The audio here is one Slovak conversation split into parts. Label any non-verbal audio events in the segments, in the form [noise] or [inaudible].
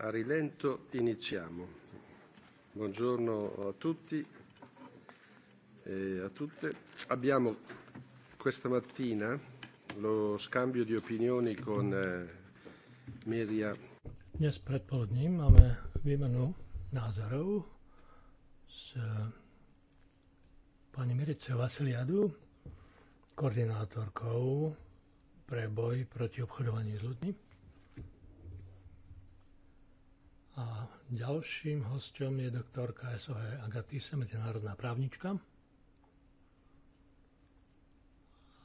a rilento iniziamo. Buongiorno a tutti e a tutte. Abbiamo questa mattina lo scambio di opinioni con eh, Miria. Dnes predpoludním máme výmenu názorov s eh, pani Miricou Vasiliadu, koordinátorkou pre boj proti obchodovaní s ľuďmi. Ďalším hostom je doktorka SOH Agatise, medzinárodná právnička.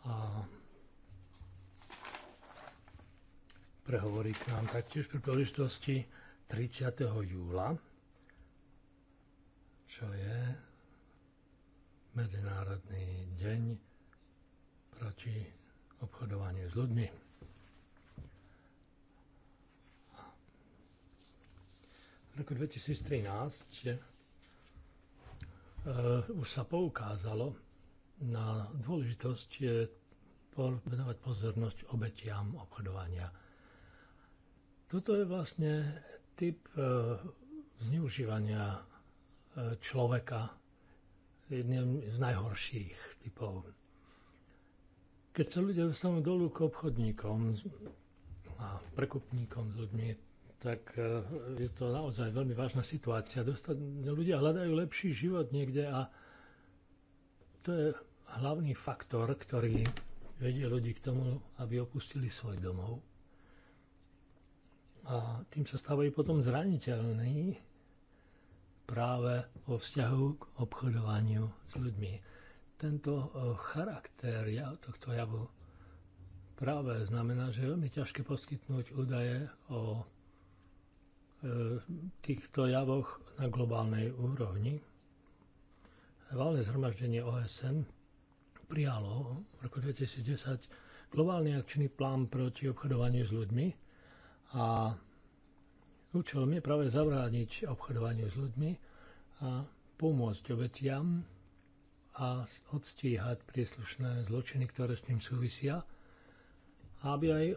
A prehovorí k nám taktiež pri príležitosti 30. júla, čo je Medzinárodný deň proti obchodovaniu s ľuďmi. v roku 2013 eh, už sa poukázalo na dôležitosť eh, venovať pozornosť obetiam obchodovania. Toto je vlastne typ eh, zneužívania človeka jedným z najhorších typov. Keď sa ľudia dostanú dolu k obchodníkom a prekupníkom s ľuďmi, tak e, je to naozaj veľmi vážna situácia. Dostať, ľudia hľadajú lepší život niekde a to je hlavný faktor, ktorý vedie ľudí k tomu, aby opustili svoj domov. A tým sa stávajú potom zraniteľní práve vo vzťahu k obchodovaniu s ľuďmi. Tento e, charakter tohto javu práve znamená, že je veľmi ťažké poskytnúť údaje o E, týchto javoch na globálnej úrovni. Valné zhromaždenie OSN prijalo v roku 2010 globálny akčný plán proti obchodovaniu s ľuďmi a účelom je práve zabrániť obchodovaniu s ľuďmi a pomôcť obetiam a odstíhať príslušné zločiny, ktoré s tým súvisia – aby aj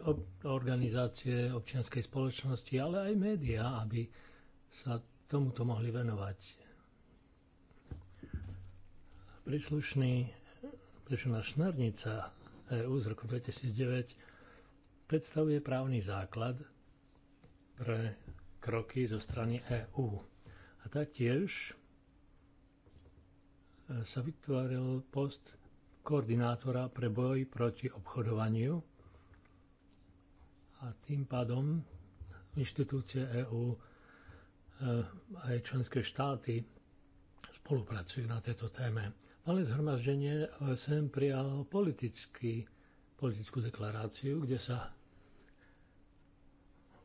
organizácie občianskej spoločnosti, ale aj médiá, aby sa tomuto mohli venovať. Príslušný, príslušná šnárnica EU z roku 2009 predstavuje právny základ pre kroky zo strany EÚ. A taktiež e, sa vytvoril post koordinátora pre boj proti obchodovaniu a tým pádom inštitúcie EÚ eh, aj členské štáty spolupracujú na tejto téme. Malé zhromaždenie OSN prijalo politický, politickú deklaráciu, kde sa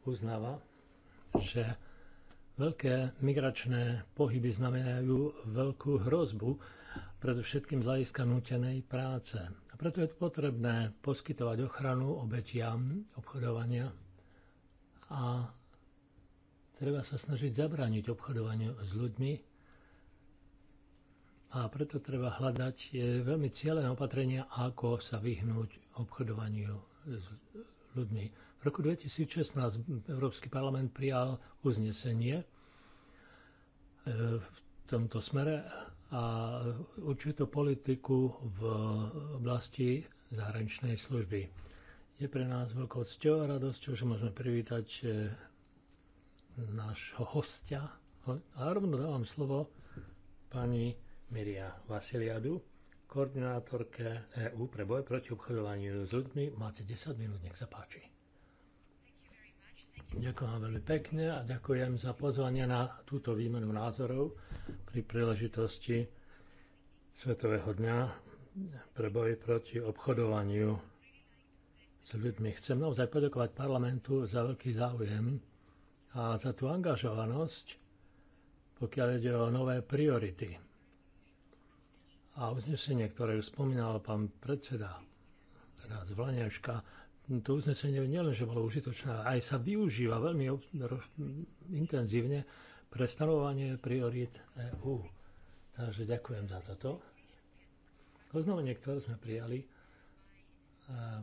uznáva, že veľké migračné pohyby znamenajú veľkú hrozbu predovšetkým z hľadiska nutenej práce. A preto je potrebné poskytovať ochranu obetiam obchodovania a treba sa snažiť zabrániť obchodovaniu s ľuďmi a preto treba hľadať veľmi cieľené opatrenia, ako sa vyhnúť obchodovaniu s ľuďmi. V roku 2016 Európsky parlament prijal uznesenie e, v tomto smere a určitú politiku v oblasti zahraničnej služby. Je pre nás veľkou cťou a radosťou, že môžeme privítať e, nášho hostia. A rovno dávam slovo pani Miria Vasiliadu, koordinátorke EÚ pre boj proti obchodovaniu s ľuďmi. Máte 10 minút, nech sa páči. Ďakujem veľmi pekne a ďakujem za pozvanie na túto výmenu názorov pri príležitosti Svetového dňa pre boj proti obchodovaniu s ľuďmi. Chcem naozaj poďakovať parlamentu za veľký záujem a za tú angažovanosť, pokiaľ ide o nové priority. A uznesenie, ktoré už spomínal pán predseda, teraz Vlaňaška, to uznesenie nielen, že bolo užitočné, aj sa využíva veľmi intenzívne pre stanovanie priorít EÚ. Takže ďakujem za toto. Oznamenie, ktoré sme prijali, e,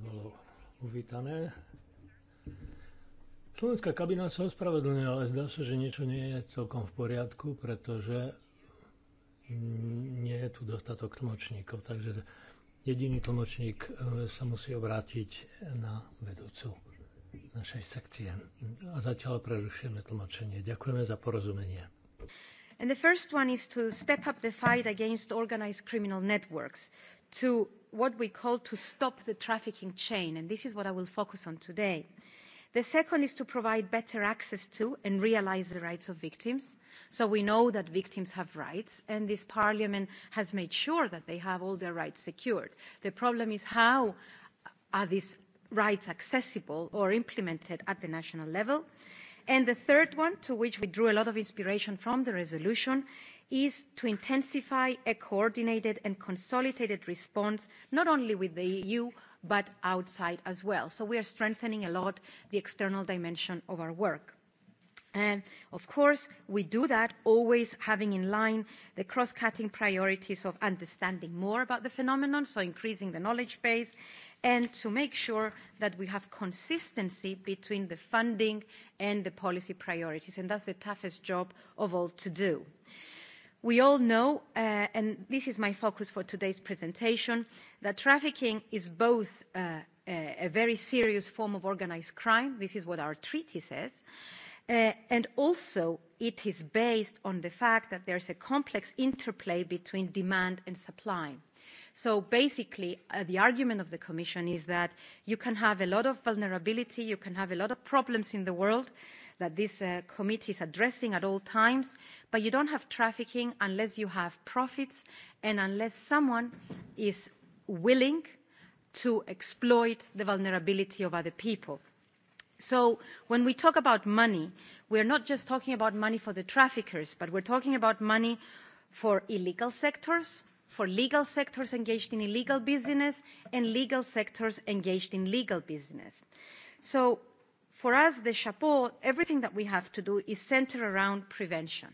bolo uvítané. Slovenská kabina sa ospravedlňuje, ale zdá sa, že niečo nie je celkom v poriadku, pretože nie je tu dostatok tlmočníkov. Takže Jediný tlmočník e, sa musí obrátiť na vedúcu našej sekcie. A zatiaľ prerušujeme tlmočenie. Ďakujeme za porozumenie. And the first one is to step up the fight against organized criminal networks to what we call to stop the trafficking chain. And this is what I will focus on today. The second is to provide better access to and realise the rights of victims. So we know that victims have rights, and this parliament has made sure that they have all their rights secured. The problem is how are these rights accessible or implemented at the national level? And the third one, to which we drew a lot of inspiration from the resolution, is to intensify a coordinated and consolidated response, not only with the EU, but outside as well. So we are strengthening a lot the external dimension of our work. of course, we do that always having in line the cross-cutting priorities of understanding more about the phenomenon, so increasing the knowledge base, and to make sure that we have consistency between the funding and the policy priorities. And that's the toughest job of all to do. We all know, uh, and this is my focus for today's presentation, that trafficking is both uh, a, uh, a very serious form of organized crime, this is what our treaty says, uh, and also it is based on the fact that there's a complex interplay between demand and supply. So basically, uh, the argument of the Commission is that you can have a lot of vulnerability, you can have a lot of problems in the world, that this uh, committee is addressing at all times, but you don't have trafficking unless you have profits and unless someone is willing to exploit the vulnerability of other people. So when we talk about money, we're not just talking about money for the traffickers, but we're talking about money for illegal sectors, for legal sectors engaged in illegal business, and legal sectors engaged in legal business. So For us, the chapeau, everything that we have to do is centered around prevention.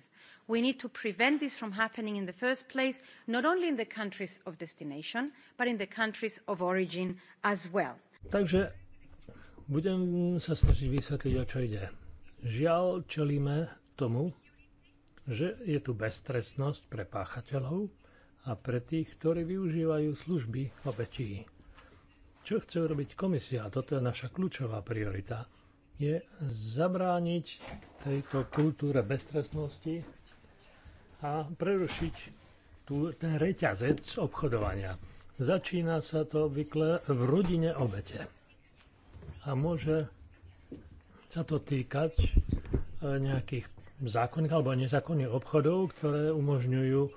We need to prevent this from happening in the first place, not only in the countries of destination, but in the countries of origin as well. Takže budem sa snažiť vysvetliť, o čo ide. Žiaľ, čelíme tomu, že je tu beztrestnosť pre páchateľov a pre tých, ktorí využívajú služby obetí. Čo chce urobiť komisia? Toto je naša kľúčová priorita je zabrániť tejto kultúre beztrestnosti a prerušiť tú, ten reťazec obchodovania. Začína sa to obvykle v rodine obete. A môže sa to týkať e, nejakých zákonných alebo nezákonných obchodov, ktoré umožňujú e,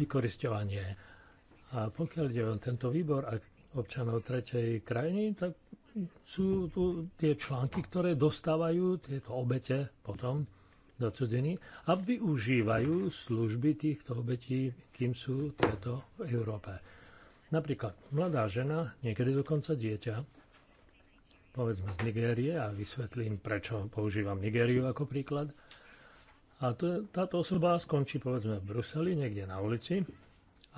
vykoristovanie. A pokiaľ ide o tento výbor a občanov tretej krajiny, tak sú tu tie články, ktoré dostávajú tieto obete potom do cudziny a využívajú služby týchto obetí, kým sú tieto v Európe. Napríklad mladá žena, niekedy dokonca dieťa, povedzme z Nigérie a vysvetlím, prečo používam Nigériu ako príklad. A to, táto osoba skončí povedzme v Bruseli, niekde na ulici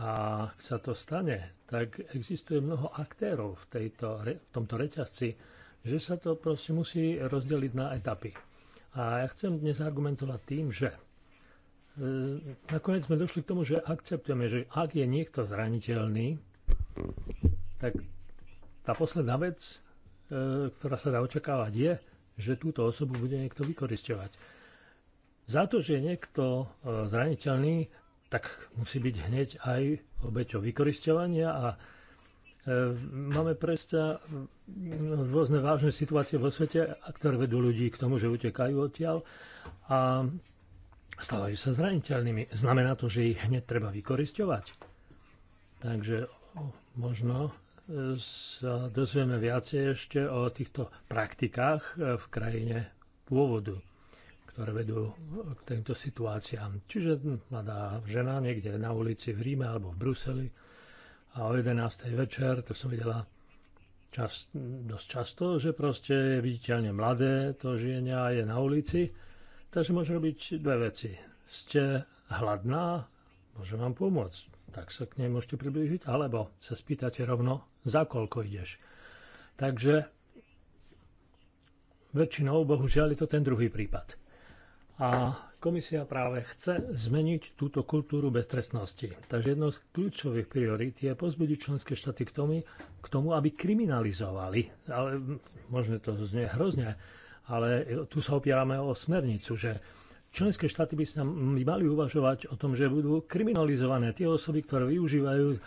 a ak sa to stane, tak existuje mnoho aktérov v, tejto, v tomto reťazci, že sa to proste musí rozdeliť na etapy. A ja chcem dnes argumentovať tým, že e, nakoniec sme došli k tomu, že akceptujeme, že ak je niekto zraniteľný, tak tá posledná vec, e, ktorá sa dá očakávať, je, že túto osobu bude niekto vykoristovať. Za to, že je niekto e, zraniteľný, tak musí byť hneď aj obeťou vykoristovania a e, Máme presta rôzne vážne situácie vo svete, ktoré vedú ľudí k tomu, že utekajú odtiaľ a stávajú sa zraniteľnými. Znamená to, že ich hneď treba vykoristovať. Takže možno e, sa dozvieme viacej ešte o týchto praktikách e, v krajine pôvodu ktoré vedú eh, k týmto situáciám. Čiže mladá žena niekde na ulici v Ríme alebo v Bruseli a o 11. večer, to som videla čas, dosť často, že proste je viditeľne mladé to žienia je na ulici, takže môže robiť dve veci. Ste hladná, môže vám pomôcť, tak sa k nej môžete priblížiť, alebo sa spýtate rovno, za koľko ideš. Takže väčšinou, bohužiaľ, je to ten druhý prípad. A komisia práve chce zmeniť túto kultúru beztrestnosti. Takže jednou z kľúčových priorít je pozbudiť členské štáty k tomu, k tomu aby kriminalizovali. Ale možno to znie hrozne, ale tu sa opierame o smernicu, že členské štáty by sa mali uvažovať o tom, že budú kriminalizované tie osoby, ktoré využívajú e,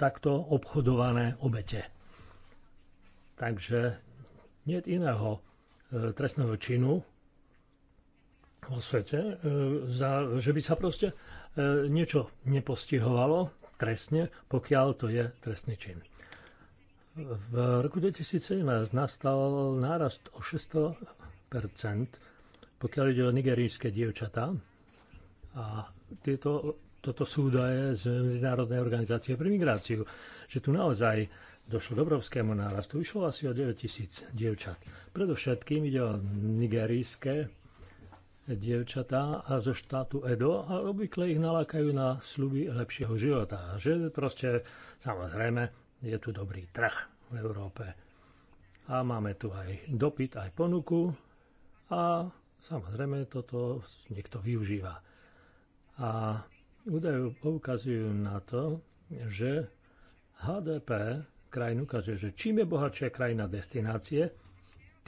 takto obchodované obete. Takže nie iného e, trestného činu, vo svete, e, že by sa proste e, niečo nepostihovalo trestne, pokiaľ to je trestný čin. V roku 2017 nastal nárast o 600 pokiaľ ide o nigerijské dievčatá. A tieto, toto sú údaje z Medzinárodnej organizácie pre migráciu, že tu naozaj došlo k obrovskému nárastu. Išlo asi o 9000 dievčat. Predovšetkým ide o nigerijské dievčatá zo štátu Edo a obvykle ich nalákajú na sluby lepšieho života. Že proste, samozrejme, je tu dobrý trh v Európe. A máme tu aj dopyt, aj ponuku a samozrejme toto niekto využíva. A údaje poukazujú na to, že HDP krajinu ukazuje, že čím je bohatšia krajina destinácie,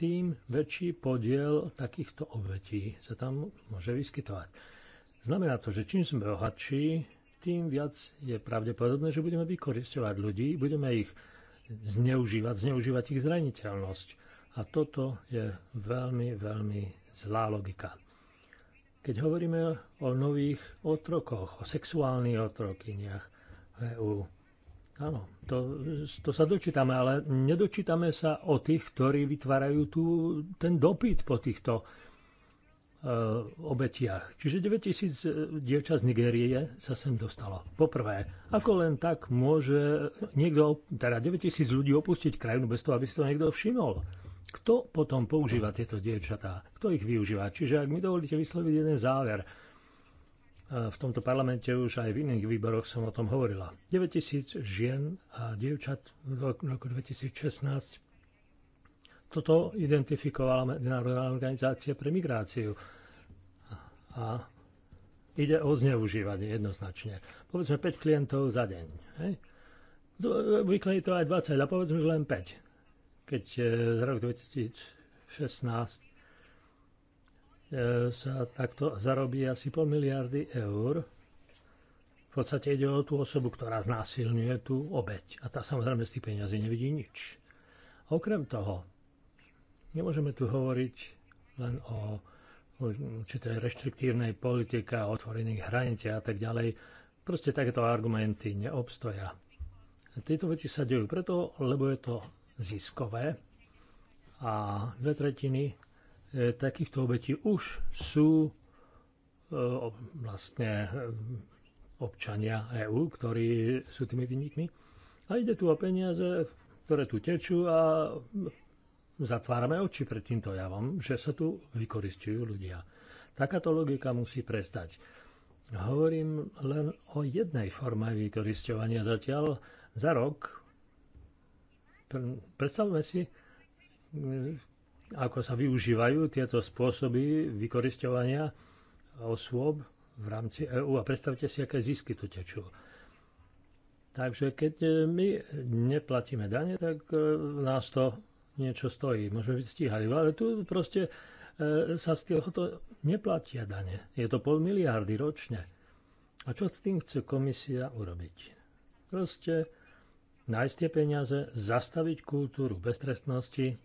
tým väčší podiel takýchto obetí sa tam môže vyskytovať. Znamená to, že čím sme bohatší, tým viac je pravdepodobné, že budeme vykoristovať ľudí, budeme ich zneužívať, zneužívať ich zraniteľnosť. A toto je veľmi, veľmi zlá logika. Keď hovoríme o nových otrokoch, o sexuálnych otrokyniach v EU, Áno, to, to sa dočítame, ale nedočítame sa o tých, ktorí vytvárajú tu ten dopyt po týchto e, obetiach. Čiže 9000 e, dievčat z Nigérie sa sem dostalo. Poprvé, ako len tak môže niekto, teda 9000 ľudí opustiť krajinu bez toho, aby si to niekto všimol? Kto potom používa tieto dievčatá? Kto ich využíva? Čiže ak mi dovolíte vysloviť jeden záver – v tomto parlamente už aj v iných výboroch som o tom hovorila. 9000 žien a dievčat v roku 2016 toto identifikovala Medzinárodná organizácia pre migráciu. A ide o zneužívanie jednoznačne. Povedzme 5 klientov za deň. Vykladí je to aj 20 a povedzme len 5. Keď z roku 2016 E, sa takto zarobí asi pol miliardy eur. V podstate ide o tú osobu, ktorá znásilňuje tú obeď. A tá samozrejme z tých peniazí nevidí nič. A okrem toho, nemôžeme tu hovoriť len o určitej reštriktívnej politike, o otvorených hraniciach a tak ďalej. Proste takéto argumenty neobstoja. Tieto veci sa dejú preto, lebo je to ziskové a dve tretiny E, takýchto obetí už sú e, vlastne e, občania EÚ, ktorí sú tými vynikmi. A ide tu o peniaze, ktoré tu tečú a zatvárame oči pred týmto javom, že sa tu vykoristujú ľudia. Takáto logika musí prestať. Hovorím len o jednej forme vykoristovania zatiaľ za rok. Predstavme si, ako sa využívajú tieto spôsoby vykoristovania osôb v rámci EÚ a predstavte si, aké zisky tu tečú. Takže keď e, my neplatíme dane, tak e, nás to niečo stojí. Môžeme byť stíhajú, no, ale tu proste e, sa z tohoto neplatia dane. Je to pol miliardy ročne. A čo s tým chce komisia urobiť? Proste nájsť tie peniaze, zastaviť kultúru beztrestnosti,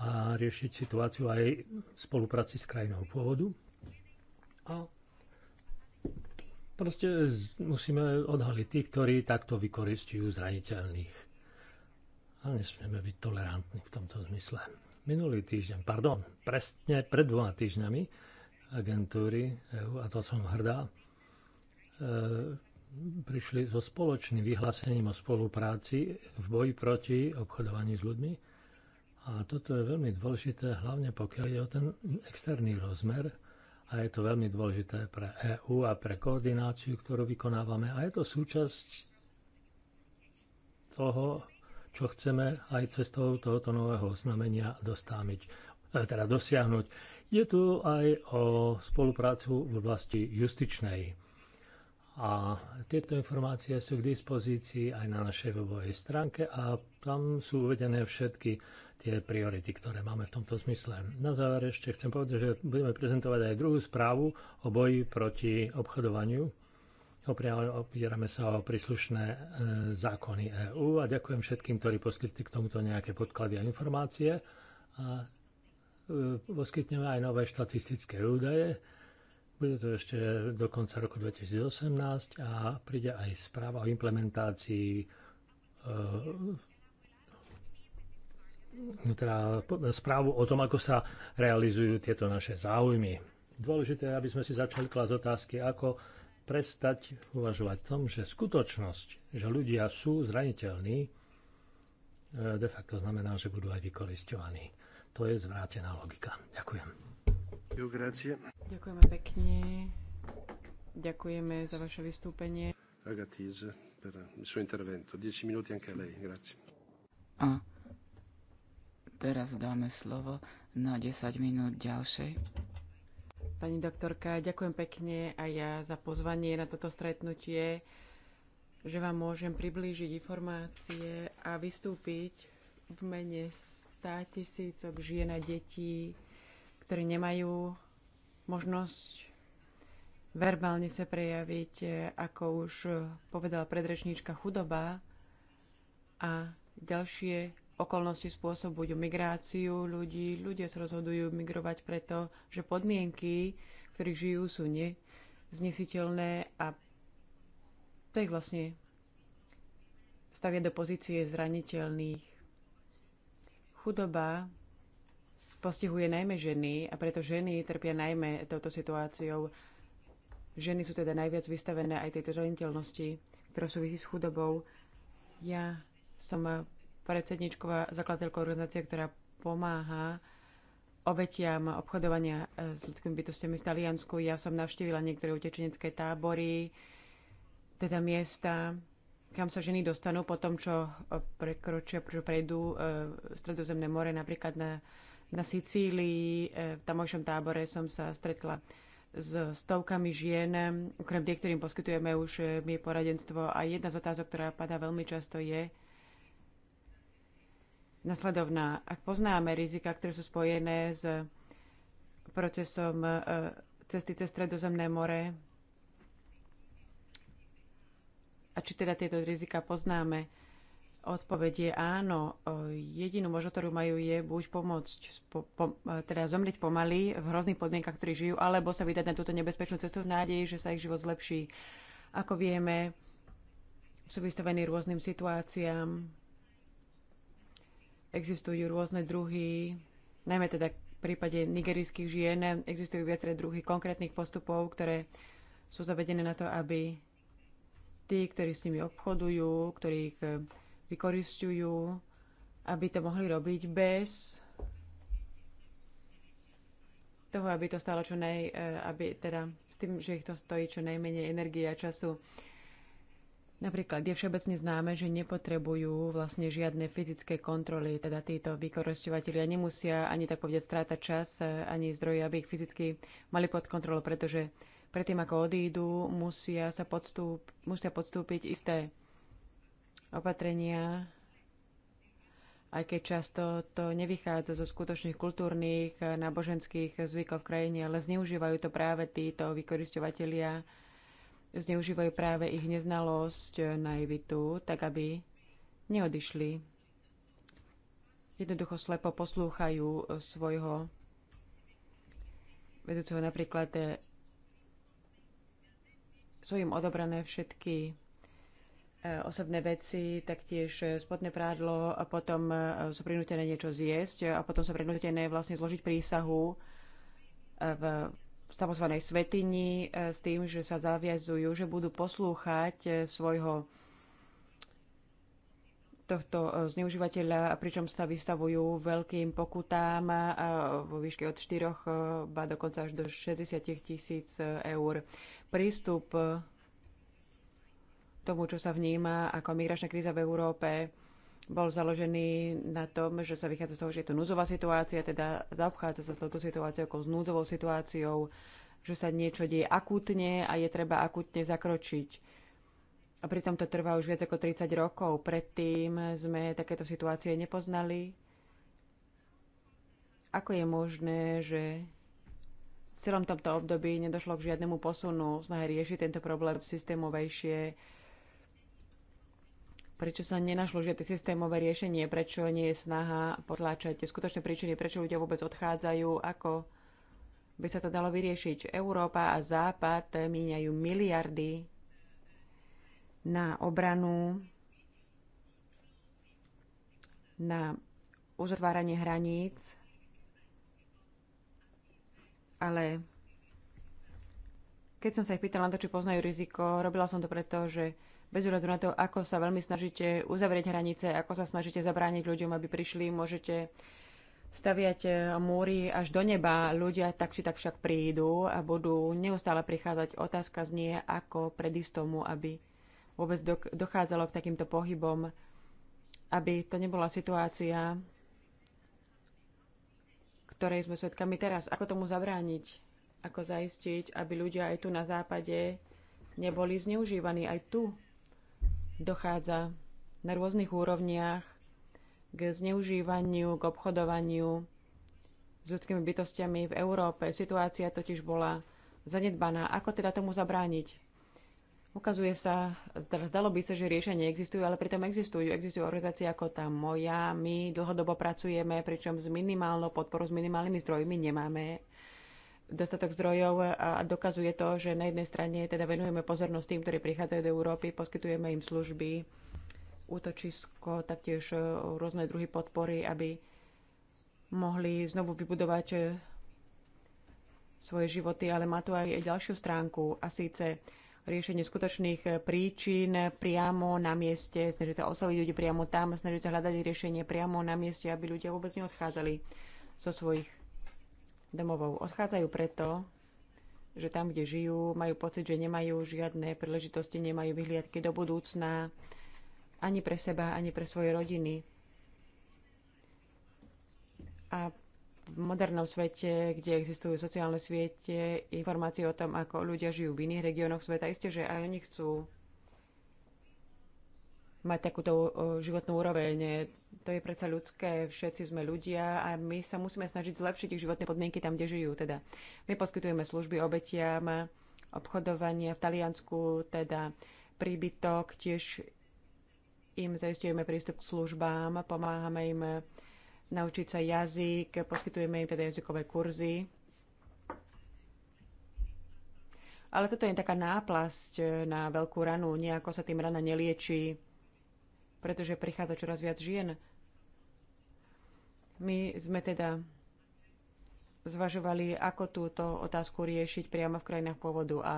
a riešiť situáciu aj v spolupráci s krajinou pôvodu. A proste musíme odhaliť tých, ktorí takto vykoristujú zraniteľných. A nesmieme byť tolerantní v tomto zmysle. Minulý týždeň, pardon, presne pred dvoma týždňami agentúry EU, a to som hrdá, e, prišli so spoločným vyhlásením o spolupráci v boji proti obchodovaní s ľuďmi a toto je veľmi dôležité, hlavne pokiaľ je o ten externý rozmer a je to veľmi dôležité pre EÚ a pre koordináciu, ktorú vykonávame. A je to súčasť toho, čo chceme aj cestou tohoto nového oznámenia dostámiť, e, teda dosiahnuť. Je tu aj o spoluprácu v oblasti justičnej. A tieto informácie sú k dispozícii aj na našej webovej stránke a tam sú uvedené všetky tie priority, ktoré máme v tomto zmysle. Na záver ešte chcem povedať, že budeme prezentovať aj druhú správu o boji proti obchodovaniu. Opierame sa o príslušné e, zákony EÚ a ďakujem všetkým, ktorí poskytli k tomuto nejaké podklady a informácie. A e, poskytneme aj nové štatistické údaje. Bude to ešte do konca roku 2018 a príde aj správa o implementácii e, No teda správu o tom, ako sa realizujú tieto naše záujmy. Dôležité je, aby sme si začali klásť otázky, ako prestať uvažovať v tom, že skutočnosť, že ľudia sú zraniteľní, e, de facto znamená, že budú aj vykoristovaní. To je zvrátená logika. Ďakujem. Ďakujeme pekne. Ďakujeme za vaše vystúpenie. Agatise per il suo intervento. 10 minuti anche a lei, grazie. A teraz dáme slovo na 10 minút ďalšej. Pani doktorka, ďakujem pekne a ja za pozvanie na toto stretnutie, že vám môžem priblížiť informácie a vystúpiť v mene 100 tisícok žien a detí, ktorí nemajú možnosť verbálne sa prejaviť, ako už povedala predrečníčka, chudoba a ďalšie okolnosti spôsobujú migráciu ľudí. Ľudia sa rozhodujú migrovať preto, že podmienky, v ktorých žijú, sú neznesiteľné a to ich vlastne stavia do pozície zraniteľných. Chudoba postihuje najmä ženy a preto ženy trpia najmä touto situáciou. Ženy sú teda najviac vystavené aj tejto zraniteľnosti, ktorá súvisí s chudobou. Ja som predsedničkou a zakladateľkou organizácie, ktorá pomáha obetiam obchodovania eh, s ľudskými bytostiami v Taliansku. Ja som navštívila niektoré utečenecké tábory, teda miesta, kam sa ženy dostanú po tom, čo eh, prekročia, čo prejdú eh, Stredozemné more, napríklad na, na Sicílii. V tamojšom tábore som sa stretla s stovkami žien, okrem tých, ktorým poskytujeme už my poradenstvo. A jedna z otázok, ktorá padá veľmi často je, nasledovná. Ak poznáme rizika, ktoré sú spojené s procesom e, cesty cez Stredozemné more, a či teda tieto rizika poznáme, odpoveď je áno. E, jedinú možnosť, ktorú majú, je buď pomôcť, po, po, e, teda zomrieť pomaly v hrozných podmienkach, ktorí žijú, alebo sa vydať na túto nebezpečnú cestu v nádeji, že sa ich život zlepší. Ako vieme, sú vystavení rôznym situáciám, Existujú rôzne druhy, najmä teda v prípade nigerijských žien, existujú viaceré druhy konkrétnych postupov, ktoré sú zavedené na to, aby tí, ktorí s nimi obchodujú, ktorí ich eh, vykoristujú, aby to mohli robiť bez toho, aby to stalo čo naj, eh, aby teda s tým, že ich to stojí čo najmenej energie a času. Napríklad je všeobecne známe, že nepotrebujú vlastne žiadne fyzické kontroly, teda títo vykoristovateľia nemusia ani tak povedať strátať čas, eh, ani zdroje, aby ich fyzicky mali pod kontrolou, pretože predtým ako odídu, musia sa podstúp, musia podstúpiť isté opatrenia, aj keď často to nevychádza zo skutočných kultúrnych, eh, náboženských zvykov v krajine, ale zneužívajú to práve títo vykoristovateľia, zneužívajú práve ich neznalosť, eh, naivitu, tak aby neodišli. Jednoducho slepo poslúchajú eh, svojho vedúceho napríklad eh, sú im odobrané všetky osobné veci, taktiež spodné prádlo a potom sú prinútené niečo zjesť a potom sú prinútené vlastne zložiť prísahu v samozvanej svetini e, s tým, že sa zaviazujú, že budú poslúchať e, svojho tohto e, zneužívateľa, pričom sa vystavujú veľkým pokutám vo výške od 4, ba dokonca až do 60 tisíc eur. Prístup tomu, čo sa vníma ako migračná kríza v Európe, bol založený na tom, že sa vychádza z toho, že je to núzová situácia, teda zaobchádza sa s touto situáciou ako s núzovou situáciou, že sa niečo deje akútne a je treba akútne zakročiť. A pritom to trvá už viac ako 30 rokov. Predtým sme takéto situácie nepoznali. Ako je možné, že v celom tomto období nedošlo k žiadnemu posunu v snahe riešiť tento problém systémovejšie, prečo sa nenašlo žiadne systémové riešenie, prečo nie je snaha potláčať skutočné príčiny, prečo ľudia vôbec odchádzajú, ako by sa to dalo vyriešiť. Európa a Západ míňajú miliardy na obranu, na uzatváranie hraníc, ale keď som sa ich pýtala na to, či poznajú riziko, robila som to preto, že bez ohľadu na to, ako sa veľmi snažíte uzavrieť hranice, ako sa snažíte zabrániť ľuďom, aby prišli, môžete staviať e, múry až do neba. Ľudia tak či tak však prídu a budú neustále prichádzať. Otázka znie, ako predísť tomu, aby vôbec dochádzalo k takýmto pohybom, aby to nebola situácia, ktorej sme svedkami teraz. Ako tomu zabrániť? Ako zaistiť, aby ľudia aj tu na západe neboli zneužívaní aj tu dochádza na rôznych úrovniach k zneužívaniu, k obchodovaniu s ľudskými bytostiami v Európe. Situácia totiž bola zanedbaná. Ako teda tomu zabrániť? Ukazuje sa, zdalo by sa, že riešenie existujú, ale pritom existujú. Existujú organizácie ako tá moja, my dlhodobo pracujeme, pričom s minimálnou podporou, s minimálnymi zdrojmi nemáme dostatok zdrojov a dokazuje to, že na jednej strane teda venujeme pozornosť tým, ktorí prichádzajú do Európy, poskytujeme im služby, útočisko, taktiež e, rôzne druhy podpory, aby mohli znovu vybudovať e, svoje životy, ale má tu aj ďalšiu stránku a síce riešenie skutočných e, príčin priamo na mieste, snažiť sa osloviť ľudí priamo tam, snažiť sa hľadať riešenie priamo na mieste, aby ľudia vôbec neodchádzali zo svojich domovou. Odchádzajú preto, že tam, kde žijú, majú pocit, že nemajú žiadne príležitosti, nemajú vyhliadky do budúcna, ani pre seba, ani pre svoje rodiny. A v modernom svete, kde existujú sociálne siete, informácie o tom, ako ľudia žijú v iných regiónoch sveta, isté, že aj oni chcú mať takúto životnú úroveň. To je predsa ľudské, všetci sme ľudia a my sa musíme snažiť zlepšiť ich životné podmienky tam, kde žijú. Teda my poskytujeme služby obetiam, obchodovania v Taliansku, teda príbytok, tiež im zaistujeme prístup k službám, pomáhame im naučiť sa jazyk, poskytujeme im teda jazykové kurzy. Ale toto je taká náplasť na veľkú ranu, nejako sa tým rana nelieči pretože prichádza čoraz viac žien. My sme teda zvažovali, ako túto otázku riešiť priamo v krajinách pôvodu a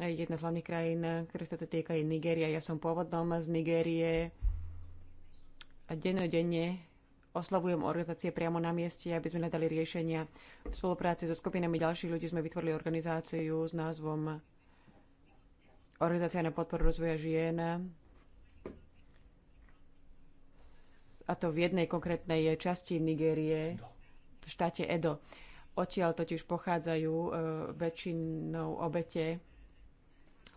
jedna z hlavných krajín, ktoré sa to týka, je Nigéria. Ja som pôvodnom z Nigérie a dennodenne oslavujem organizácie priamo na mieste, aby sme nadali riešenia. V spolupráci so skupinami ďalších ľudí sme vytvorili organizáciu s názvom Organizácia na podporu rozvoja žien a to v jednej konkrétnej časti Nigérie, v štáte Edo. Odtiaľ totiž pochádzajú e, väčšinou obete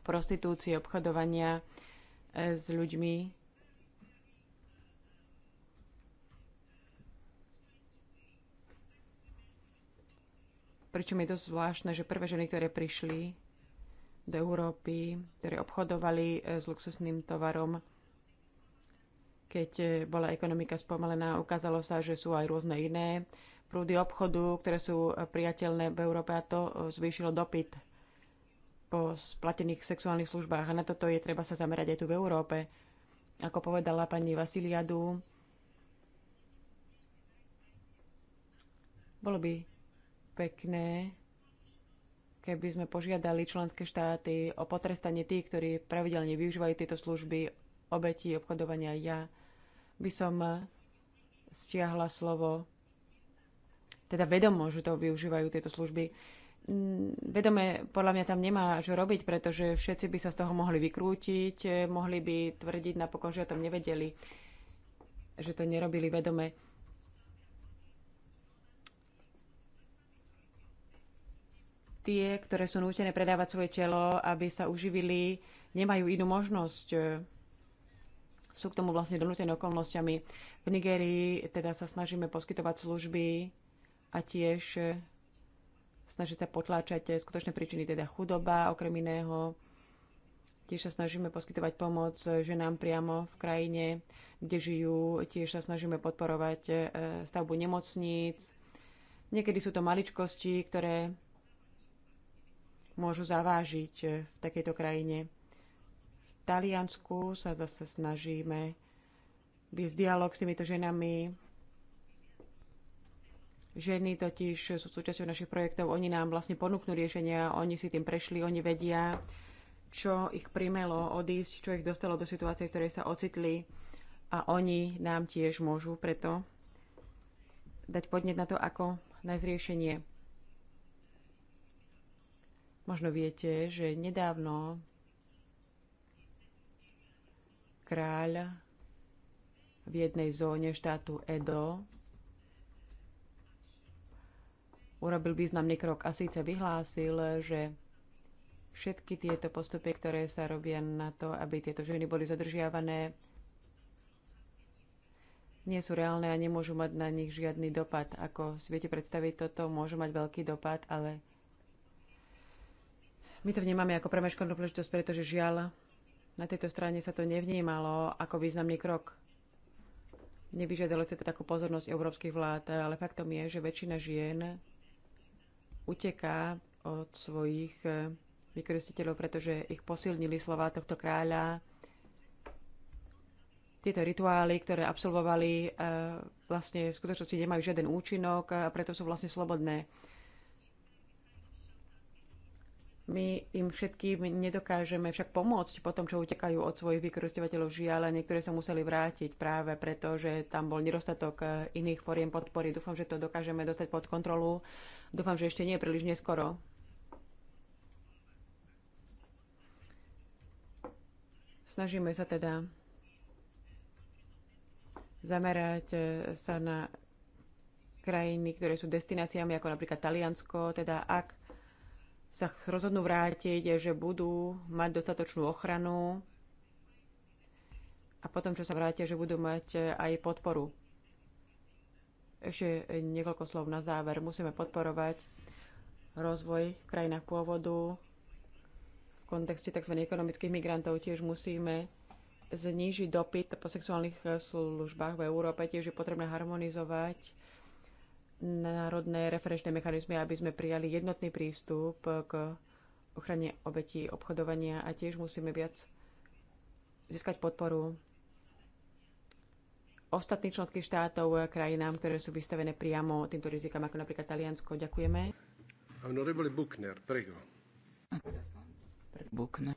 prostitúcie, obchodovania e, s ľuďmi. Pričom je dosť zvláštne, že prvé ženy, ktoré prišli do Európy, ktoré obchodovali e, s luxusným tovarom, keď e, bola ekonomika spomalená, ukázalo sa, že sú aj rôzne iné prúdy obchodu, ktoré sú e, priateľné v Európe a to e, zvýšilo dopyt po splatených sexuálnych službách. A na toto je treba sa zamerať aj tu v Európe. Ako povedala pani Vasiliadu, bolo by pekné, keby sme požiadali členské štáty o potrestanie tých, ktorí pravidelne využívajú tieto služby, obetí obchodovania. Ja by som e, stiahla slovo, teda vedomo, že to využívajú tieto služby. Mm, vedome podľa mňa tam nemá čo robiť, pretože všetci by sa z toho mohli vykrútiť, e, mohli by tvrdiť napokon, že o tom nevedeli, že to nerobili vedome. Tie, ktoré sú nútené predávať svoje telo, aby sa uživili, nemajú inú možnosť e, sú k tomu vlastne donútené okolnostiami. V Nigérii teda sa snažíme poskytovať služby a tiež e, snažiť sa potláčať e, skutočné príčiny, teda chudoba okrem iného. Tiež sa snažíme poskytovať pomoc e, ženám priamo v krajine, kde žijú. Tiež sa snažíme podporovať stavbu nemocníc. Niekedy sú to maličkosti, ktoré môžu zavážiť v takejto krajine. Taliansku sa zase snažíme viesť dialog s týmito ženami. Ženy totiž sú súčasťou našich projektov, oni nám vlastne ponúknú riešenia, oni si tým prešli, oni vedia, čo ich primelo odísť, čo ich dostalo do situácie, v ktorej sa ocitli a oni nám tiež môžu preto dať podnet na to, ako nájsť riešenie. Možno viete, že nedávno kráľ v jednej zóne štátu Edo urobil významný krok a síce vyhlásil, že všetky tieto postupy, ktoré sa robia na to, aby tieto ženy boli zadržiavané, nie sú reálne a nemôžu mať na nich žiadny dopad. Ako si viete predstaviť, toto môže mať veľký dopad, ale my to vnímame ako premeškodnú príležitosť, pretože žiaľ, na tejto strane sa to nevnímalo ako významný krok. Nevyžiadalo sa to takú pozornosť európskych vlád, ale faktom je, že väčšina žien uteká od svojich eh, vykoristiteľov, pretože ich posilnili slova tohto kráľa. Tieto rituály, ktoré absolvovali, eh, vlastne v skutočnosti nemajú žiaden účinok a preto sú vlastne slobodné. My im všetkým nedokážeme však pomôcť po tom, čo utekajú od svojich vykoristovateľov ale niektoré sa museli vrátiť práve preto, že tam bol nedostatok eh, iných foriem podpory. Dúfam, že to dokážeme dostať pod kontrolu. Dúfam, že ešte nie je príliš neskoro. Snažíme sa teda zamerať eh, sa na krajiny, ktoré sú destináciami, ako napríklad Taliansko, teda ak sa rozhodnú vrátiť, že budú mať dostatočnú ochranu a potom, čo sa vrátia, že budú mať eh, aj podporu. Ešte niekoľko slov na záver. Musíme podporovať rozvoj v krajinách pôvodu. V kontexte tzv. ekonomických migrantov tiež musíme znížiť dopyt po sexuálnych eh, službách v Európe. Tiež je potrebné harmonizovať národné referenčné mechanizmy, aby sme prijali jednotný prístup k ochrane obetí obchodovania a tiež musíme viac získať podporu ostatných členských štátov, krajinám, ktoré sú vystavené priamo týmto rizikám, ako napríklad Taliansko. Ďakujeme. Honorable Buchner, prego. Buchner.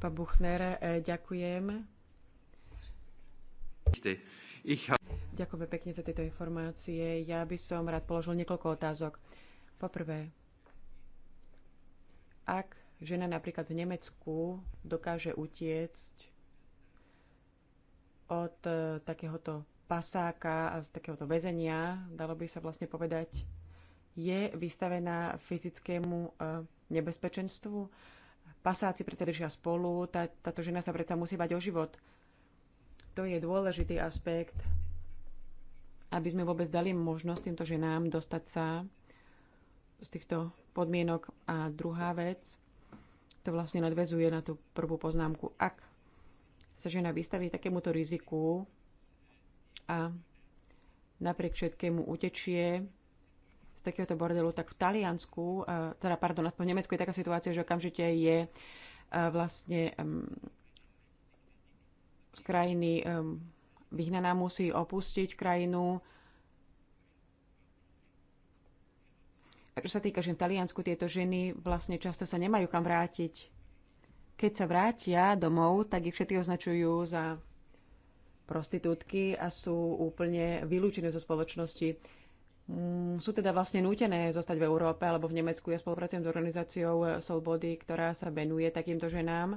Pán Buchner, eh, ďakujem. Ich Ďakujem pekne za tieto informácie. Ja by som rád položil niekoľko otázok. Poprvé, ak žena napríklad v Nemecku dokáže utiecť od e, takéhoto pasáka a z takéhoto väzenia, dalo by sa vlastne povedať, je vystavená fyzickému e, nebezpečenstvu. Pasáci predsa držia spolu, tá, táto žena sa predsa musí bať o život. To je dôležitý aspekt aby sme vôbec dali možnosť týmto ženám dostať sa z týchto podmienok. A druhá vec, to vlastne nadvezuje na tú prvú poznámku. Ak sa žena vystaví takémuto riziku a napriek všetkému utečie z takéhoto bordelu, tak v Taliansku, teda pardon, aspoň v Nemecku je taká situácia, že okamžite je vlastne z krajiny vyhnaná musí opustiť krajinu. A čo sa týka žien v Taliansku, tieto ženy vlastne často sa nemajú kam vrátiť. Keď sa vrátia domov, tak ich všetky označujú za prostitútky a sú úplne vylúčené zo spoločnosti mm, sú teda vlastne nútené zostať v Európe alebo v Nemecku. Ja spolupracujem s organizáciou Soulbody, ktorá sa venuje takýmto ženám.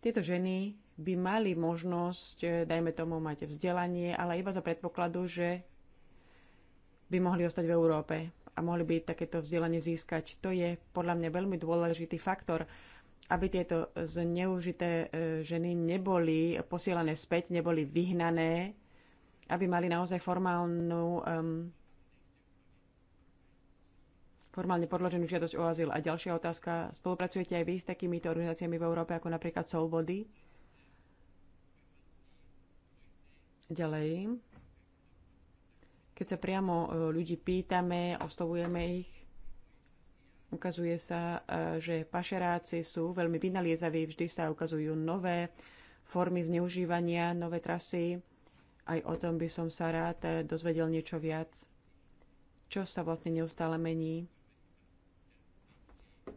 Tieto ženy by mali možnosť, e, dajme tomu, mať vzdelanie, ale iba za predpokladu, že by mohli ostať v Európe a mohli by takéto vzdelanie získať. To je podľa mňa veľmi dôležitý faktor, aby tieto zneužité e, ženy neboli posielané späť, neboli vyhnané, aby mali naozaj formálnu, um, formálne podloženú žiadosť o azyl. A ďalšia otázka, spolupracujete aj vy s takýmito organizáciami v Európe, ako napríklad Soulbody? Ďalej, keď sa priamo e, ľudí pýtame, oslovujeme ich, ukazuje sa, e, že pašeráci sú veľmi vynaliezaví, vždy sa ukazujú nové formy zneužívania, nové trasy. Aj o tom by som sa rád e, dozvedel niečo viac. Čo sa vlastne neustále mení?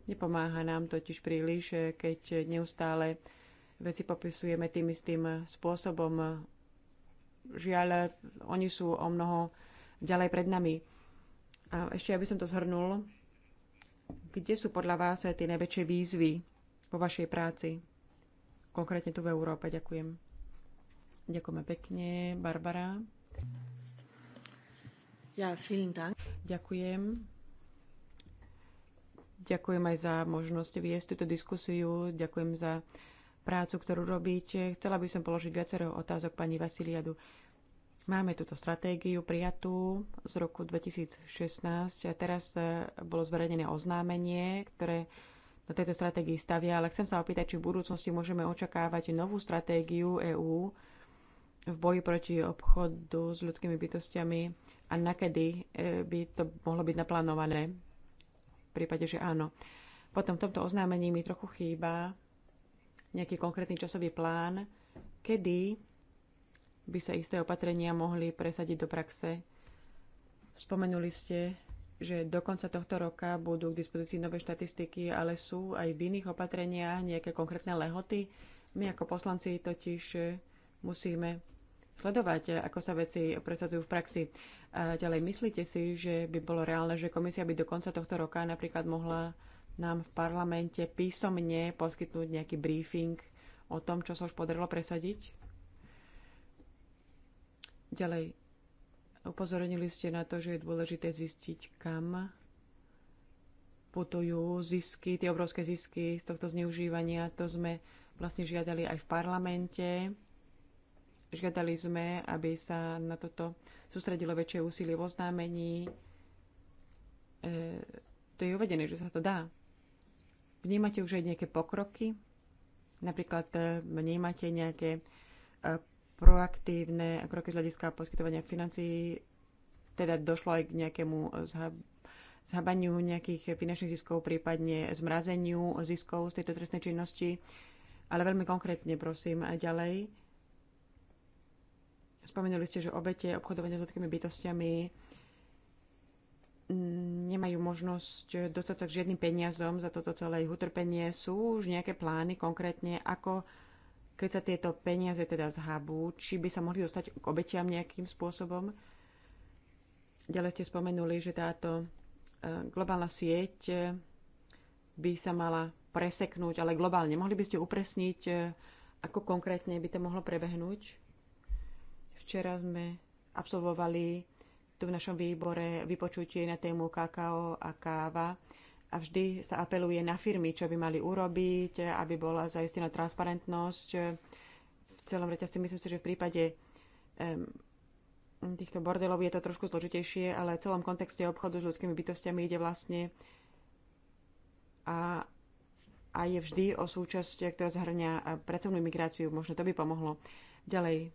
Nepomáha nám totiž príliš, keď neustále veci popisujeme tým istým spôsobom Žiaľ, oni sú o mnoho ďalej pred nami. A ešte, aby som to zhrnul, kde sú podľa vás tie najväčšie výzvy vo vašej práci? Konkrétne tu v Európe. Ďakujem. Ďakujeme pekne. Barbara. Ja, vielen Dank. Ďakujem. Ďakujem aj za možnosť viesť túto diskusiu. Ďakujem za prácu, ktorú robíte. Chcela by som položiť viacero otázok pani Vasiliadu. Máme túto stratégiu prijatú z roku 2016 a teraz e, bolo zverejnené oznámenie, ktoré na tejto stratégii stavia, ale chcem sa opýtať, či v budúcnosti môžeme očakávať novú stratégiu EÚ v boji proti obchodu s ľudskými bytostiami a nakedy e, by to mohlo byť naplánované, v prípade, že áno. Potom v tomto oznámení mi trochu chýba nejaký konkrétny časový plán, kedy by sa isté opatrenia mohli presadiť do praxe. Spomenuli ste, že do konca tohto roka budú k dispozícii nové štatistiky, ale sú aj v iných opatreniach nejaké konkrétne lehoty. My ako poslanci totiž eh, musíme sledovať, eh, ako sa veci presadzujú v praxi. A ďalej, myslíte si, že by bolo reálne, že komisia by do konca tohto roka napríklad mohla nám v parlamente písomne poskytnúť nejaký briefing o tom, čo sa už podarilo presadiť? Ďalej, upozornili ste na to, že je dôležité zistiť, kam putujú zisky, tie obrovské zisky z tohto zneužívania. To sme vlastne žiadali aj v parlamente. Žiadali sme, aby sa na toto sústredilo väčšie úsilie v oznámení. E, to je uvedené, že sa to dá. Vnímate už aj nejaké pokroky? Napríklad e, vnímate nejaké e, proaktívne kroky z hľadiska poskytovania financí, teda došlo aj k nejakému zhab- zhabaniu nejakých finančných ziskov, prípadne zmrazeniu ziskov z tejto trestnej činnosti. Ale veľmi konkrétne, prosím, ďalej. Spomenuli ste, že obete obchodovania s ľudskými bytostiami nemajú možnosť dostať sa k žiadnym peniazom za toto celé utrpenie. Sú už nejaké plány konkrétne, ako keď sa tieto peniaze teda zhabú, či by sa mohli dostať k obetiam nejakým spôsobom. Ďalej ste spomenuli, že táto e, globálna sieť e, by sa mala preseknúť, ale globálne. Mohli by ste upresniť, e, ako konkrétne by to mohlo prebehnúť? Včera sme absolvovali tu v našom výbore vypočutie na tému kakao a káva a vždy sa apeluje na firmy, čo by mali urobiť, aby bola zaistená transparentnosť v celom reťazci. Myslím si, že v prípade um, týchto bordelov je to trošku zložitejšie, ale v celom kontexte obchodu s ľudskými bytostiami ide vlastne a, a je vždy o súčasť, ktorá zahrňa eh, pracovnú migráciu. Možno to by pomohlo. Ďalej.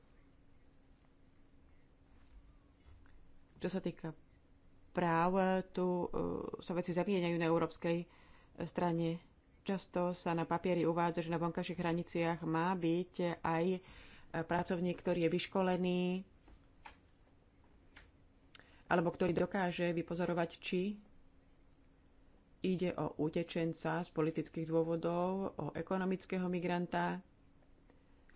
Čo sa týka práv, e, tu e, sa veci zavieňajú na európskej e, strane. Často sa na papieri uvádza, že na vonkajších hraniciach má byť aj pracovník, ktorý je vyškolený alebo ktorý dokáže vypozorovať, či ide o utečenca z politických dôvodov, o ekonomického migranta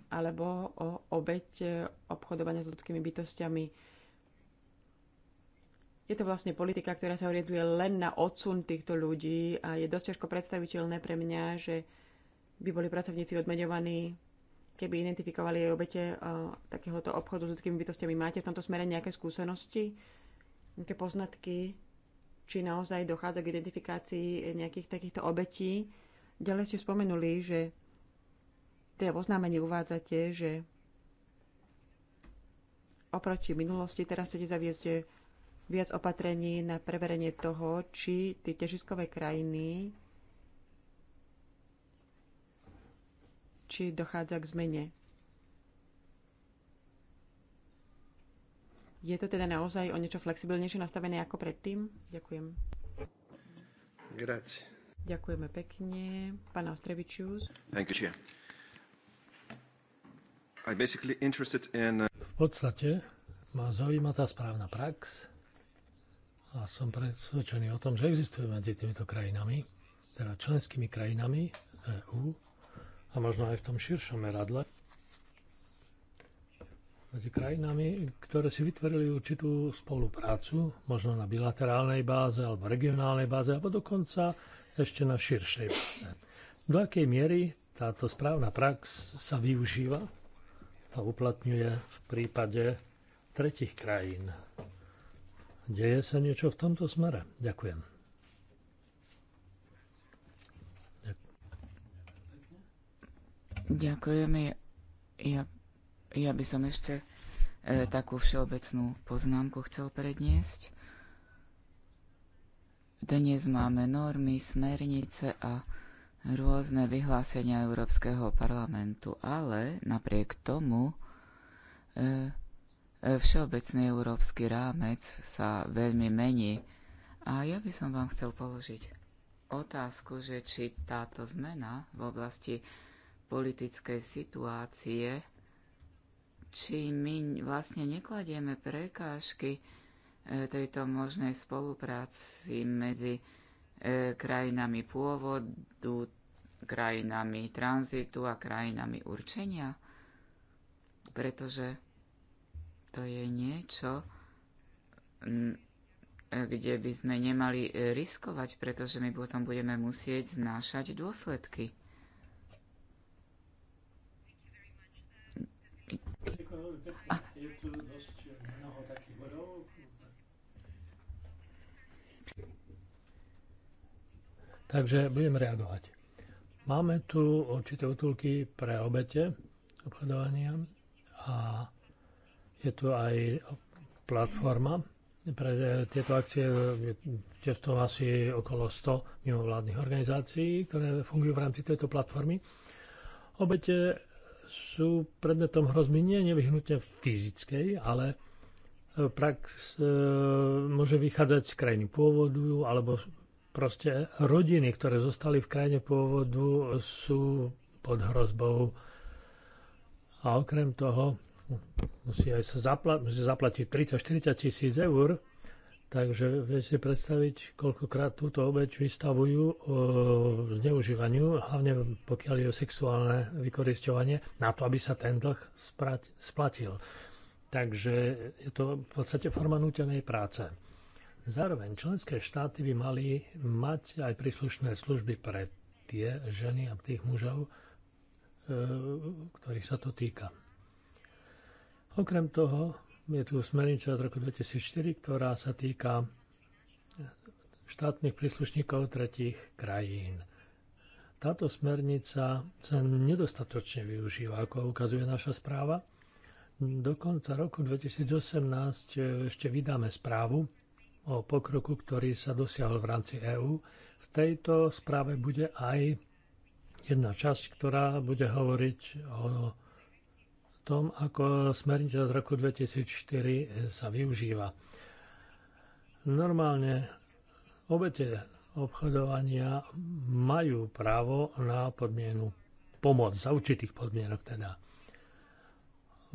alebo o obeď obchodovania s ľudskými bytostiami je to vlastne politika, ktorá sa orientuje len na odsun týchto ľudí a je dosť ťažko predstaviteľné pre mňa, že by boli pracovníci odmeňovaní, keby identifikovali aj obete uh, takéhoto obchodu s ľudskými bytostiami. Máte v tomto smere nejaké skúsenosti, nejaké poznatky, či naozaj dochádza k identifikácii nejakých takýchto obetí? Ďalej ste spomenuli, že teda oznámení uvádzate, že oproti minulosti teraz chcete zaviesť viac opatrení na preverenie toho, či tie ťažiskové krajiny či dochádza k zmene. Je to teda naozaj o niečo flexibilnejšie nastavené ako predtým? Ďakujem. Grazie. Ďakujeme pekne. Pán Ostrevičius. Thank you, basically interested in... Uh, v podstate ma zaujíma tá správna prax, a som presvedčený o tom, že existuje medzi týmito krajinami, teda členskými krajinami EÚ a možno aj v tom širšom meradle, medzi krajinami, ktoré si vytvorili určitú spoluprácu, možno na bilaterálnej báze alebo regionálnej báze, alebo dokonca ešte na širšej báze. Do akej miery táto správna prax sa využíva a uplatňuje v prípade tretich krajín, Deje sa niečo v tomto smere? Ďakujem. Ďakujem. Ja, ja by som ešte e, takú všeobecnú poznámku chcel predniesť. Dnes máme normy, smernice a rôzne vyhlásenia Európskeho parlamentu, ale napriek tomu e, E, Všeobecný európsky rámec sa veľmi mení a ja by som vám chcel položiť otázku, že či táto zmena v oblasti politickej situácie, či my vlastne nekladieme prekážky e, tejto možnej spolupráci medzi e, krajinami pôvodu, krajinami tranzitu a krajinami určenia, pretože to je niečo, kde by sme nemali riskovať, pretože my potom budeme musieť znášať dôsledky. Takže budem reagovať. Máme tu určité útulky pre obete obchodovania a je tu aj platforma pre e, tieto akcie, je tom asi okolo 100 mimovládnych organizácií, ktoré fungujú v rámci tejto platformy. Obete sú predmetom hrozby nie nevyhnutne fyzickej, ale e, prax e, môže vychádzať z krajiny pôvodu alebo proste rodiny, ktoré zostali v krajine pôvodu, sú pod hrozbou. A okrem toho musí aj sa zapla- musí zaplatiť 30-40 tisíc eur, takže viete si predstaviť, koľkokrát túto obeď vystavujú o e, zneužívaniu, hlavne pokiaľ je sexuálne vykoristovanie, na to, aby sa ten dlh splatil. Takže je to v podstate forma nutenej práce. Zároveň členské štáty by mali mať aj príslušné služby pre tie ženy a tých mužov, e, ktorých sa to týka. Okrem toho je tu smernica z roku 2004, ktorá sa týka štátnych príslušníkov tretich krajín. Táto smernica sa nedostatočne využíva, ako ukazuje naša správa. Do konca roku 2018 ešte vydáme správu o pokroku, ktorý sa dosiahol v rámci EÚ. V tejto správe bude aj jedna časť, ktorá bude hovoriť o tom, ako smernica z roku 2004 sa využíva. Normálne obete obchodovania majú právo na podmienu pomoc, za určitých podmienok teda.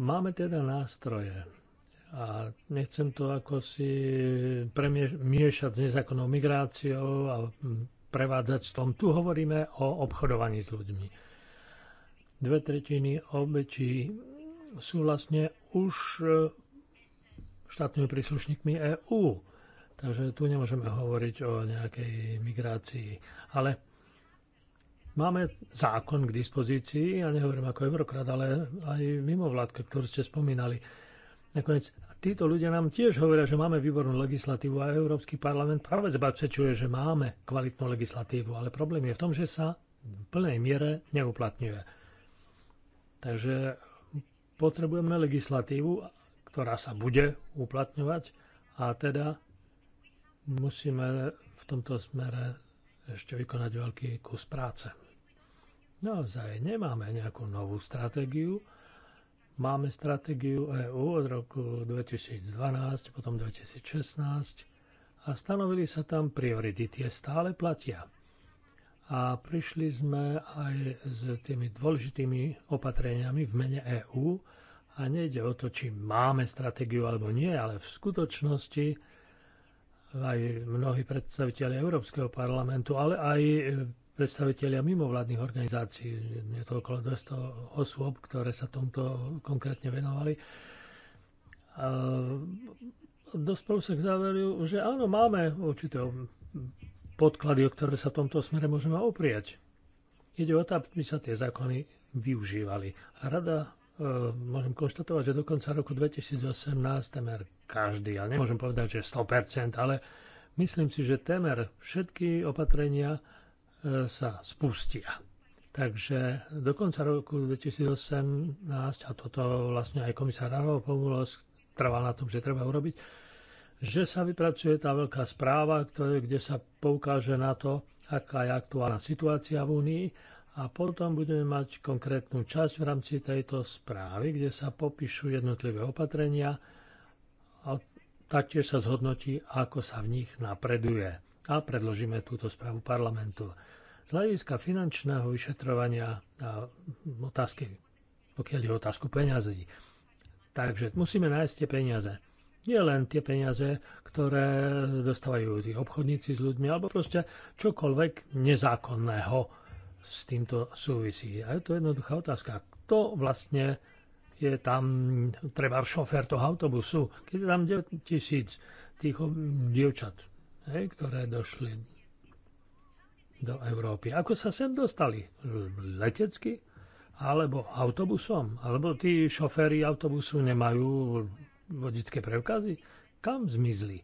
Máme teda nástroje a nechcem to ako si premiešať s nezákonnou migráciou a prevádzačstvom. Tu hovoríme o obchodovaní s ľuďmi. Dve tretiny obetí sú vlastne už e, štátnymi príslušníkmi EÚ. Takže tu nemôžeme hovoriť o nejakej migrácii. Ale máme zákon k dispozícii, ja nehovorím ako eurokrat, ale aj mimo mimovládka, ktorú ste spomínali. Nakoniec títo ľudia nám tiež hovoria, že máme výbornú legislatívu a Európsky parlament práve zabezpečuje, že máme kvalitnú legislatívu, ale problém je v tom, že sa v plnej miere neuplatňuje. Takže potrebujeme legislatívu, ktorá sa bude uplatňovať a teda musíme v tomto smere ešte vykonať veľký kus práce. Naozaj nemáme nejakú novú stratégiu. Máme stratégiu EÚ od roku 2012, potom 2016 a stanovili sa tam priority. Tie stále platia a prišli sme aj s tými dôležitými opatreniami v mene EÚ a nejde o to, či máme stratégiu alebo nie, ale v skutočnosti aj mnohí predstaviteľi Európskeho parlamentu, ale aj predstaviteľia mimovládnych organizácií, je to okolo 200 osôb, ktoré sa tomto konkrétne venovali, dospel sa k záveru, že áno, máme určité podklady, o ktoré sa v tomto smere môžeme oprieť. Ide o to, aby sa tie zákony využívali. A rada e, môžem konštatovať, že do konca roku 2018 temer každý, ale nemôžem povedať, že 100%, ale myslím si, že temer všetky opatrenia e, sa spustia. Takže do konca roku 2018, a toto vlastne aj komisár Pomulos trval na tom, že treba urobiť, že sa vypracuje tá veľká správa, ktoré, kde sa poukáže na to, aká je aktuálna situácia v Únii a potom budeme mať konkrétnu časť v rámci tejto správy, kde sa popíšu jednotlivé opatrenia a taktiež sa zhodnotí, ako sa v nich napreduje a predložíme túto správu parlamentu. Z hľadiska finančného vyšetrovania a otázky, pokiaľ je otázku peňazí. Takže musíme nájsť tie peniaze. Nie len tie peniaze, ktoré dostávajú tí obchodníci s ľuďmi, alebo proste čokoľvek nezákonného s týmto súvisí. A je to jednoduchá otázka. Kto vlastne je tam treba šofér toho autobusu, keď je tam 9 tisíc tých dievčat, hej, ktoré došli do Európy. Ako sa sem dostali? Letecky? Alebo autobusom? Alebo tí šoféry autobusu nemajú vodické preukazy? Kam zmizli?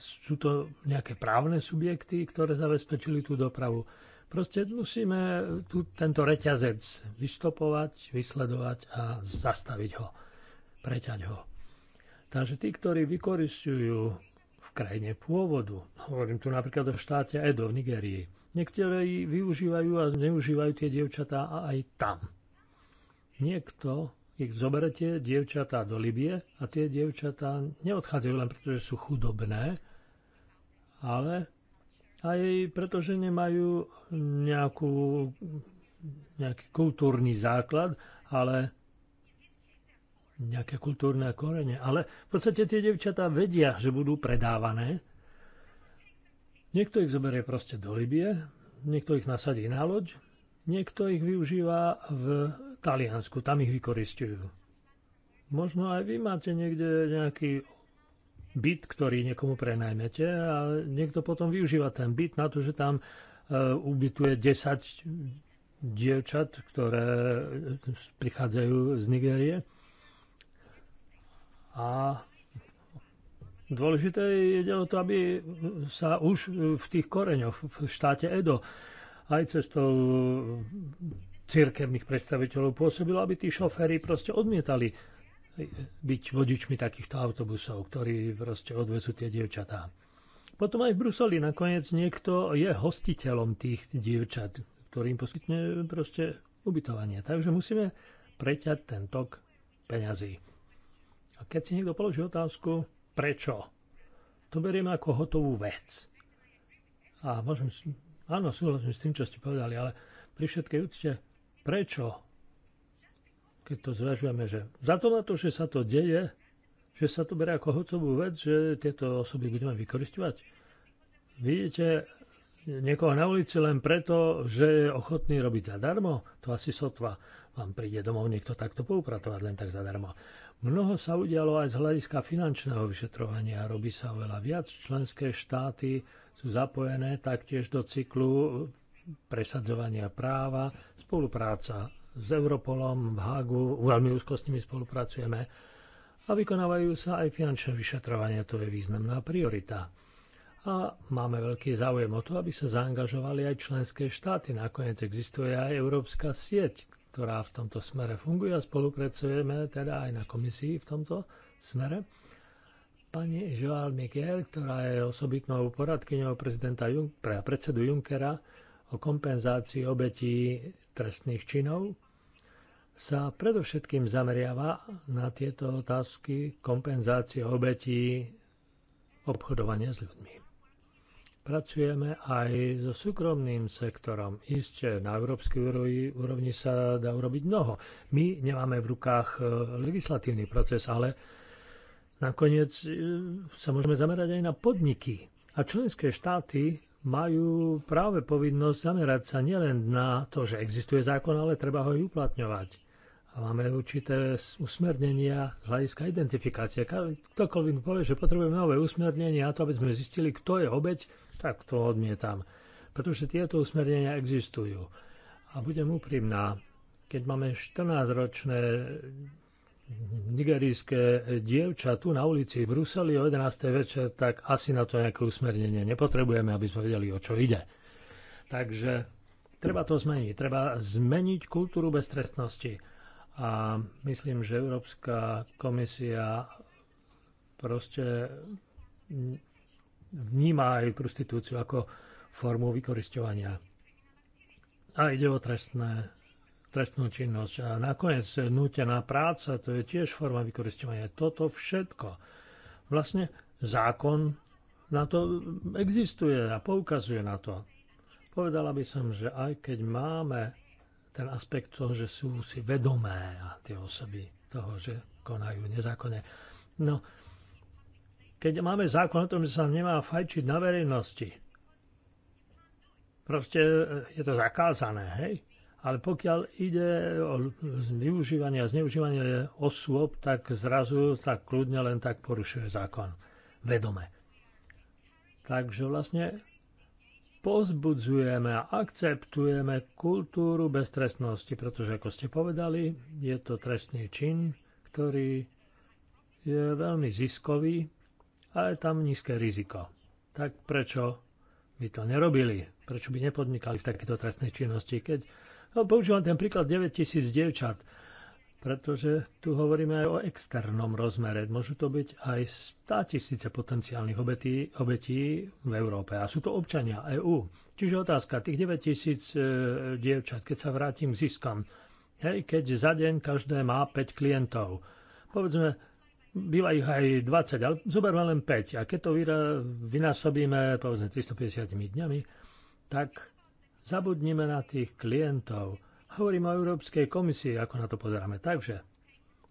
Sú to nejaké právne subjekty, ktoré zabezpečili tú dopravu? Proste musíme tu, tento reťazec vystopovať, vysledovať a zastaviť ho, preťať ho. Takže tí, ktorí vykoristujú v krajine pôvodu, hovorím tu napríklad o štáte Edo v Nigerii, niektoré využívajú a zneužívajú tie dievčatá aj tam. Niekto ich zoberete dievčatá do Libie a tie dievčatá neodchádzajú len preto, že sú chudobné, ale aj preto, že nemajú nejakú, nejaký kultúrny základ, ale nejaké kultúrne korene. Ale v podstate tie devčatá vedia, že budú predávané. Niekto ich zoberie proste do Libie, niekto ich nasadí na loď, niekto ich využíva v Taliansku, tam ich vykoristujú. Možno aj vy máte niekde nejaký byt, ktorý niekomu prenajmete a niekto potom využíva ten byt na to, že tam e, ubytuje 10 dievčat, ktoré prichádzajú z Nigérie. A dôležité je o to, aby sa už v tých koreňoch v štáte Edo aj cestou cirkevných predstaviteľov pôsobilo, aby tí šoféry proste odmietali byť vodičmi takýchto autobusov, ktorí proste odvezú tie dievčatá. Potom aj v Bruseli nakoniec niekto je hostiteľom tých dievčat, ktorým poskytne proste ubytovanie. Takže musíme preťať ten tok peňazí. A keď si niekto položí otázku, prečo? To berieme ako hotovú vec. A môžem, áno, súhlasím s tým, čo ste povedali, ale pri všetkej úcte Prečo? Keď to zvažujeme, že za to na to, že sa to deje, že sa to berá ako hotovú vec, že tieto osoby budeme vykoristovať. Vidíte niekoho na ulici len preto, že je ochotný robiť zadarmo? To asi sotva. Vám príde domov niekto takto poupratovať len tak zadarmo. Mnoho sa udialo aj z hľadiska finančného vyšetrovania. Robí sa oveľa viac. Členské štáty sú zapojené taktiež do cyklu presadzovania práva, spolupráca s Europolom v Hagu, veľmi úzko s nimi spolupracujeme a vykonávajú sa aj finančné vyšetrovania, to je významná priorita. A máme veľký záujem o to, aby sa zaangažovali aj členské štáty. Nakoniec existuje aj Európska sieť, ktorá v tomto smere funguje a spolupracujeme teda aj na komisii v tomto smere. Pani Joal Miguel, ktorá je osobitnou poradkyňou prezidenta Jun- pre predsedu Junckera, o kompenzácii obetí trestných činov sa predovšetkým zameriava na tieto otázky kompenzácie obetí obchodovania s ľuďmi. Pracujeme aj so súkromným sektorom. Isté, na európskej úrovni, úrovni sa dá urobiť mnoho. My nemáme v rukách e, legislatívny proces, ale nakoniec e, sa môžeme zamerať aj na podniky. A členské štáty majú práve povinnosť zamerať sa nielen na to, že existuje zákon, ale treba ho aj uplatňovať. A máme určité usmernenia z hľadiska identifikácie. Ktokoľvek povie, že potrebujeme nové usmernenia na to, aby sme zistili, kto je obeď, tak to odmietam. Pretože tieto usmernenia existujú. A budem úprimná, keď máme 14-ročné nigerijské dievča tu na ulici v Bruseli o 11. večer, tak asi na to nejaké usmernenie nepotrebujeme, aby sme vedeli, o čo ide. Takže treba to zmeniť. Treba zmeniť kultúru beztrestnosti. A myslím, že Európska komisia proste vníma aj prostitúciu ako formu vykoristovania. A ide o trestné trestnú činnosť. A nakoniec nútená práca, to je tiež forma vykoristovania. Toto všetko. Vlastne zákon na to existuje a poukazuje na to. Povedala by som, že aj keď máme ten aspekt toho, že sú si vedomé a tie osoby toho, že konajú nezákonne. No, keď máme zákon o tom, že sa nemá fajčiť na verejnosti, proste je to zakázané, hej? ale pokiaľ ide o využívanie a zneužívanie osôb, tak zrazu tak kľudne len tak porušuje zákon. Vedome. Takže vlastne pozbudzujeme a akceptujeme kultúru beztrestnosti, pretože ako ste povedali, je to trestný čin, ktorý je veľmi ziskový a je tam nízke riziko. Tak prečo by to nerobili? Prečo by nepodnikali v takéto trestnej činnosti, keď No, používam ten príklad 9000 dievčat, pretože tu hovoríme aj o externom rozmere. Môžu to byť aj 100 tisíce potenciálnych obetí, obetí v Európe a sú to občania EÚ. Čiže otázka, tých 9000 e, dievčat, keď sa vrátim k ziskom, hej, keď za deň každé má 5 klientov, povedzme, býva ich aj 20, ale zoberme len 5. A keď to vynásobíme, povedzme, 350 dňami, tak Zabudnime na tých klientov. Hovorím o Európskej komisii, ako na to pozeráme. Takže,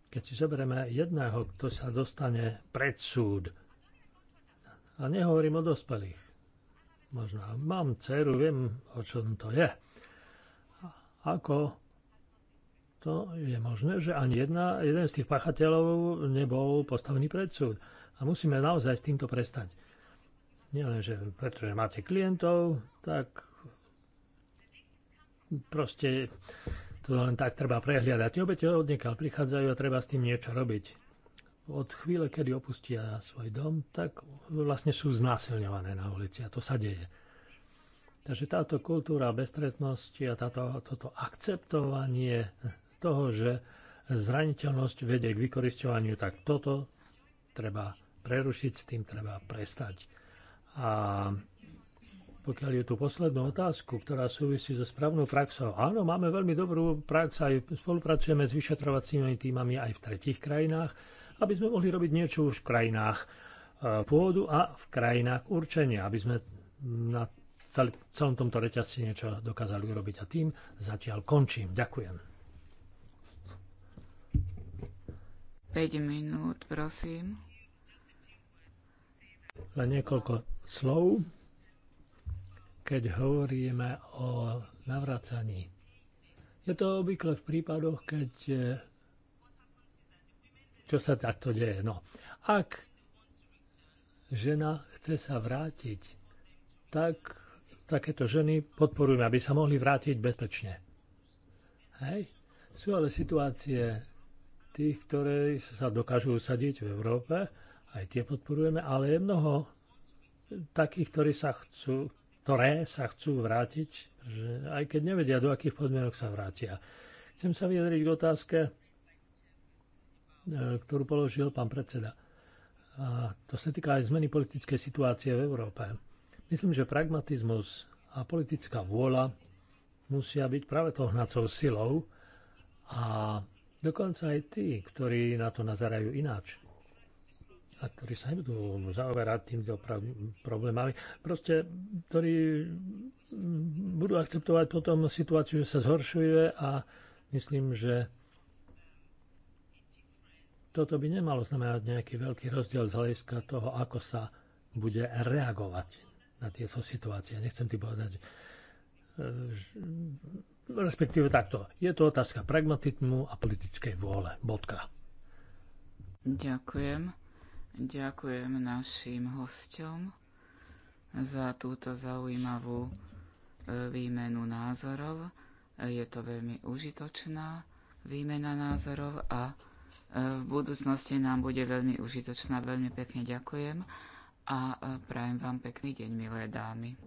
keď si zoberieme jedného, kto sa dostane pred súd, a nehovorím o dospelých, možno mám dceru, viem, o čom to je. Ako to je možné, že ani jedna, jeden z tých pachateľov nebol postavený pred súd. A musíme naozaj s týmto prestať. Nie len, že pretože máte klientov, tak proste to len tak treba prehliadať. Tie obete odnikal prichádzajú a treba s tým niečo robiť. Od chvíle, kedy opustia svoj dom, tak vlastne sú znásilňované na ulici a to sa deje. Takže táto kultúra bestretnosti a táto, toto akceptovanie toho, že zraniteľnosť vedie k vykoristovaniu, tak toto treba prerušiť, s tým treba prestať. A pokiaľ je tu poslednú otázku, ktorá súvisí so správnou praxou. Áno, máme veľmi dobrú prax, aj spolupracujeme s vyšetrovacími týmami aj v tretich krajinách, aby sme mohli robiť niečo už v krajinách eh, pôvodu a v krajinách určenia, aby sme na celom tomto reťazci niečo dokázali urobiť. A tým zatiaľ končím. Ďakujem. 5 minút, prosím. Len niekoľko slov keď hovoríme o navracaní. Je to obvykle v prípadoch, keď e, čo sa takto deje. No, ak žena chce sa vrátiť, tak takéto ženy podporujeme, aby sa mohli vrátiť bezpečne. Hej? Sú ale situácie tých, ktoré sa dokážu usadiť v Európe, aj tie podporujeme, ale je mnoho takých, ktorí sa chcú, ktoré sa chcú vrátiť, že aj keď nevedia, do akých podmienok sa vrátia. Chcem sa vyjadriť k otázke, e, ktorú položil pán predseda. A to sa týka aj zmeny politickej situácie v Európe. Myslím, že pragmatizmus a politická vôľa musia byť práve tou hnacou silou a dokonca aj tí, ktorí na to nazerajú ináč a ktorí sa nebudú zaoberať týmito problémami, proste, ktorí budú akceptovať potom situáciu, že sa zhoršuje a myslím, že toto by nemalo znamenať nejaký veľký rozdiel z hľadiska toho, ako sa bude reagovať na tieto situácie. Nechcem ti povedať, e, respektíve takto. Je to otázka pragmatizmu a politickej vôle. Bodka. Ďakujem. Ďakujem našim hostom za túto zaujímavú e, výmenu názorov. Je to veľmi užitočná výmena názorov a e, v budúcnosti nám bude veľmi užitočná. Veľmi pekne ďakujem a e, prajem vám pekný deň, milé dámy.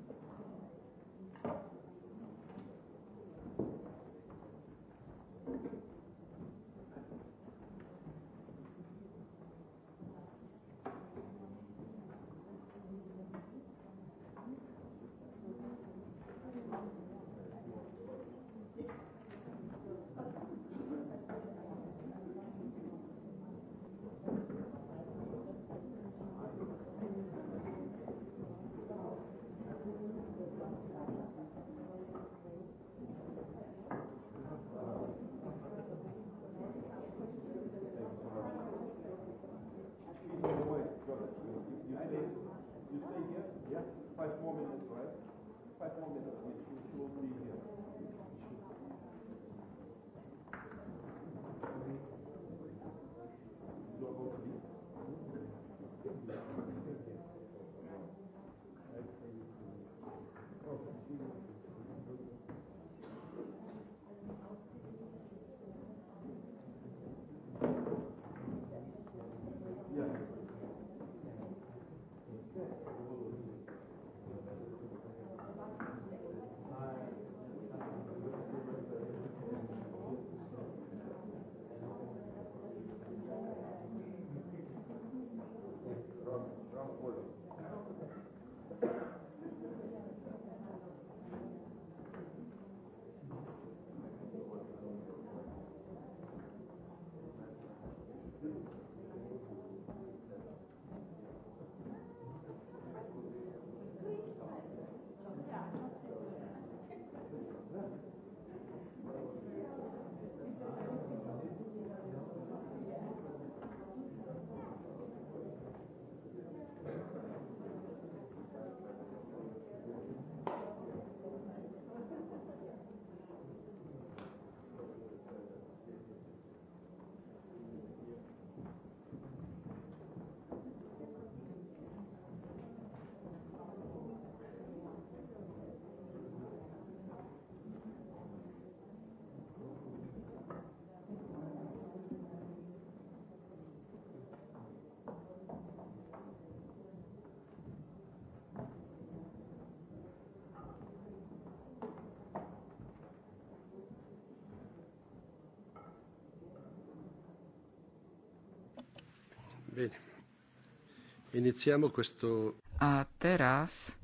A teraz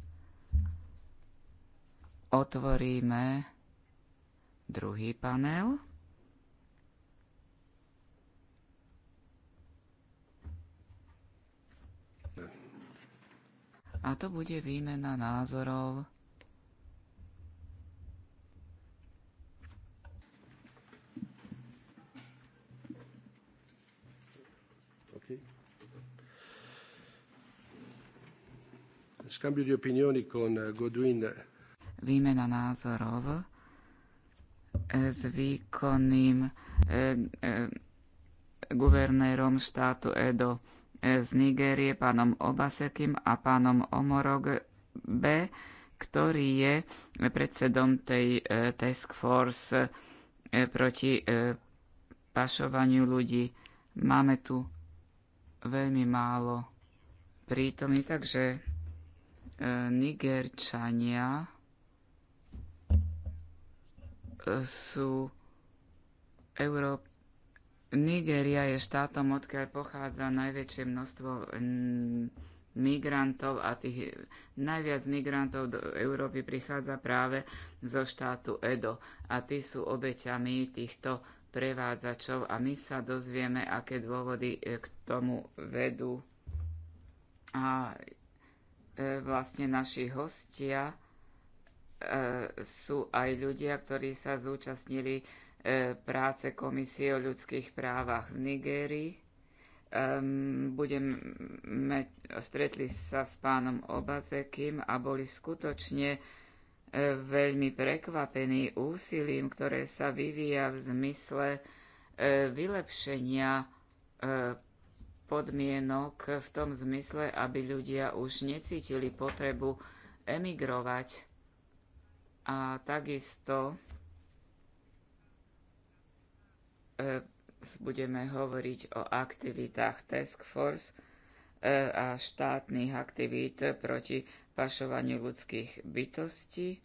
otvoríme druhý panel. A to bude výmena názorov scambio di opinioni con Godwin. Výmena názorov e, s výkonným e, e, guvernérom štátu Edo z Nigérie, pánom Obasekim a pánom Omorog B, ktorý je predsedom tej Task Force proti pašovaniu ľudí. Máme tu veľmi málo prítomných, takže Nigerčania sú Euró... Nigéria je štátom, odkiaľ pochádza najväčšie množstvo migrantov a tých najviac migrantov do Európy prichádza práve zo štátu Edo a tí sú obeťami týchto prevádzačov a my sa dozvieme, aké dôvody e, k tomu vedú. A E, vlastne naši hostia e, sú aj ľudia, ktorí sa zúčastnili e, práce Komisie o ľudských právach v Nigérii. Budeme, stretli sa s pánom Obazekým a boli skutočne veľmi prekvapení úsilím, ktoré sa vyvíja v zmysle vylepšenia podmienok v tom zmysle, aby ľudia už necítili potrebu emigrovať. A takisto e, budeme hovoriť o aktivitách Task Force e, a štátnych aktivít proti pašovaniu ľudských bytostí.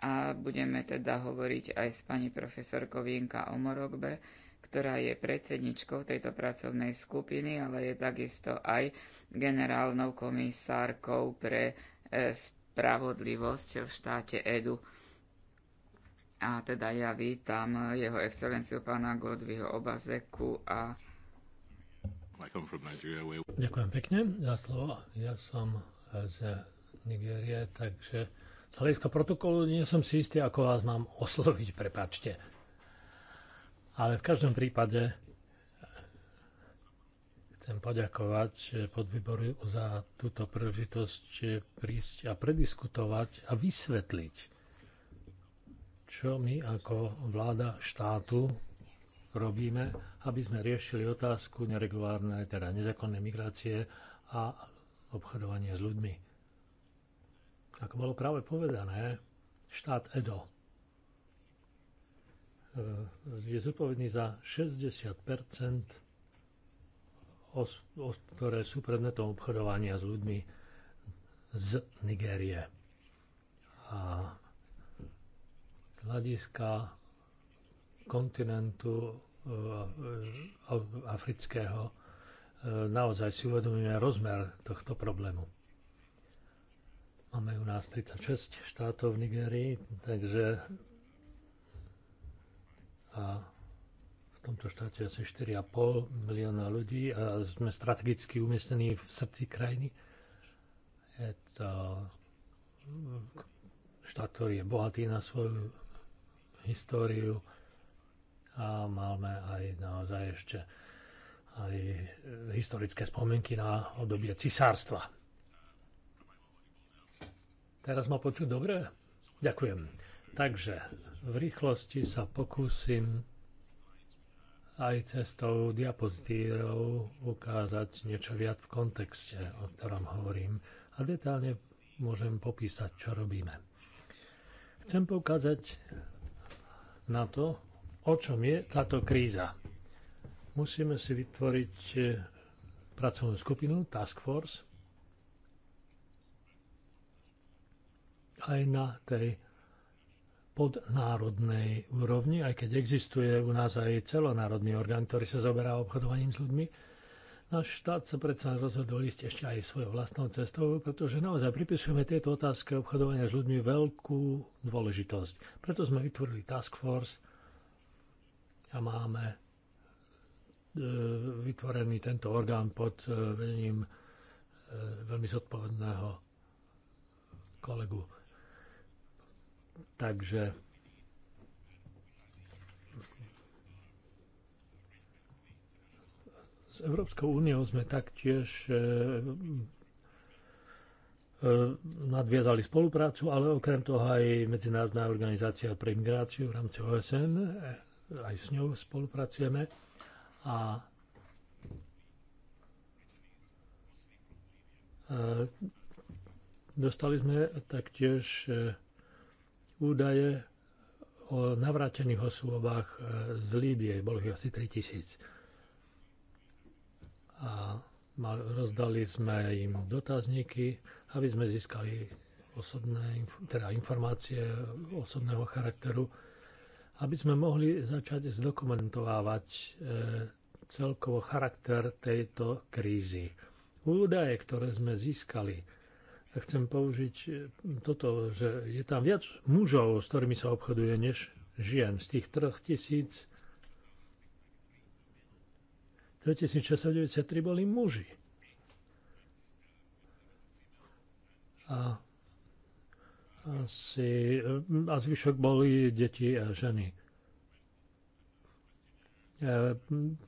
A budeme teda hovoriť aj s pani profesorkou Vienka Omorogbe, ktorá je predsedničkou tejto pracovnej skupiny, ale je takisto aj generálnou komisárkou pre e, spravodlivosť v štáte Edu. A teda ja vítam jeho excelenciu pána Godviho Obazeku a Ďakujem pekne za slovo. Ja som e, z Nigérie, takže z hľadiska protokolu nie som si istý, ako vás mám osloviť, prepačte. Ale v každom prípade chcem poďakovať podvýboru za túto príležitosť prísť a prediskutovať a vysvetliť, čo my ako vláda štátu robíme, aby sme riešili otázku neregulárnej, teda nezákonnej migrácie a obchodovania s ľuďmi. Ako bolo práve povedané, štát Edo Eh, je zodpovedný za 60 os, os, ktoré sú predmetom obchodovania s ľuďmi z Nigérie. A z hľadiska kontinentu eh, afrického eh, naozaj si uvedomíme rozmer tohto problému. Máme u nás 36 štátov v Nigérii, takže a v tomto štáte asi 4,5 milióna ľudí a sme strategicky umiestnení v srdci krajiny. Je to štát, ktorý je bohatý na svoju históriu a máme aj naozaj ešte aj historické spomienky na obdobie cisárstva. Teraz ma počuť dobre? Ďakujem. Takže v rýchlosti sa pokúsim aj cestou diapozitírov ukázať niečo viac v kontexte, o ktorom hovorím a detálne môžem popísať, čo robíme. Chcem poukázať na to, o čom je táto kríza. Musíme si vytvoriť eh, pracovnú skupinu Task Force aj na tej podnárodnej úrovni, aj keď existuje u nás aj celonárodný orgán, ktorý sa zoberá obchodovaním s ľuďmi. Náš štát sa predsa rozhodol ísť ešte aj svojou vlastnou cestou, pretože naozaj pripisujeme tieto otázky obchodovania s ľuďmi veľkú dôležitosť. Preto sme vytvorili task force a máme e, vytvorený tento orgán pod e, vedením e, veľmi zodpovedného kolegu Takže s Európskou úniou sme taktiež e, e, nadviazali spoluprácu, ale okrem toho aj Medzinárodná organizácia pre migráciu v rámci OSN, e, aj s ňou spolupracujeme. A dostali sme taktiež údaje o navrátených osôbách e, z Líbie, bolo ich asi 3000. A rozdali sme im dotazníky, aby sme získali osobné, teda informácie osobného charakteru, aby sme mohli začať zdokumentovávať e, celkovo charakter tejto krízy. Údaje, ktoré sme získali, chcem použiť e, toto, že je tam viac mužov, s ktorými sa obchoduje, než žien. Z tých 3000 2693 boli muži. A, asi, e, a zvyšok boli deti a ženy. E,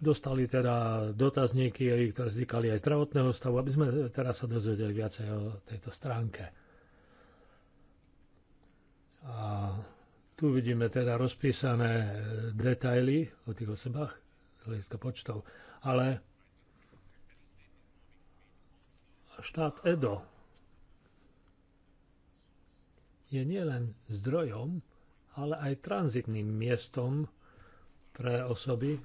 dostali teda dotazníky, ktoré vznikali aj zdravotného stavu, aby sme teraz sa dozvedeli viacej o tejto stránke. A tu vidíme teda rozpísané e, detaily o tých osobách, hľadiska počtov, ale štát Edo je nielen zdrojom, ale aj tranzitným miestom pre osoby,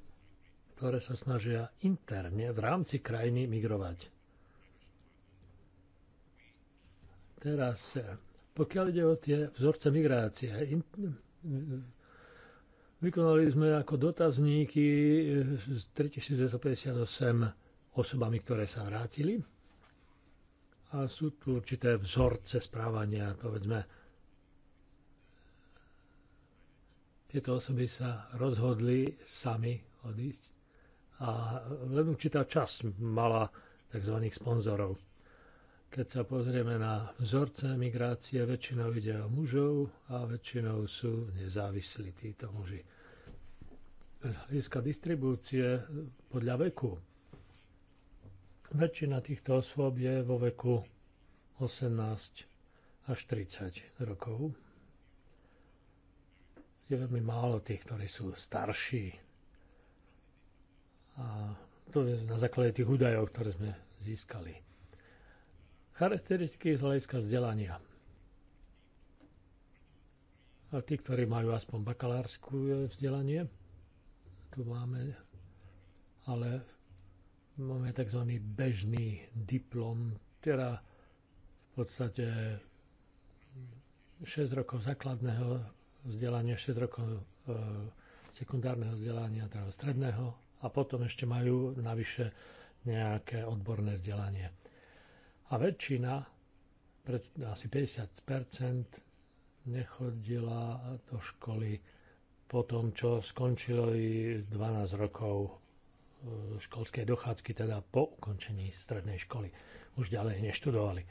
ktoré sa snažia interne v rámci krajiny migrovať. Teraz, eh, pokiaľ ide o tie vzorce migrácie, in, vykonali sme ako dotazníky 3258 eh, osobami, ktoré sa vrátili. A sú tu určité vzorce správania, povedzme, Tieto osoby sa rozhodli sami odísť a len určitá časť mala tzv. sponzorov. Keď sa pozrieme na vzorce migrácie, väčšinou ide o mužov a väčšinou sú nezávislí títo muži. Z hľadiska distribúcie podľa veku. Väčšina týchto osôb je vo veku 18 až 30 rokov, je veľmi málo tých, ktorí sú starší. A to je na základe tých údajov, ktoré sme získali. Charakteristiky z hľadiska vzdelania. A tí, ktorí majú aspoň bakalárskú vzdelanie, tu máme, ale máme tzv. bežný diplom, teda v podstate 6 rokov základného vzdelanie 6 rokov e, sekundárneho vzdelania, teda stredného a potom ešte majú navyše nejaké odborné vzdelanie. A väčšina, asi 50%, nechodila do školy po tom, čo skončilo 12 rokov e, školskej dochádzky, teda po ukončení strednej školy. Už ďalej neštudovali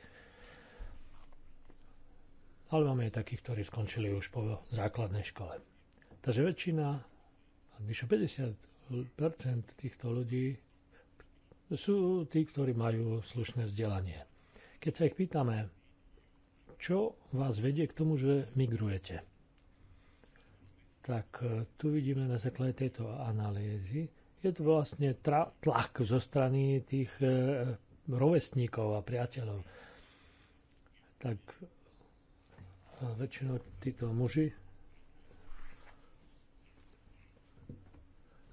ale máme aj takých, ktorí skončili už po základnej škole. Takže väčšina, vyše 50 týchto ľudí sú tí, ktorí majú slušné vzdelanie. Keď sa ich pýtame, čo vás vedie k tomu, že migrujete, tak e, tu vidíme na základe tejto analýzy, je to vlastne tlak zo strany tých e, rovesníkov a priateľov. Tak a väčšinou títo muži.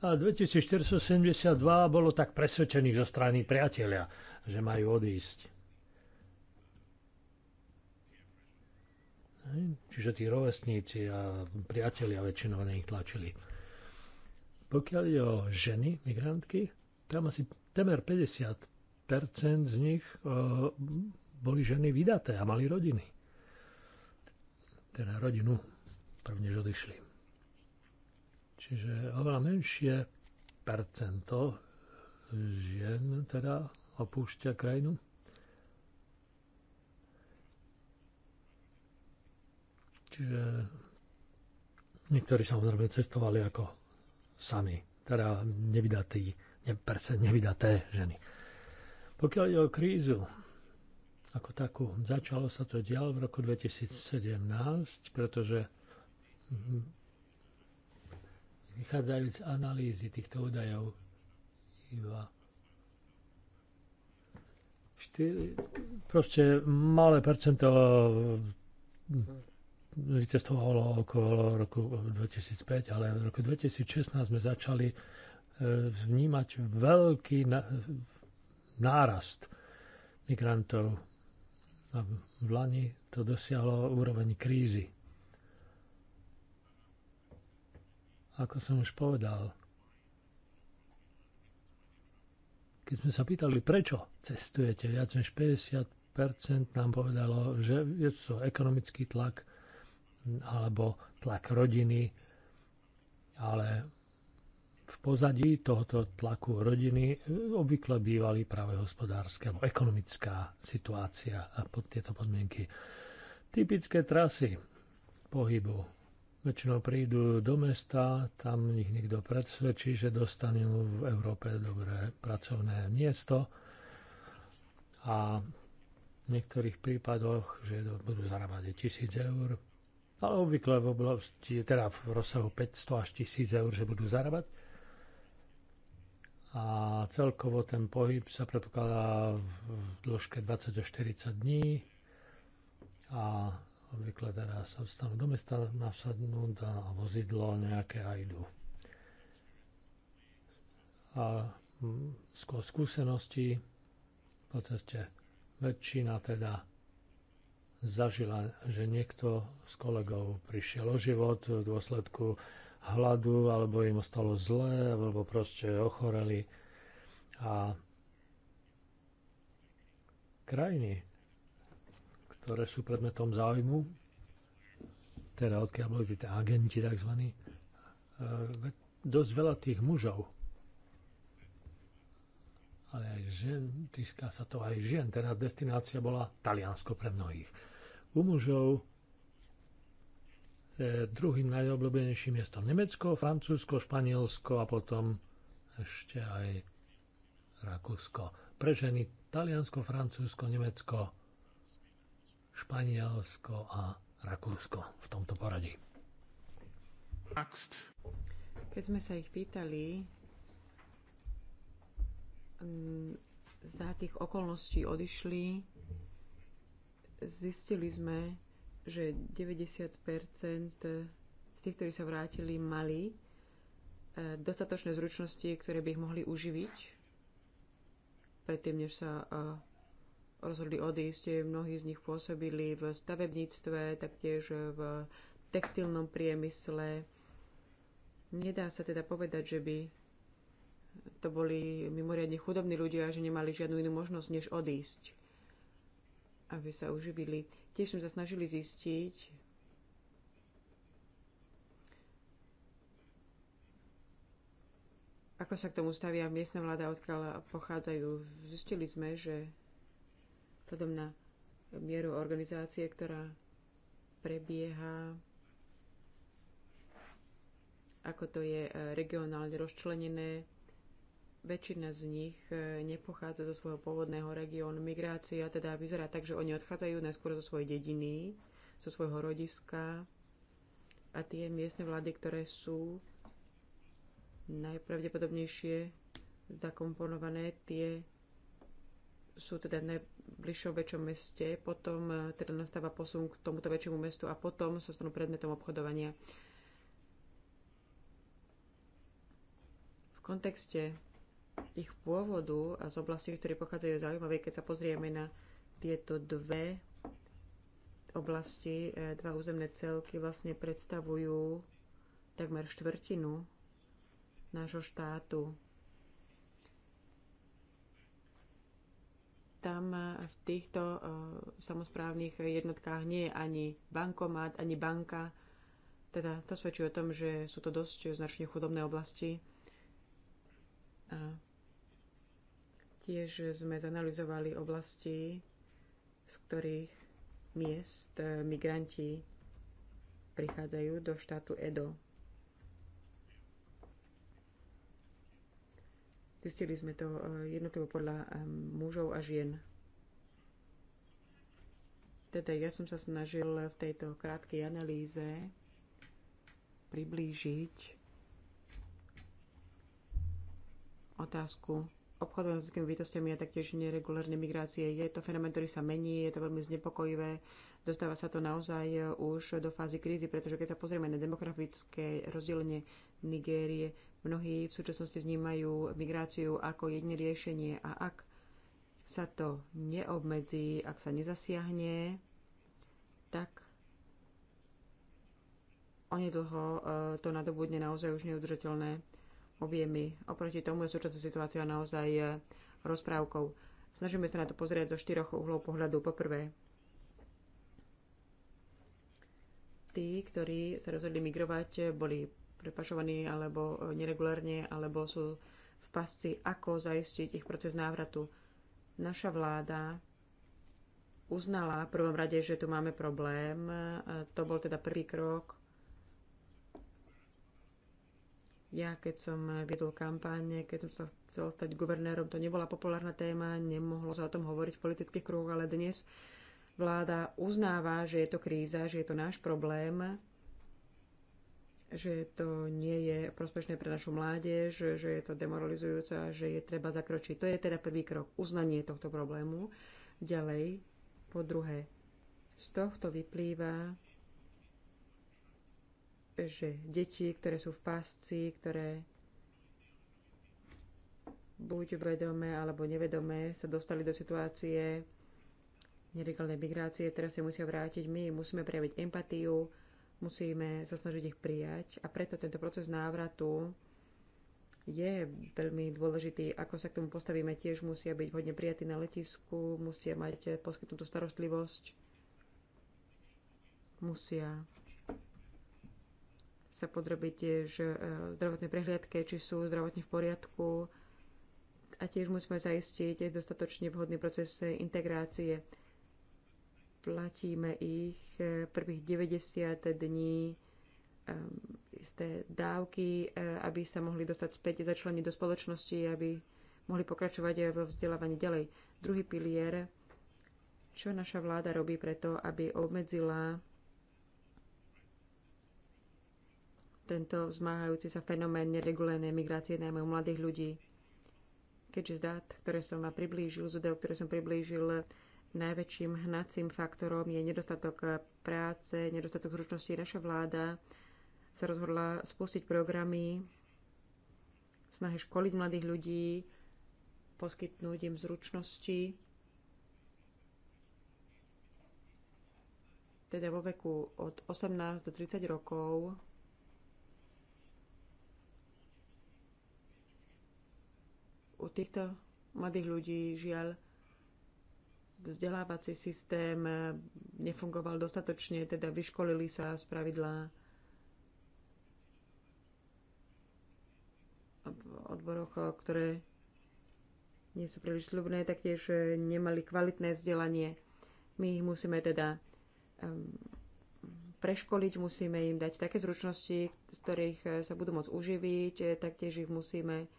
A 2472 bolo tak presvedčených zo strany priatelia, že majú odísť. Čiže tí rovesníci a priatelia väčšinou na nich tlačili. Pokiaľ ide o ženy, migrantky, tam asi temer 50% z nich eh, boli ženy vydaté a mali rodiny teda rodinu, prvnež odišli. Čiže oveľa menšie percento žien teda opúšťa krajinu. Čiže niektorí samozrejme cestovali ako sami, teda nevydatí, neperce, nevydaté ženy. Pokiaľ ide o krízu, ako takú. Začalo sa to dial v roku 2017, pretože vychádzajúc z analýzy týchto údajov iba 4, proste malé percento vytestovalo okolo roku 2005, ale v roku 2016 sme začali e, vnímať veľký nárast migrantov a v Lani to dosiahlo úroveň krízy. Ako som už povedal, keď sme sa pýtali, prečo cestujete, viac než 50% nám povedalo, že je to ekonomický tlak alebo tlak rodiny, ale v pozadí tohoto tlaku rodiny e, obvykle bývali práve hospodárska alebo ekonomická situácia a pod tieto podmienky. Typické trasy pohybu. Väčšinou prídu do mesta, tam ich niekto predsvedčí, že dostanú v Európe dobré pracovné miesto a v niektorých prípadoch, že budú zarábať 1000 eur, ale obvykle v oblasti, teda v rozsahu 500 až 1000 eur, že budú zarábať a celkovo ten pohyb sa predpokladá v dĺžke 20 až 40 dní a obvykle teda sa vstanú do mesta nasadnúť a vozidlo nejaké aj idú. A skôr skúsenosti po ceste väčšina teda zažila, že niekto z kolegov prišiel o život v dôsledku hladu, alebo im ostalo zlé, alebo proste ochoreli. A krajiny, ktoré sú predmetom záujmu, teda odkiaľ boli tí agenti tzv., e, dosť veľa tých mužov, ale aj žen, týka sa to aj žien, teda destinácia bola Taliansko pre mnohých. U mužov E, druhým najobľúbenejším miestom Nemecko, Francúzsko, Španielsko a potom ešte aj Rakúsko. Pre ženy Taliansko, Francúzsko, Nemecko, Španielsko a Rakúsko v tomto poradí. Keď sme sa ich pýtali, mm, za tých okolností odišli, zistili sme, že 90 z tých, ktorí sa vrátili, mali e, dostatočné zručnosti, ktoré by ich mohli uživiť predtým, než sa e, rozhodli odísť. Mnohí z nich pôsobili v stavebníctve, taktiež v textilnom priemysle. Nedá sa teda povedať, že by to boli mimoriadne chudobní ľudia, že nemali žiadnu inú možnosť, než odísť, aby sa uživili. Tiež sme sa snažili zistiť, ako sa k tomu stavia miestna vláda, odkiaľ pochádzajú. Zistili sme, že vzhľadom na mieru organizácie, ktorá prebieha, ako to je regionálne rozčlenené, väčšina z nich e, nepochádza zo svojho pôvodného regiónu migrácia, teda vyzerá tak, že oni odchádzajú najskôr zo svojej dediny, zo svojho rodiska a tie miestne vlády, ktoré sú najpravdepodobnejšie zakomponované, tie sú teda v najbližšom väčšom meste, potom e, teda nastáva posun k tomuto väčšiemu mestu a potom sa stanú predmetom obchodovania. V kontexte ich pôvodu a z oblastí, ktoré pochádzajú zaujímavé, keď sa pozrieme na tieto dve oblasti, e, dva územné celky vlastne predstavujú takmer štvrtinu nášho štátu. Tam e, v týchto uh, samozprávnych jednotkách nie je ani bankomat, ani banka. Teda to svedčí o tom, že sú to dosť značne chudobné oblasti. Tiež sme zanalizovali oblasti, z ktorých miest eh, migranti prichádzajú do štátu Edo. Zistili sme to eh, jednotlivo podľa eh, mužov a žien. Teda ja som sa snažil v tejto krátkej analýze priblížiť otázku obchodom s ľudskými bytostiami a taktiež neregulárne migrácie. Je to fenomén, ktorý sa mení, je to veľmi znepokojivé. Dostáva sa to naozaj už do fázy krízy, pretože keď sa pozrieme na demografické rozdelenie Nigérie, mnohí v súčasnosti vnímajú migráciu ako jedine riešenie a ak sa to neobmedzí, ak sa nezasiahne, tak onedlho eh, to nadobudne naozaj už neudržateľné objemy. Oproti tomu je súčasná situácia naozaj e, rozprávkou. Snažíme sa na to pozrieť zo štyroch uhlov pohľadu. Poprvé, tí, ktorí sa rozhodli migrovať, boli prepašovaní alebo e, neregulárne, alebo sú v pasci, ako zaistiť ich proces návratu. Naša vláda uznala v prvom rade, že tu máme problém. E, to bol teda prvý krok Ja, keď som viedol kampáne, keď som sa chcel stať guvernérom, to nebola populárna téma, nemohlo sa o tom hovoriť v politických kruhoch, ale dnes vláda uznáva, že je to kríza, že je to náš problém, že to nie je prospešné pre našu mládež, že je to demoralizujúce a že je treba zakročiť. To je teda prvý krok, uznanie tohto problému. Ďalej, po druhé, z tohto vyplýva že deti, ktoré sú v pásci, ktoré buď vedomé alebo nevedomé sa dostali do situácie nelegálnej migrácie, teraz si musia vrátiť. My musíme prejaviť empatiu, musíme sa snažiť ich prijať a preto tento proces návratu je veľmi dôležitý. Ako sa k tomu postavíme, tiež musia byť hodne prijatí na letisku, musia mať poskytnutú starostlivosť, musia sa podrobiť tiež e, zdravotnej prehliadke, či sú zdravotne v poriadku a tiež musíme zaistiť dostatočne vhodný proces integrácie. Platíme ich e, prvých 90 dní e, isté dávky, aby sa mohli dostať späť, začleniť do spoločnosti, aby mohli pokračovať vo vzdelávaní ďalej. Druhý pilier, čo naša vláda robí preto, aby obmedzila tento zmáhajúci sa fenomén neregulérnej migrácie najmä u mladých ľudí. Keďže z dát, ktoré som vám priblížil, z údajov, ktoré som priblížil, najväčším hnacím faktorom je nedostatok práce, nedostatok zručností. Naša vláda sa rozhodla spustiť programy snahy školiť mladých ľudí, poskytnúť im zručnosti, teda vo veku od 18 do 30 rokov U týchto mladých ľudí žiaľ vzdelávací systém eh, nefungoval dostatočne, teda vyškolili sa z pravidla v odboroch, eh, ktoré nie sú príliš slubné, taktiež eh, nemali kvalitné vzdelanie. My ich musíme teda preškoliť, musíme im dať také zručnosti, z ktorých sa budú môcť uživiť, taktiež ich musíme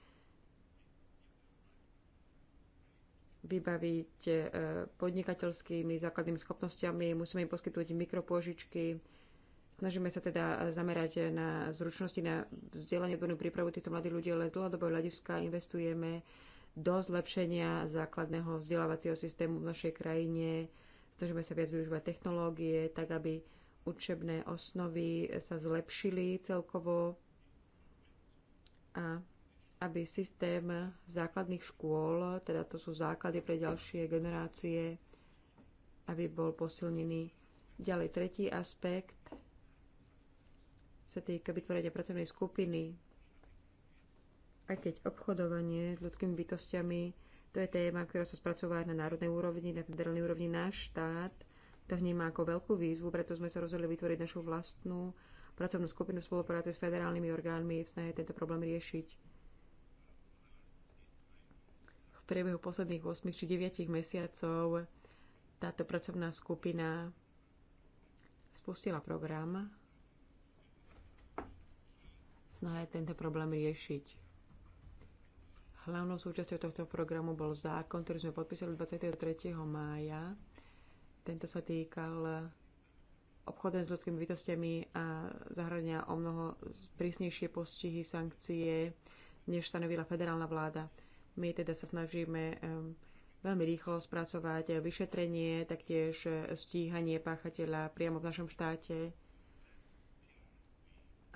vybaviť e, podnikateľskými základnými schopnosťami, musíme im poskytnúť mikropôžičky. Snažíme sa teda zamerať na zručnosti, na vzdelanie, odbornú prípravu týchto mladých ľudí, ale z dlhodobého hľadiska investujeme do zlepšenia základného vzdelávacieho systému v našej krajine. Snažíme sa viac využívať technológie, tak aby učebné osnovy sa zlepšili celkovo a aby systém základných škôl, teda to sú základy pre ďalšie generácie, aby bol posilnený. Ďalej tretí aspekt sa týka vytvorenia pracovnej skupiny. Aj keď obchodovanie s ľudskými bytostiami, to je téma, ktorá sa spracová na národnej úrovni, na federálnej úrovni, náš štát to vníma ako veľkú výzvu, preto sme sa rozhodli vytvoriť našu vlastnú pracovnú skupinu v spolupráci s federálnymi orgánmi v snahe tento problém riešiť priebehu posledných 8 či 9 mesiacov táto pracovná skupina spustila program snahe tento problém riešiť. Hlavnou súčasťou tohto programu bol zákon, ktorý sme podpísali 23. mája. Tento sa týkal obchodem s ľudskými bytostiami a zahrania o mnoho prísnejšie postihy, sankcie, než stanovila federálna vláda. My teda sa snažíme ehm, veľmi rýchlo spracovať eh, vyšetrenie, taktiež eh, stíhanie páchateľa priamo v našom štáte.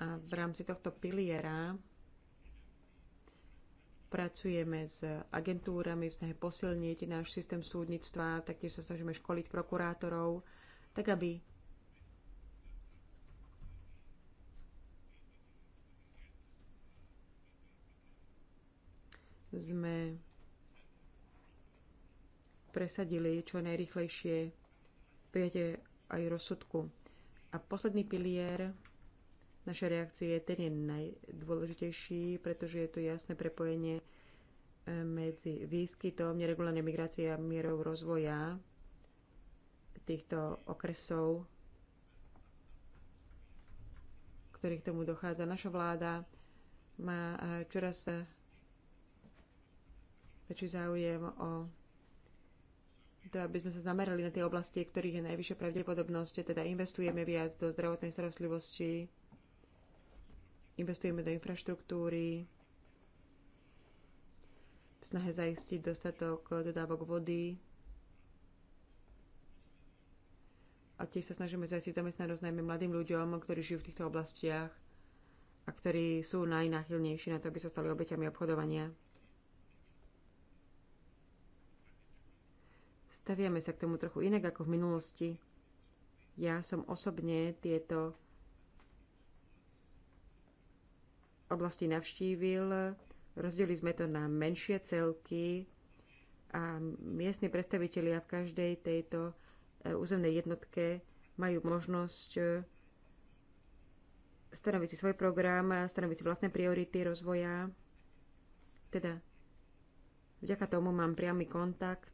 A v rámci tohto piliera pracujeme s agentúrami v posilniť náš systém súdnictva, taktiež sa snažíme školiť prokurátorov, tak aby sme presadili čo najrychlejšie prijatie aj rozsudku. A posledný pilier našej reakcie, ten je najdôležitejší, pretože je tu jasné prepojenie e, medzi výskytom neregulárnej migrácie a mierou rozvoja týchto okresov, ktorých tomu dochádza. Naša vláda má e, čoraz väčší záujem o to, aby sme sa zamerali na tie oblasti, ktorých je najvyššia pravdepodobnosť, teda investujeme viac do zdravotnej starostlivosti, investujeme do infraštruktúry, v snahe zaistiť dostatok dodávok vody, a tiež sa snažíme zaistiť zamestnanosť najmä mladým ľuďom, ktorí žijú v týchto oblastiach a ktorí sú najnáchylnejší na to, aby sa stali obeťami obchodovania. Staviame sa k tomu trochu inak ako v minulosti. Ja som osobne tieto oblasti navštívil. Rozdelili sme to na menšie celky a miestni predstavitelia v každej tejto e, územnej jednotke majú možnosť e, stanoviť si svoj program, stanoviť si vlastné priority rozvoja. Teda vďaka tomu mám priamy kontakt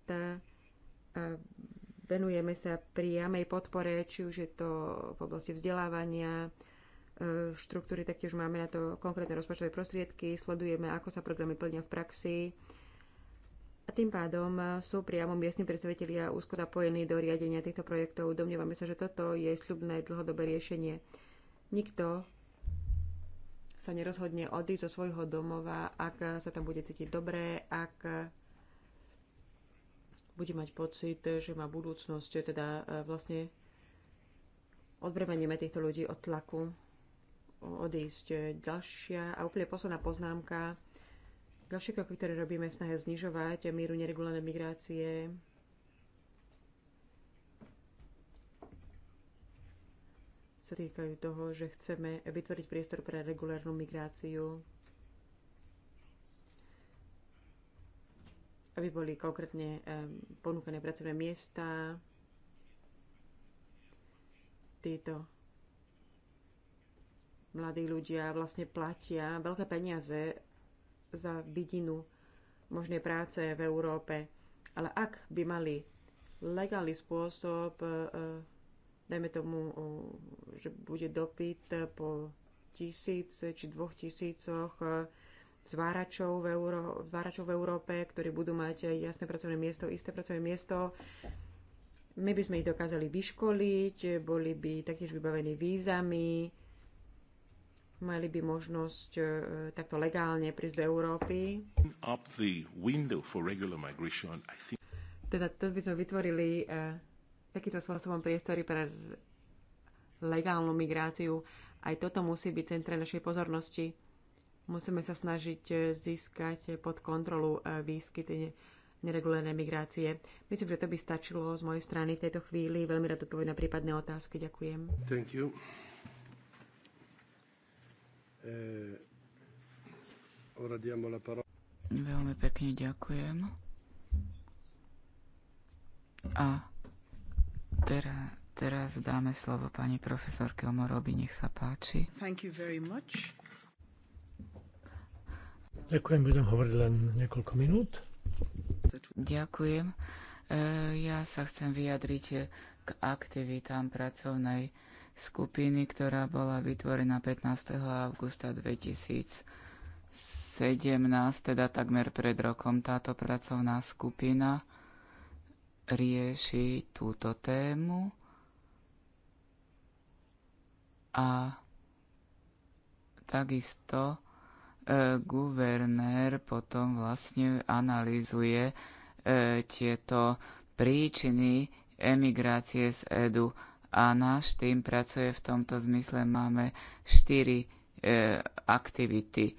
venujeme sa priamej podpore, či už je to v oblasti vzdelávania, e, štruktúry, taktiež máme na to konkrétne rozpočtové prostriedky, sledujeme, ako sa programy plnia v praxi. A tým pádom sú priamo miestni predstavitelia úzko zapojení do riadenia týchto projektov. Domnievame sa, že toto je sľubné dlhodobé riešenie. Nikto sa nerozhodne odísť zo svojho domova, ak sa tam bude cítiť dobré, ak bude mať pocit, že má budúcnosť, teda e, vlastne odbremenieme týchto ľudí od tlaku odísť. Ďalšia a úplne posledná poznámka. Ďalšie kroky, ktoré robíme, snahe znižovať míru neregulárnej migrácie. sa týkajú toho, že chceme vytvoriť priestor pre regulárnu migráciu aby boli konkrétne ponúkané pracovné miesta. Títo mladí ľudia vlastne platia veľké peniaze za vidinu možnej práce v Európe. Ale ak by mali legálny spôsob, e, e, dajme tomu, že bude dopyt po tisíc či dvoch tisícoch e, zváračov v, Euró- zváračov v Európe, ktorí budú mať jasné pracovné miesto, isté pracovné miesto. My by sme ich dokázali vyškoliť, boli by taktiež vybavení vízami, mali by možnosť e, takto legálne prísť do Európy. Teda to by sme vytvorili e, takýmto spôsobom priestory pre legálnu migráciu. Aj toto musí byť centre našej pozornosti. Musíme sa snažiť e, získať e, pod kontrolu e, výskyty neregulárnej migrácie. Myslím, že to by stačilo z mojej strany v tejto chvíli. Veľmi rád odpoviem na prípadné otázky. Ďakujem. Thank you. Veľmi pekne ďakujem. A teraz, teraz dáme slovo pani profesorke Omorobi, nech sa páči. Thank you very much. Ďakujem, budem hovoriť len niekoľko minút. Ďakujem. E, ja sa chcem vyjadriť k aktivitám pracovnej skupiny, ktorá bola vytvorená 15. augusta 2017, teda takmer pred rokom. Táto pracovná skupina rieši túto tému a takisto E, guvernér potom vlastne analýzuje e, tieto príčiny emigrácie z EDU. A náš tým pracuje v tomto zmysle. Máme štyri e, aktivity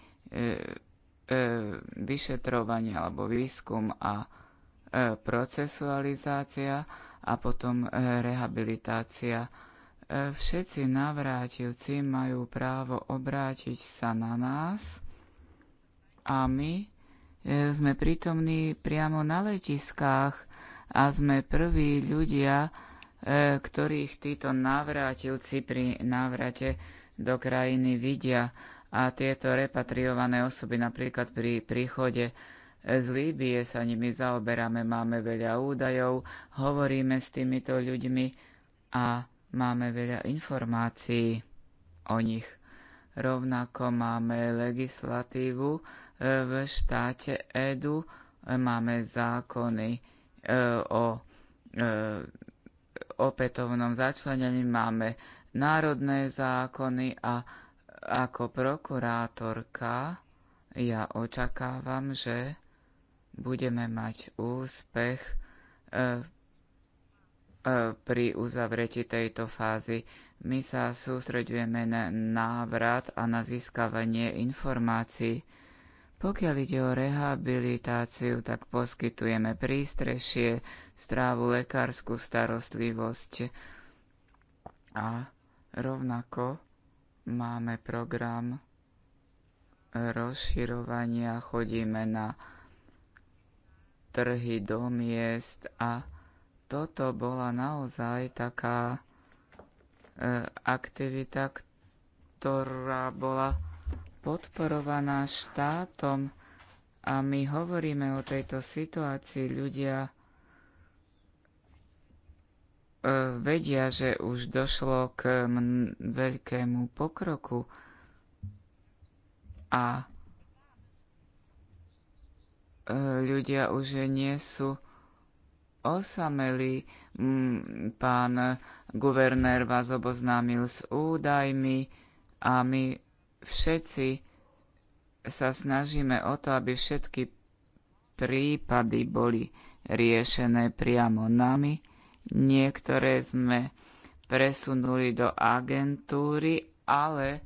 vyšetrovanie alebo výskum a procesualizácia a potom rehabilitácia. Všetci navrátilci majú právo obrátiť sa na nás a my e, sme prítomní priamo na letiskách a sme prví ľudia, e, ktorých títo navrátilci pri návrate do krajiny vidia. A tieto repatriované osoby napríklad pri príchode e, z Líbie sa nimi zaoberáme, máme veľa údajov, hovoríme s týmito ľuďmi a máme veľa informácií o nich. Rovnako máme legislatívu, v štáte Edu máme zákony e, o e, opätovnom začlenení, máme národné zákony a ako prokurátorka ja očakávam, že budeme mať úspech e, pri uzavretí tejto fázy. My sa sústreďujeme na návrat a na získavanie informácií pokiaľ ide o rehabilitáciu, tak poskytujeme prístrešie, strávu, lekárskú starostlivosť a rovnako máme program rozširovania, chodíme na trhy do miest a toto bola naozaj taká e, aktivita, ktorá bola podporovaná štátom a my hovoríme o tejto situácii. Ľudia e, vedia, že už došlo k veľkému pokroku a e, ľudia už nie sú osamelí. Pán guvernér vás oboznámil s údajmi a my všetci sa snažíme o to, aby všetky prípady boli riešené priamo nami. Niektoré sme presunuli do agentúry, ale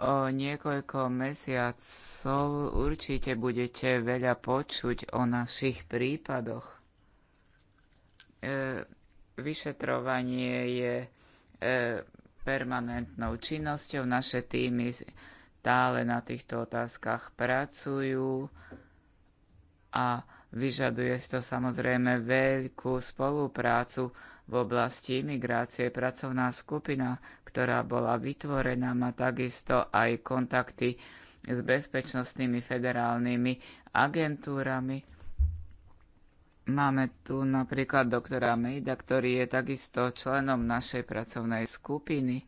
o niekoľko mesiacov určite budete veľa počuť o našich prípadoch. E, vyšetrovanie je e, permanentnou činnosťou. Naše týmy stále na týchto otázkach pracujú a vyžaduje si to samozrejme veľkú spoluprácu v oblasti imigrácie. Pracovná skupina, ktorá bola vytvorená, má takisto aj kontakty s bezpečnostnými federálnymi agentúrami Máme tu napríklad doktora Mejda, ktorý je takisto členom našej pracovnej skupiny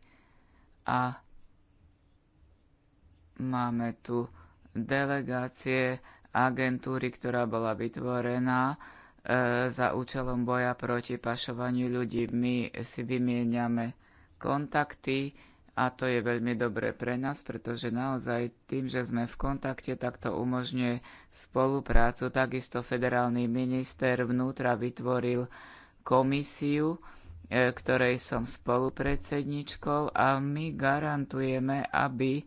a máme tu delegácie agentúry, ktorá bola vytvorená e, za účelom boja proti pašovaniu ľudí. My si vymieňame kontakty, a to je veľmi dobré pre nás, pretože naozaj tým, že sme v kontakte, tak to umožňuje spoluprácu. Takisto federálny minister vnútra vytvoril komisiu, e, ktorej som spolupredsedničkou a my garantujeme, aby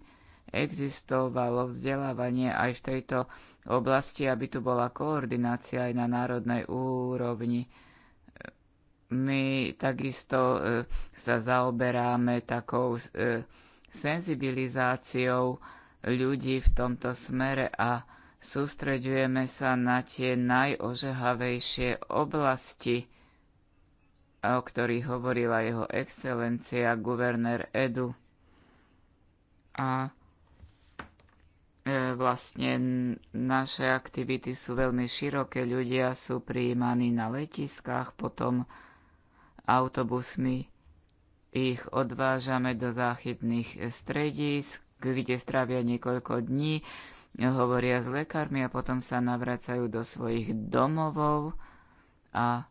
existovalo vzdelávanie aj v tejto oblasti, aby tu bola koordinácia aj na národnej úrovni my takisto e, sa zaoberáme takou e, senzibilizáciou ľudí v tomto smere a sústreďujeme sa na tie najožehavejšie oblasti, o ktorých hovorila jeho excelencia guvernér Edu. A e, vlastne naše aktivity sú veľmi široké, ľudia sú prijímaní na letiskách, potom autobusmi. Ich odvážame do záchytných stredísk, kde strávia niekoľko dní, hovoria s lekármi a potom sa navracajú do svojich domovov a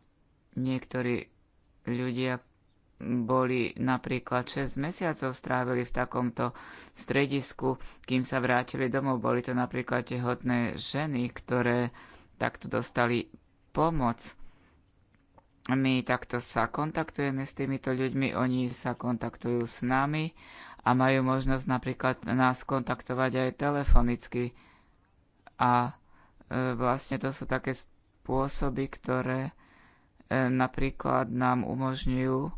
niektorí ľudia boli napríklad 6 mesiacov strávili v takomto stredisku, kým sa vrátili domov. Boli to napríklad tehotné ženy, ktoré takto dostali pomoc my takto sa kontaktujeme s týmito ľuďmi, oni sa kontaktujú s nami a majú možnosť napríklad nás kontaktovať aj telefonicky. A e, vlastne to sú také spôsoby, ktoré e, napríklad nám umožňujú e,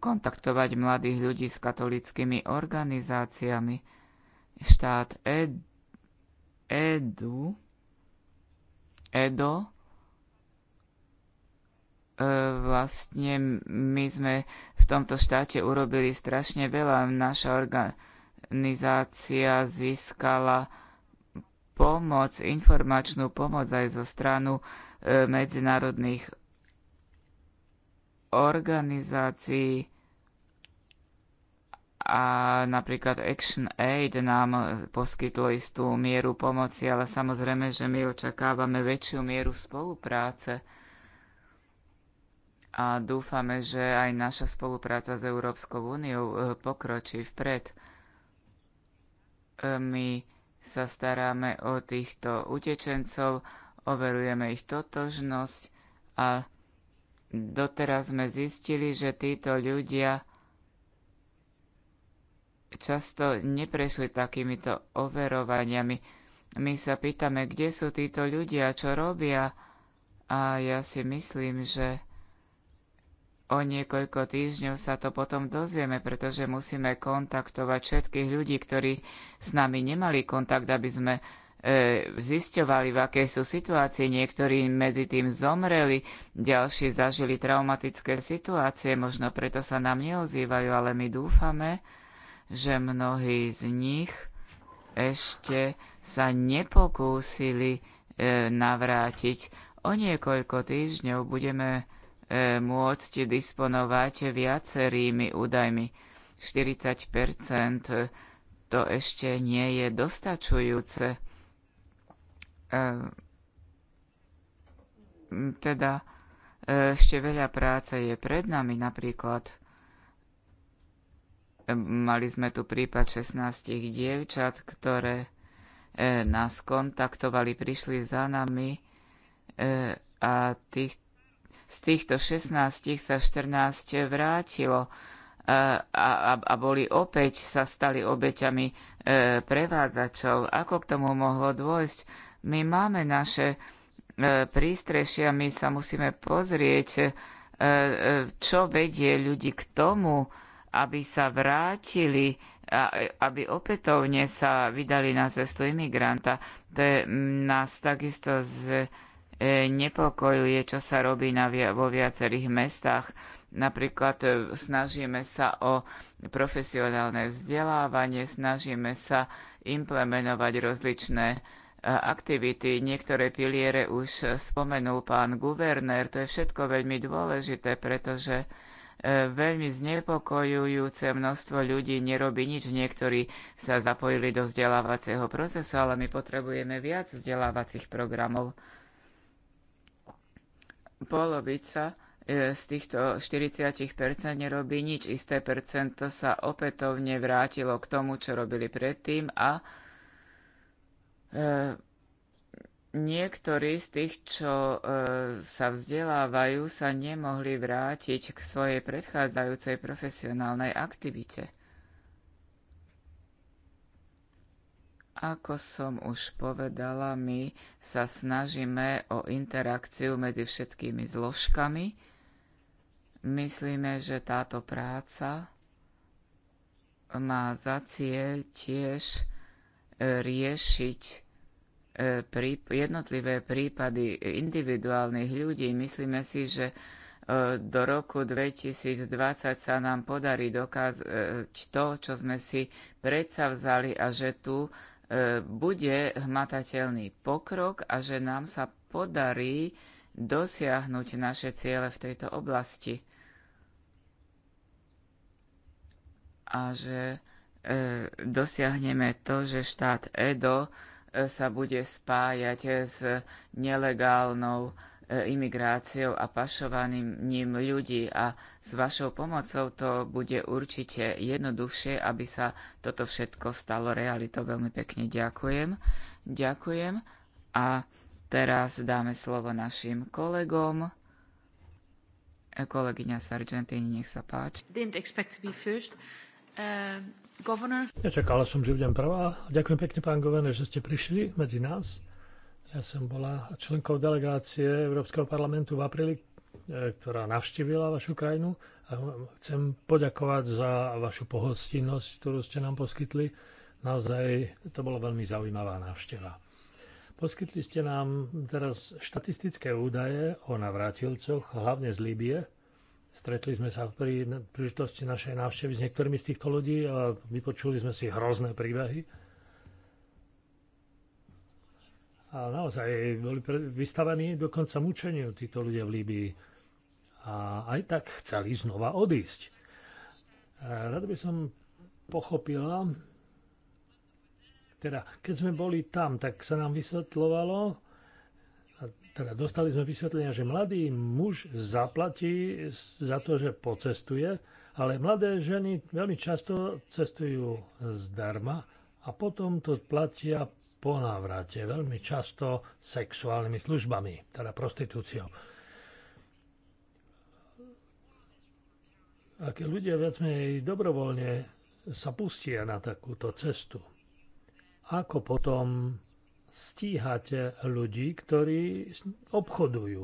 kontaktovať mladých ľudí s katolickými organizáciami. Štát Ed, Edu, Edo, E, vlastne my sme v tomto štáte urobili strašne veľa. Naša organizácia získala pomoc, informačnú pomoc aj zo stranu e, medzinárodných organizácií a napríklad Action Aid nám poskytlo istú mieru pomoci, ale samozrejme, že my očakávame väčšiu mieru spolupráce a dúfame, že aj naša spolupráca s Európskou úniou e, pokročí vpred. E, my sa staráme o týchto utečencov, overujeme ich totožnosť a doteraz sme zistili, že títo ľudia často neprešli takýmito overovaniami. My sa pýtame, kde sú títo ľudia, čo robia a ja si myslím, že O niekoľko týždňov sa to potom dozvieme, pretože musíme kontaktovať všetkých ľudí, ktorí s nami nemali kontakt, aby sme e, zisťovali, v akej sú situácii. Niektorí medzi tým zomreli, ďalší zažili traumatické situácie, možno preto sa nám neozývajú, ale my dúfame, že mnohí z nich ešte sa nepokúsili e, navrátiť. O niekoľko týždňov budeme E, môcť disponovať viacerými údajmi. 40 to ešte nie je dostačujúce. E, teda e, ešte veľa práce je pred nami, napríklad mali sme tu prípad 16 dievčat, ktoré nás kontaktovali, prišli za nami a tých, z týchto 16 sa 14 vrátilo e, a, a, a boli opäť, sa stali obeťami e, prevádzačov. Ako k tomu mohlo dôjsť? My máme naše e, prístrešia, my sa musíme pozrieť, e, e, čo vedie ľudí k tomu, aby sa vrátili, a, e, aby opätovne sa vydali na cestu imigranta. To je m, nás takisto z nepokojuje, čo sa robí na, vo viacerých mestách. Napríklad e, snažíme sa o profesionálne vzdelávanie, snažíme sa implementovať rozličné e, aktivity. Niektoré piliere už spomenul pán guvernér. To je všetko veľmi dôležité, pretože e, veľmi znepokojujúce množstvo ľudí nerobí nič. Niektorí sa zapojili do vzdelávacieho procesu, ale my potrebujeme viac vzdelávacích programov polovica e, z týchto 40% nerobí nič. Isté percento sa opätovne vrátilo k tomu, čo robili predtým a e, niektorí z tých, čo e, sa vzdelávajú, sa nemohli vrátiť k svojej predchádzajúcej profesionálnej aktivite. Ako som už povedala, my sa snažíme o interakciu medzi všetkými zložkami. Myslíme, že táto práca má za cieľ tiež e, riešiť e, jednotlivé prípady individuálnych ľudí. Myslíme si, že e, do roku 2020 sa nám podarí dokázať to, čo sme si predsa vzali a že tu E, bude hmatateľný pokrok a že nám sa podarí dosiahnuť naše ciele v tejto oblasti. A že e, dosiahneme to, že štát Edo e, sa bude spájať s nelegálnou imigráciou a pašovaním ľudí a s vašou pomocou to bude určite jednoduchšie, aby sa toto všetko stalo realitou. Veľmi pekne ďakujem. Ďakujem a teraz dáme slovo našim kolegom. Kolegyňa Sargentini, nech sa páči. Uh, Nečakala som, že budem prvá. Ďakujem pekne, pán governor, že ste prišli medzi nás. Ja som bola členkou delegácie Európskeho parlamentu v apríli, e, ktorá navštívila vašu krajinu a chcem poďakovať za vašu pohostinnosť, ktorú ste nám poskytli. Naozaj to bola veľmi zaujímavá návšteva. Poskytli ste nám teraz štatistické údaje o navrátilcoch, hlavne z Líbie. Stretli sme sa pri príležitosti našej návštevy s niektorými z týchto ľudí a vypočuli sme si hrozné príbehy. A naozaj boli vystavení dokonca mučeniu títo ľudia v Líbii. A aj tak chceli znova odísť. Rada by som pochopila, teda keď sme boli tam, tak sa nám vysvetľovalo, teda dostali sme vysvetlenia, že mladý muž zaplatí za to, že pocestuje, ale mladé ženy veľmi často cestujú zdarma a potom to platia po návrate, veľmi často sexuálnymi službami, teda prostitúciou. A keď ľudia viac menej dobrovoľne sa pustia na takúto cestu, ako potom stíhate ľudí, ktorí obchodujú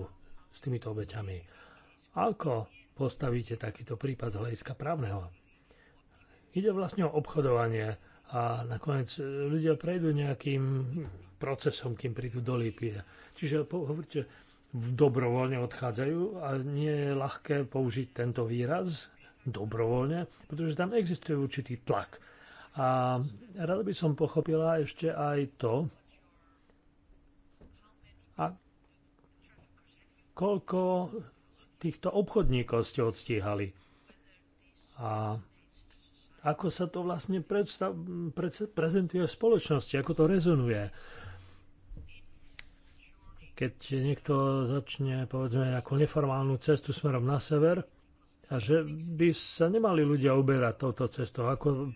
s týmito obeťami? Ako postavíte takýto prípad z hľadiska právneho? Ide vlastne o obchodovanie a nakoniec e, ľudia prejdú nejakým procesom, kým prídu do Lípie. Čiže hovoríte, dobrovoľne odchádzajú a nie je ľahké použiť tento výraz dobrovoľne, pretože tam existuje určitý tlak. A rada by som pochopila ešte aj to, a koľko týchto obchodníkov ste odstíhali. A ako sa to vlastne predstav, pre, prezentuje v spoločnosti, ako to rezonuje. Keď niekto začne, povedzme, ako neformálnu cestu smerom na sever, a že by sa nemali ľudia uberať touto cestou, ako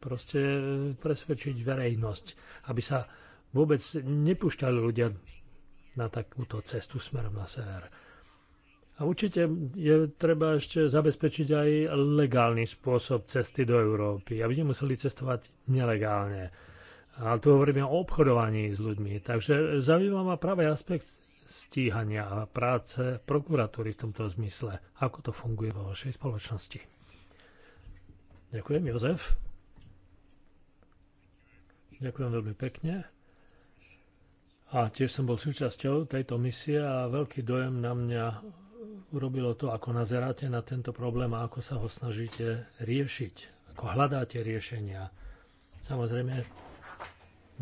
proste presvedčiť verejnosť, aby sa vôbec nepúšťali ľudia na takúto cestu smerom na sever. A určite je treba ešte zabezpečiť aj legálny spôsob cesty do Európy, aby nemuseli cestovať nelegálne. A tu hovoríme o obchodovaní s ľuďmi. Takže zaujíma ma práve aspekt stíhania a práce prokuratúry v tomto zmysle. Ako to funguje vo vašej spoločnosti? Ďakujem, Jozef. Ďakujem veľmi pekne. A tiež som bol súčasťou tejto misie a veľký dojem na mňa urobilo to, ako nazeráte na tento problém a ako sa ho snažíte riešiť, ako hľadáte riešenia. Samozrejme,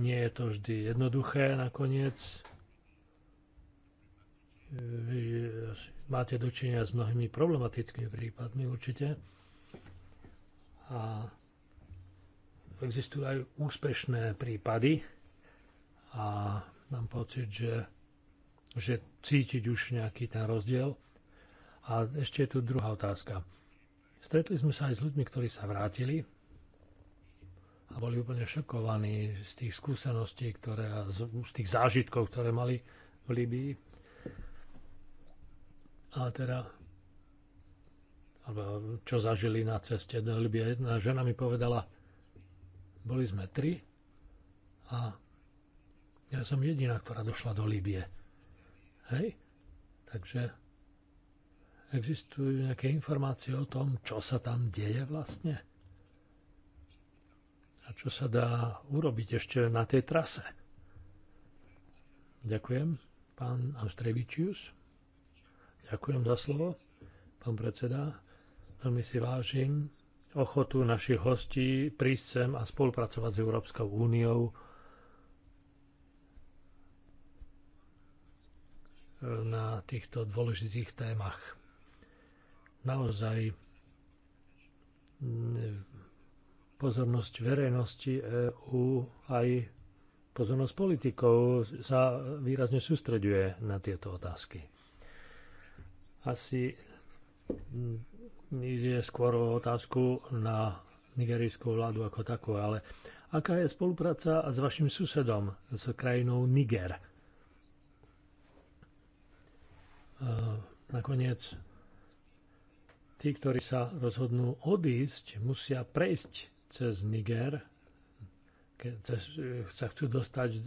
nie je to vždy jednoduché nakoniec. Vy máte dočinenia s mnohými problematickými prípadmi určite. A existujú aj úspešné prípady a mám pocit, že, že cítiť už nejaký ten rozdiel. A ešte je tu druhá otázka. Stretli sme sa aj s ľuďmi, ktorí sa vrátili a boli úplne šokovaní z tých skúseností, ktoré, z, z tých zážitkov, ktoré mali v Libii. A teda, alebo čo zažili na ceste do Libie. Jedna žena mi povedala, boli sme tri a ja som jediná, ktorá došla do Libie. Hej? Takže Existujú nejaké informácie o tom, čo sa tam deje vlastne? A čo sa dá urobiť ešte na tej trase? Ďakujem, pán Austrevičius. Ďakujem za slovo, pán predseda. Veľmi si vážim ochotu našich hostí prísť sem a spolupracovať s Európskou úniou na týchto dôležitých témach naozaj mm, pozornosť verejnosti EU aj pozornosť politikov sa výrazne sústreďuje na tieto otázky. Asi mm, ide skôr o otázku na nigerijskú vládu ako takú, ale aká je spolupráca s vašim susedom, s krajinou Niger? E, nakoniec Tí, ktorí sa rozhodnú odísť, musia prejsť cez Niger, keď eh, sa chcú dostať eh,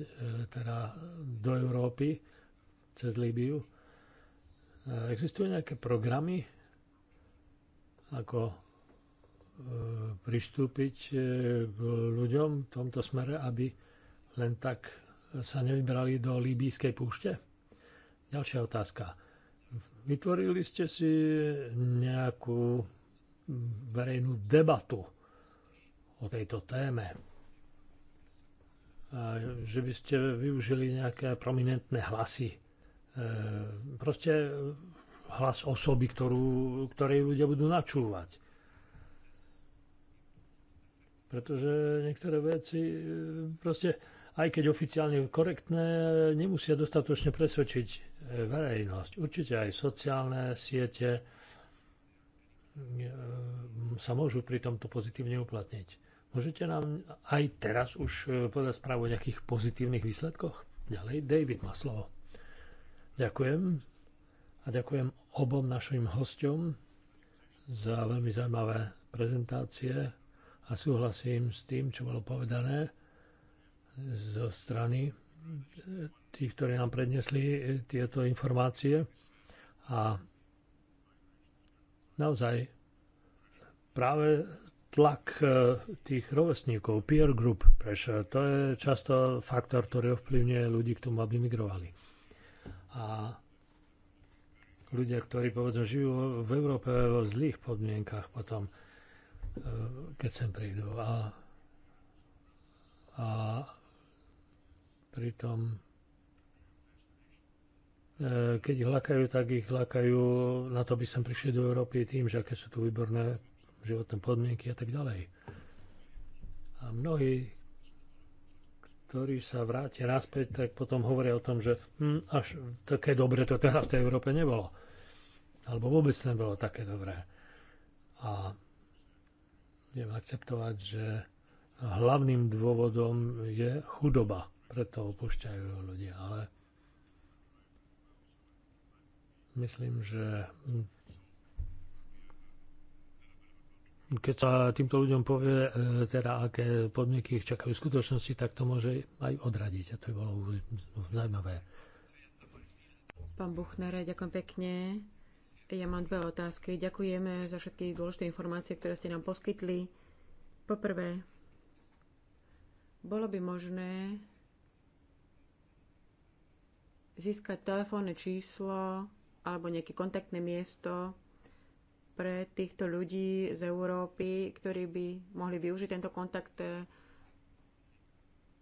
teda do Európy cez Líbiu. Eh, existujú nejaké programy, ako pristúpiť k ľuďom v tomto smere, aby len tak sa nevybrali do Líbijskej púšte? Ďalšia otázka. Vytvorili ste si nejakú verejnú debatu o tejto téme. A že by ste využili nejaké prominentné hlasy. E, proste hlas osoby, ktorú, ktorej ľudia budú načúvať. Pretože niektoré veci e, proste, aj keď oficiálne korektné, nemusia dostatočne presvedčiť verejnosť. Určite aj sociálne siete e, sa môžu pri tomto pozitívne uplatniť. Môžete nám aj teraz už e, povedať správu o nejakých pozitívnych výsledkoch? Ďalej, David má slovo. Ďakujem a ďakujem obom našim hostom za veľmi zaujímavé prezentácie a súhlasím s tým, čo bolo povedané zo strany Tí, ktorí nám prednesli e, tieto informácie. A naozaj práve tlak e, tých rovesníkov, peer group pressure, to je často faktor, ktorý ovplyvňuje ľudí k tomu, aby migrovali. A ľudia, ktorí povedzme žijú v Európe vo zlých podmienkach potom, e, keď sem prídu. A, a Pritom, e, keď ich lakajú, tak ich lakajú na to, by som prišli do Európy tým, že aké sú tu výborné životné podmienky a tak ďalej. A mnohí, ktorí sa vrátia naspäť, tak potom hovoria o tom, že hm, až také dobre to teda v tej Európe nebolo. Alebo vôbec nebolo také dobré. A viem akceptovať, že hlavným dôvodom je chudoba preto opúšťajú ho ľudia, ale myslím, že keď sa týmto ľuďom povie, e, teda aké podmienky ich čakajú v skutočnosti, tak to môže aj odradiť. A to je bolo zaujímavé. Pán Buchner, ďakujem pekne. Ja mám dve otázky. Ďakujeme za všetky dôležité informácie, ktoré ste nám poskytli. Poprvé, bolo by možné získať telefónne číslo alebo nejaké kontaktné miesto pre týchto ľudí z Európy, ktorí by mohli využiť tento kontakt.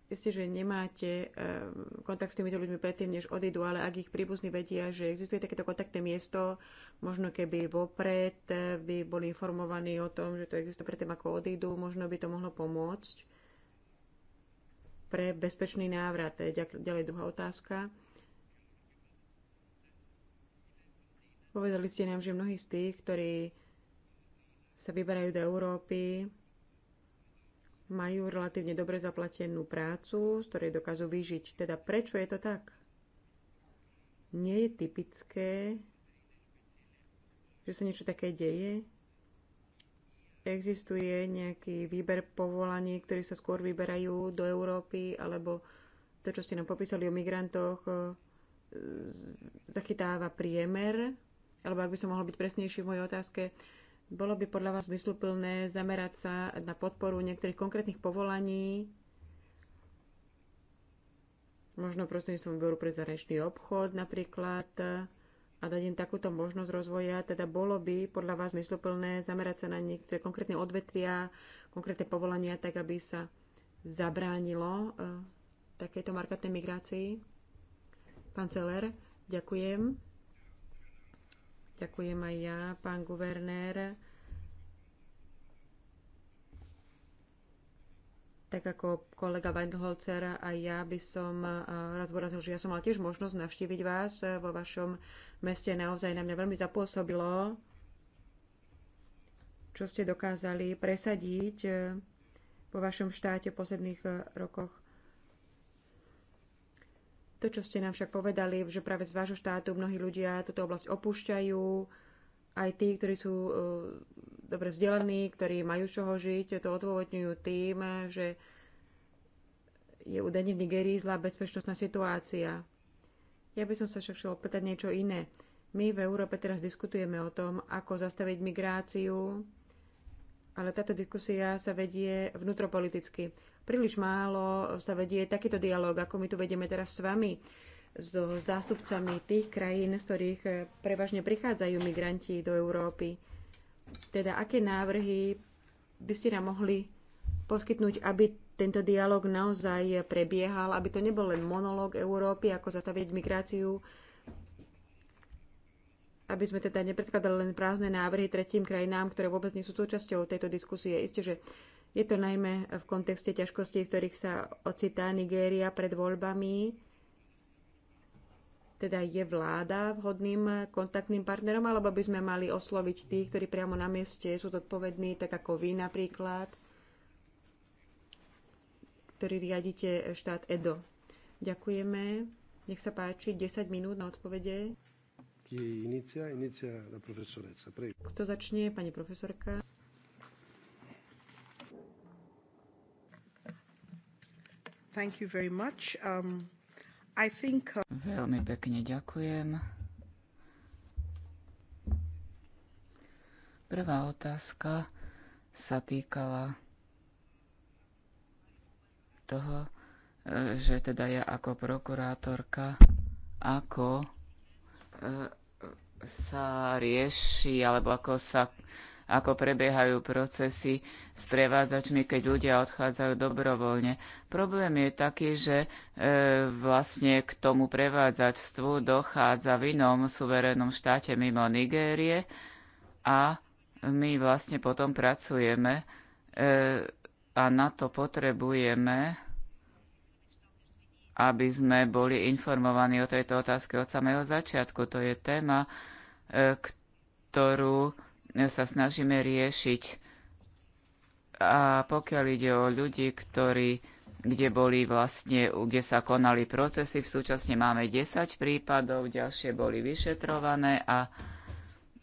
Isté, že nemáte eh, kontakt s týmito ľuďmi predtým, než odídu, ale ak ich príbuzní vedia, že existuje takéto kontaktné miesto, možno keby vopred eh, by boli informovaní o tom, že to existuje predtým, ako odídu, možno by to mohlo pomôcť pre bezpečný návrat. Ďalej druhá otázka Povedali ste nám, že mnohí z tých, ktorí sa vyberajú do Európy, majú relatívne dobre zaplatenú prácu, z ktorej dokážu vyžiť. Teda prečo je to tak? Nie je typické, že sa niečo také deje? Existuje nejaký výber povolaní, ktorí sa skôr vyberajú do Európy, alebo to, čo ste nám popísali o migrantoch, e, zachytáva priemer alebo ak by som mohol byť presnejší v mojej otázke, bolo by podľa vás zmysluplné zamerať sa na podporu niektorých konkrétnych povolaní, možno prostredníctvom výboru pre zahraničný obchod napríklad, a dať im takúto možnosť rozvoja, teda bolo by podľa vás zmysluplné zamerať sa na niektoré konkrétne odvetvia, konkrétne povolania, tak aby sa zabránilo uh, e, takéto markantnej migrácii? Pán Celer, ďakujem. Ďakujem aj ja, pán guvernér. Tak ako kolega Weinholzer a ja by som raz borazil, že ja som mal tiež možnosť navštíviť vás e, vo vašom meste. Naozaj na mňa veľmi zapôsobilo, čo ste dokázali presadiť e, vo vašom štáte v posledných e, rokoch. To, čo ste nám však povedali, že práve z vášho štátu mnohí ľudia túto oblasť opúšťajú, aj tí, ktorí sú e, dobre vzdelaní, ktorí majú z čoho žiť, to odôvodňujú tým, že je údajne v Nigerii zlá bezpečnostná situácia. Ja by som sa však chcel opýtať niečo iné. My v Európe teraz diskutujeme o tom, ako zastaviť migráciu, ale táto diskusia sa vedie vnútropoliticky. Príliš málo sa vedie takýto dialog, ako my tu vedieme teraz s vami, so zástupcami tých krajín, z ktorých eh, prevažne prichádzajú migranti do Európy. Teda aké návrhy by ste nám mohli poskytnúť, aby tento dialog naozaj prebiehal, aby to nebol len monológ Európy, ako zastaviť migráciu, aby sme teda nepredkladali len prázdne návrhy tretím krajinám, ktoré vôbec nie sú súčasťou tejto diskusie. Isté, že je to najmä v kontexte ťažkostí, v ktorých sa ocitá Nigéria pred voľbami. Teda je vláda vhodným kontaktným partnerom, alebo by sme mali osloviť tých, ktorí priamo na mieste sú zodpovední, tak ako vy napríklad, ktorý riadite štát EDO. Ďakujeme. Nech sa páči, 10 minút na odpovede. Kto začne, pani profesorka? Thank you very much. Um, I think... Uh, Veľmi pekne ďakujem. Prvá otázka sa týkala toho, e, že teda ja ako prokurátorka, ako e, sa rieši, alebo ako sa ako prebiehajú procesy s prevádzačmi, keď ľudia odchádzajú dobrovoľne. Problém je taký, že e, vlastne k tomu prevádzačstvu dochádza v inom suverénnom štáte mimo Nigérie a my vlastne potom pracujeme e, a na to potrebujeme, aby sme boli informovaní o tejto otázke od samého začiatku. To je téma, e, ktorú sa snažíme riešiť. A pokiaľ ide o ľudí, ktorí, kde boli vlastne, kde sa konali procesy, v súčasne máme 10 prípadov, ďalšie boli vyšetrované a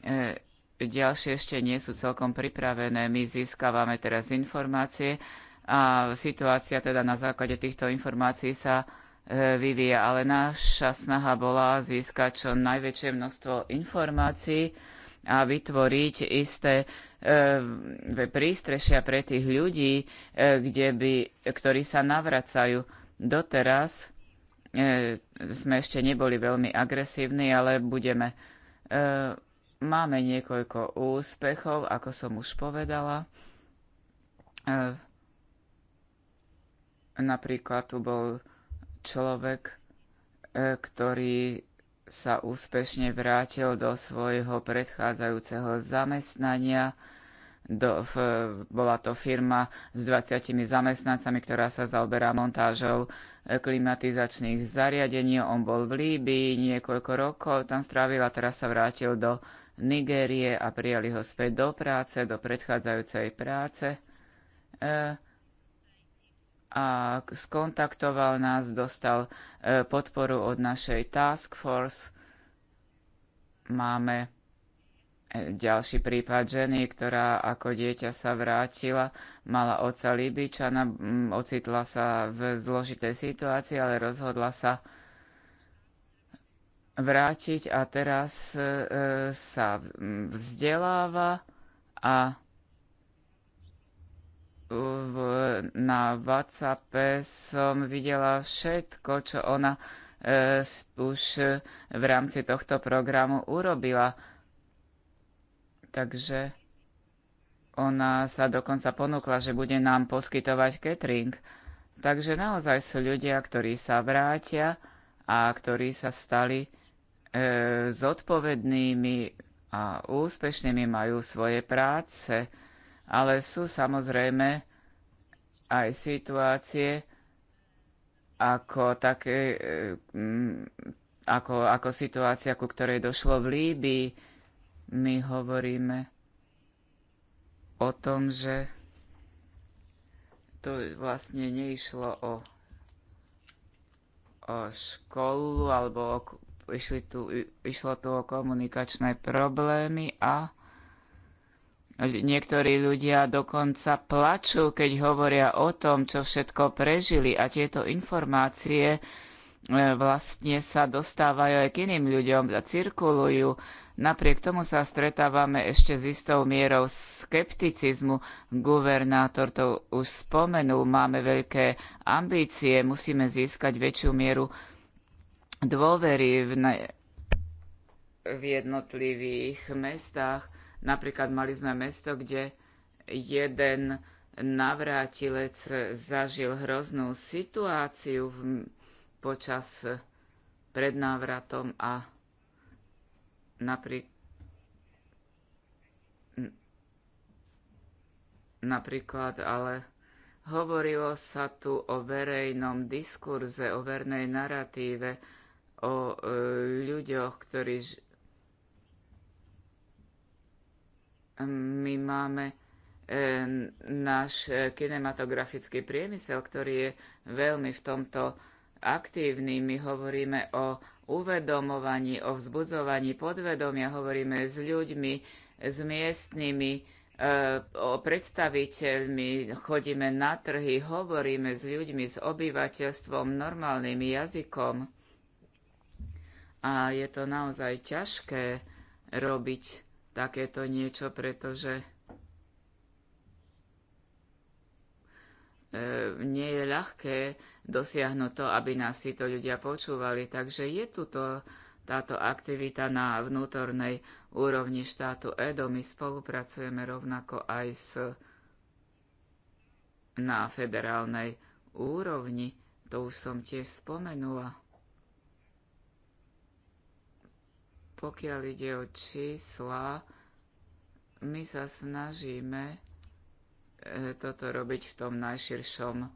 e, ďalšie ešte nie sú celkom pripravené. My získavame teraz informácie a situácia teda na základe týchto informácií sa e, vyvíja, ale naša snaha bola získať čo najväčšie množstvo informácií, a vytvoriť isté e, prístrešia pre tých ľudí, e, kde by, ktorí sa navracajú. Doteraz e, sme ešte neboli veľmi agresívni, ale budeme. E, máme niekoľko úspechov, ako som už povedala. E, napríklad tu bol človek, e, ktorý sa úspešne vrátil do svojho predchádzajúceho zamestnania. Do, v, bola to firma s 20 zamestnancami, ktorá sa zaoberá montážou klimatizačných zariadení. On bol v Líbii niekoľko rokov, tam strávil a teraz sa vrátil do Nigérie a prijali ho späť do práce, do predchádzajúcej práce. E, a skontaktoval nás, dostal e, podporu od našej task force. Máme e, ďalší prípad ženy, ktorá ako dieťa sa vrátila, mala oca Libičana, ocitla sa v zložitej situácii, ale rozhodla sa vrátiť a teraz e, sa vzdeláva a v, na WhatsAppe som videla všetko, čo ona e, už e, v rámci tohto programu urobila. Takže ona sa dokonca ponúkla, že bude nám poskytovať catering. Takže naozaj sú ľudia, ktorí sa vrátia a ktorí sa stali e, zodpovednými a úspešnými, majú svoje práce ale sú samozrejme aj situácie, ako, také, e, ako, ako situácia, ku ktorej došlo v Líbii. My hovoríme o tom, že tu vlastne neišlo o, o školu alebo o, išli tu, išlo tu o komunikačné problémy a Niektorí ľudia dokonca plačú, keď hovoria o tom, čo všetko prežili a tieto informácie e, vlastne sa dostávajú aj k iným ľuďom a cirkulujú. Napriek tomu sa stretávame ešte s istou mierou skepticizmu. Guvernátor to už spomenul, máme veľké ambície, musíme získať väčšiu mieru dôvery v, v jednotlivých mestách Napríklad mali sme mesto, kde jeden navrátilec zažil hroznú situáciu v, počas pred návratom a napríklad napríklad, ale hovorilo sa tu o verejnom diskurze, o vernej naratíve, o e, ľuďoch, ktorí My máme náš e, kinematografický priemysel, ktorý je veľmi v tomto aktívny. My hovoríme o uvedomovaní, o vzbudzovaní podvedomia, hovoríme s ľuďmi, s miestnymi, e, o predstaviteľmi, chodíme na trhy, hovoríme s ľuďmi, s obyvateľstvom, normálnym jazykom. A je to naozaj ťažké robiť takéto niečo, pretože e, nie je ľahké dosiahnuť to, aby nás títo ľudia počúvali. Takže je tu to, táto aktivita na vnútornej úrovni štátu EDO. My spolupracujeme rovnako aj s, na federálnej úrovni. To už som tiež spomenula. Pokiaľ ide o čísla, my sa snažíme e, toto robiť v tom najširšom e,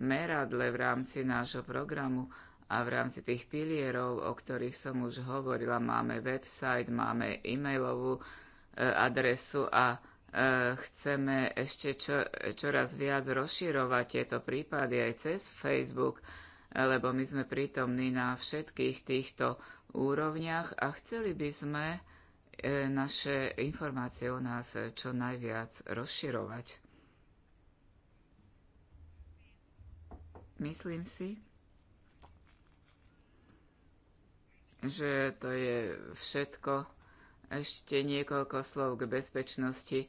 meradle v rámci nášho programu a v rámci tých pilierov, o ktorých som už hovorila, máme website, máme e-mailovú e, adresu a chceme ešte čo, čoraz viac rozširovať tieto prípady aj cez Facebook lebo my sme prítomní na všetkých týchto úrovniach a chceli by sme e, naše informácie o nás čo najviac rozširovať. Myslím si, že to je všetko. Ešte niekoľko slov k bezpečnosti. E,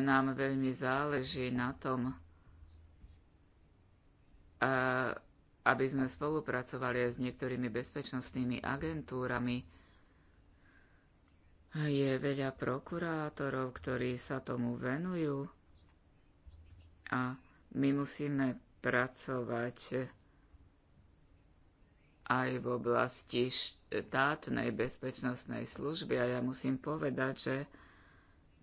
nám veľmi záleží na tom, aby sme spolupracovali aj s niektorými bezpečnostnými agentúrami. Je veľa prokurátorov, ktorí sa tomu venujú a my musíme pracovať aj v oblasti štátnej bezpečnostnej služby a ja musím povedať, že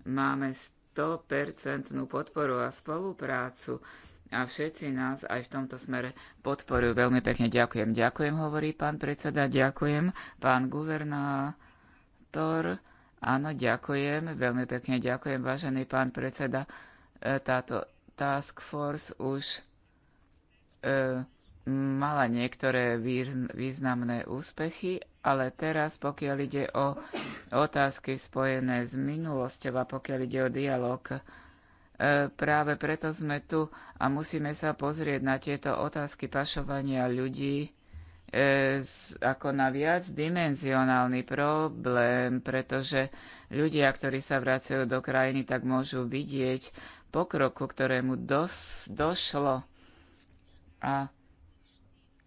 máme 100% podporu a spoluprácu a všetci nás aj v tomto smere podporujú. Veľmi pekne ďakujem. Ďakujem, hovorí pán predseda, ďakujem, pán guvernátor. Áno, ďakujem, veľmi pekne ďakujem, vážený pán predseda. E, táto task force už e, mala niektoré významné úspechy, ale teraz, pokiaľ ide o otázky spojené s minulosťou a pokiaľ ide o dialog E, práve preto sme tu a musíme sa pozrieť na tieto otázky pašovania ľudí e, ako na viac dimenzionálny problém, pretože ľudia, ktorí sa vracajú do krajiny, tak môžu vidieť pokroku, ktorému dos, došlo. A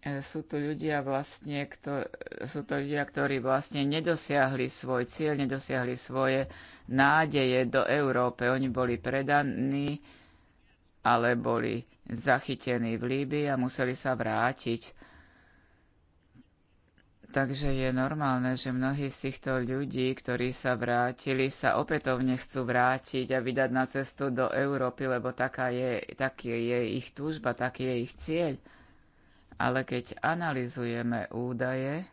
E, sú tu ľudia vlastne, kto, sú to ľudia, ktorí vlastne nedosiahli svoj cieľ, nedosiahli svoje nádeje do Európe. Oni boli predaní, ale boli zachytení v Líbii a museli sa vrátiť. Takže je normálne, že mnohí z týchto ľudí, ktorí sa vrátili, sa opätovne chcú vrátiť a vydať na cestu do Európy, lebo taká je, taký je ich túžba, taký je ich cieľ ale keď analizujeme údaje,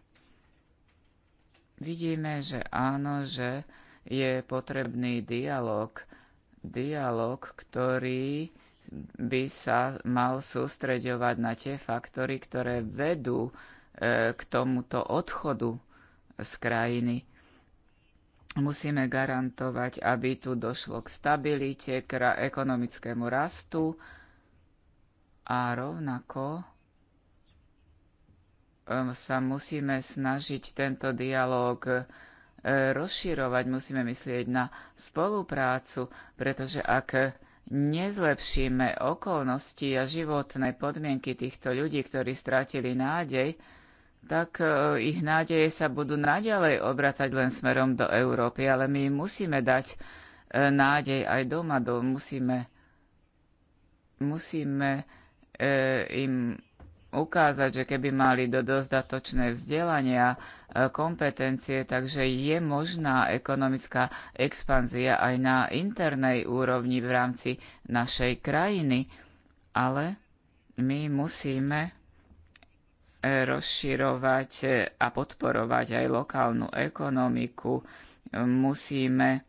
vidíme, že áno, že je potrebný dialog. Dialog, ktorý by sa mal sústreďovať na tie faktory, ktoré vedú e, k tomuto odchodu z krajiny. Musíme garantovať, aby tu došlo k stabilite, k ekonomickému rastu a rovnako Ehm, sa musíme snažiť tento dialóg e, rozširovať, musíme myslieť na spoluprácu, pretože ak nezlepšíme okolnosti a životné podmienky týchto ľudí, ktorí strátili nádej, tak e, ich nádeje sa budú naďalej obracať len smerom do Európy, ale my musíme dať e, nádej aj doma, do, musíme, musíme e, im ukázať, že keby mali do dostatočné vzdelania, e, kompetencie, takže je možná ekonomická expanzia aj na internej úrovni v rámci našej krajiny. Ale my musíme e, rozširovať e, a podporovať aj lokálnu ekonomiku. Musíme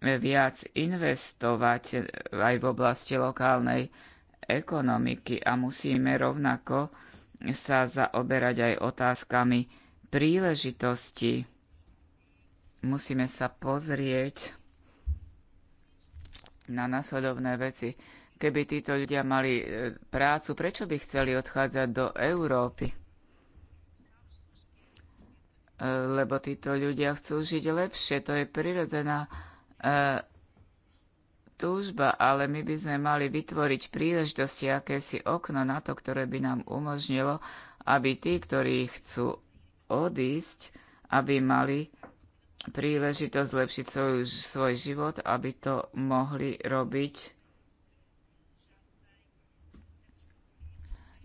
viac investovať aj v oblasti lokálnej ekonomiky ekonomiky a musíme rovnako sa zaoberať aj otázkami príležitosti. Musíme sa pozrieť na nasledovné veci. Keby títo ľudia mali e, prácu, prečo by chceli odchádzať do Európy? E, lebo títo ľudia chcú žiť lepšie, to je prirodzená e, túžba, ale my by sme mali vytvoriť príležitosti, akési okno na to, ktoré by nám umožnilo, aby tí, ktorí chcú odísť, aby mali príležitosť zlepšiť svoj, svoj život, aby to mohli robiť.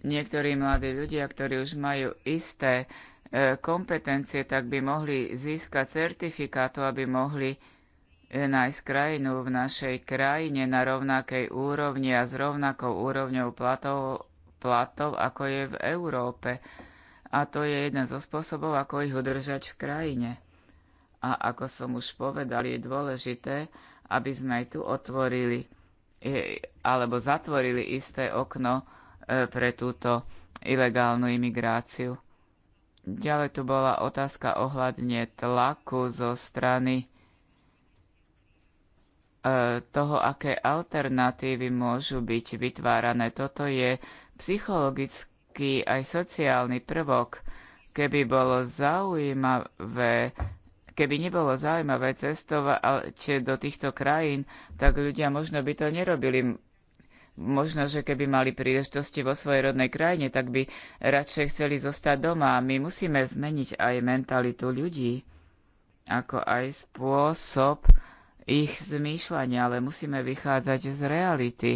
Niektorí mladí ľudia, ktorí už majú isté e, kompetencie, tak by mohli získať certifikátu, aby mohli nájsť krajinu v našej krajine na rovnakej úrovni a s rovnakou úrovňou platov, platov ako je v Európe. A to je jeden zo spôsobov, ako ich udržať v krajine. A ako som už povedal, je dôležité, aby sme aj tu otvorili e, alebo zatvorili isté okno e, pre túto ilegálnu imigráciu. Ďalej tu bola otázka ohľadne tlaku zo strany E, toho, aké alternatívy môžu byť vytvárané. Toto je psychologický aj sociálny prvok. Keby bolo zaujímavé, keby nebolo zaujímavé cestovať do týchto krajín, tak ľudia možno by to nerobili. Možno, že keby mali príležitosti vo svojej rodnej krajine, tak by radšej chceli zostať doma. My musíme zmeniť aj mentalitu ľudí, ako aj spôsob, ich zmýšľania, ale musíme vychádzať z reality.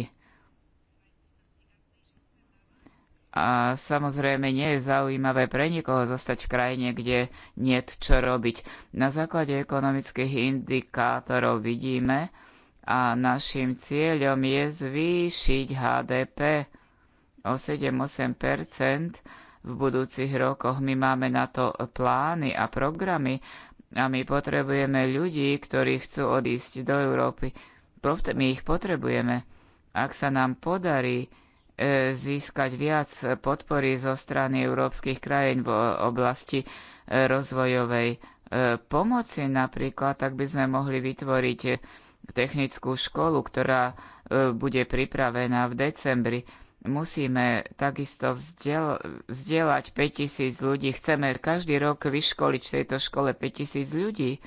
A samozrejme nie je zaujímavé pre nikoho zostať v krajine, kde nie čo robiť. Na základe ekonomických indikátorov vidíme a našim cieľom je zvýšiť HDP o 7-8 v budúcich rokoch. My máme na to plány a programy a my potrebujeme ľudí, ktorí chcú odísť do Európy. My ich potrebujeme. Ak sa nám podarí e, získať viac podpory zo strany európskych krajín v oblasti e, rozvojovej e, pomoci napríklad, tak by sme mohli vytvoriť technickú školu, ktorá bude pripravená v decembri Musíme takisto vzdiel, vzdielať 5000 ľudí. Chceme každý rok vyškoliť v tejto škole 5000 ľudí,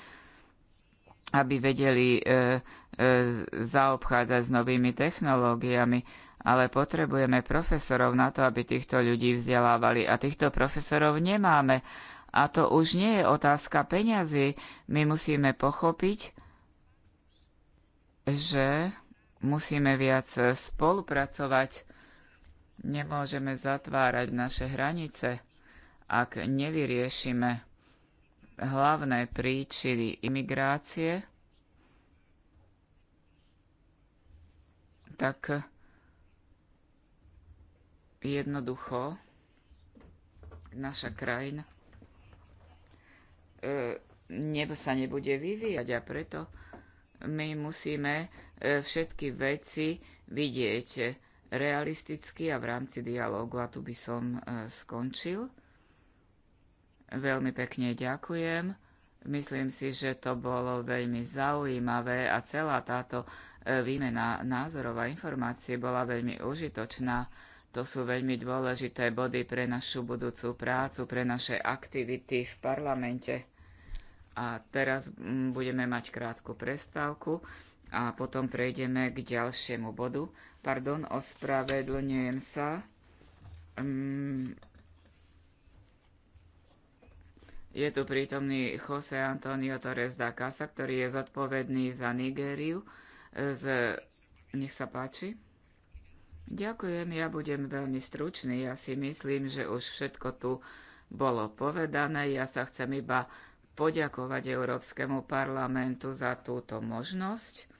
aby vedeli e, e, zaobchádzať s novými technológiami. Ale potrebujeme profesorov na to, aby týchto ľudí vzdelávali. A týchto profesorov nemáme. A to už nie je otázka peňazí. My musíme pochopiť, že musíme viac spolupracovať Nemôžeme zatvárať naše hranice, ak nevyriešime hlavné príčiny imigrácie, tak jednoducho naša krajina e, nebo sa nebude vyvíjať a preto my musíme e, všetky veci vidieť realisticky a v rámci dialógu. A tu by som e, skončil. Veľmi pekne ďakujem. Myslím si, že to bolo veľmi zaujímavé a celá táto e, výmena názorov a informácie bola veľmi užitočná. To sú veľmi dôležité body pre našu budúcu prácu, pre naše aktivity v parlamente. A teraz budeme mať krátku prestávku a potom prejdeme k ďalšiemu bodu. Pardon, ospravedlňujem sa. Mm. je tu prítomný Jose Antonio Torres da Casa, ktorý je zodpovedný za Nigériu. E, z... Nech sa páči. Ďakujem, ja budem veľmi stručný. Ja si myslím, že už všetko tu bolo povedané. Ja sa chcem iba poďakovať Európskemu parlamentu za túto možnosť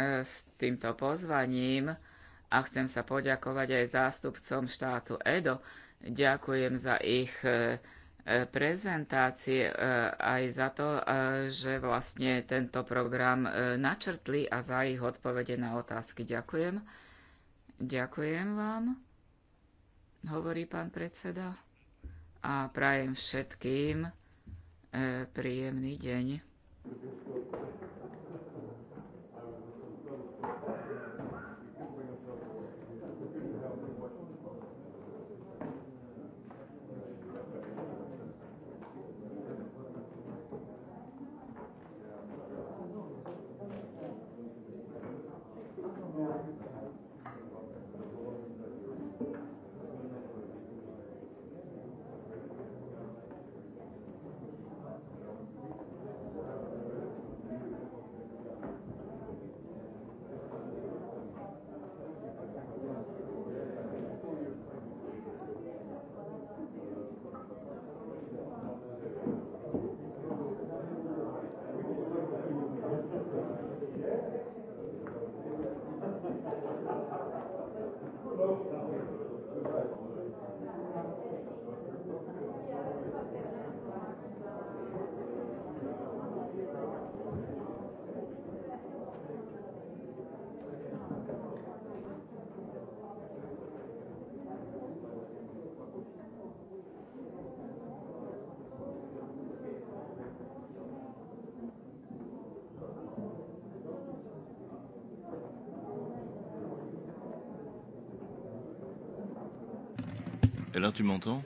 E, s týmto pozvaním a chcem sa poďakovať aj zástupcom štátu Edo. Ďakujem za ich e, e, prezentácie aj za to, že vlastne tento program načrtli a za ich odpovede na otázky. Ďakujem. Ďakujem vám, hovorí pán predseda. A prajem všetkým príjemný deň. là, tu m'entends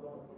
Thank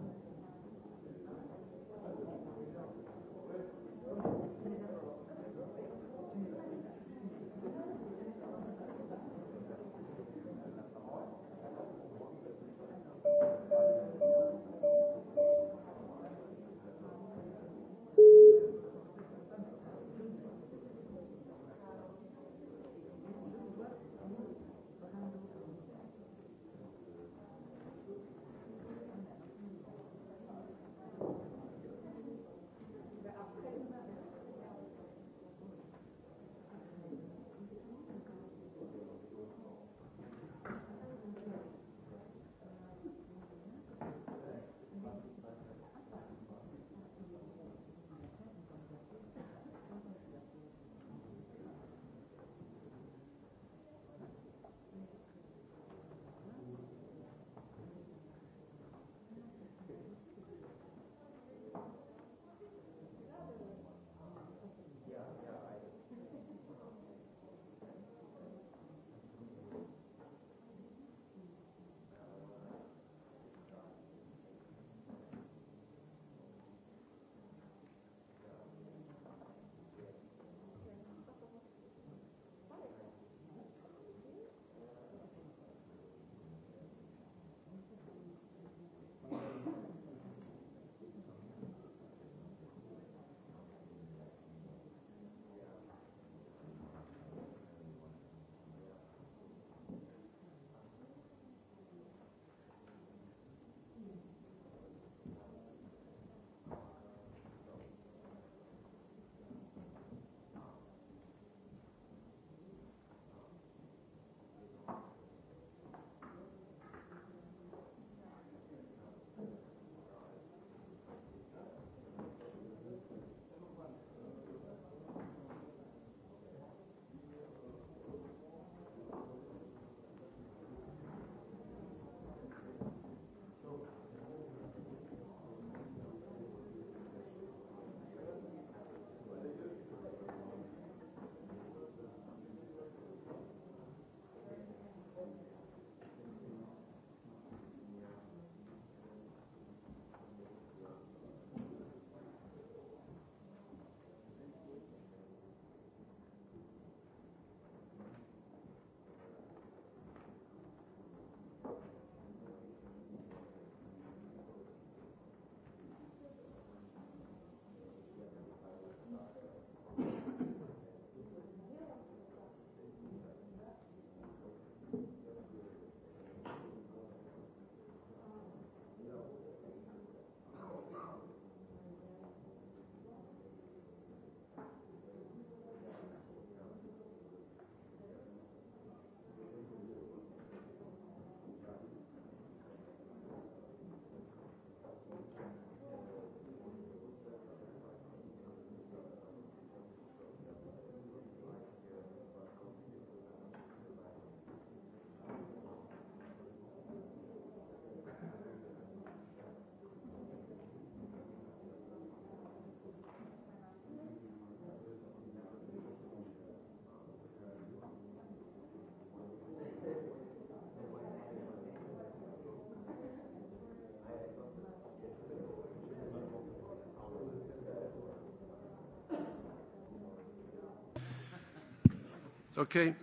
Ok.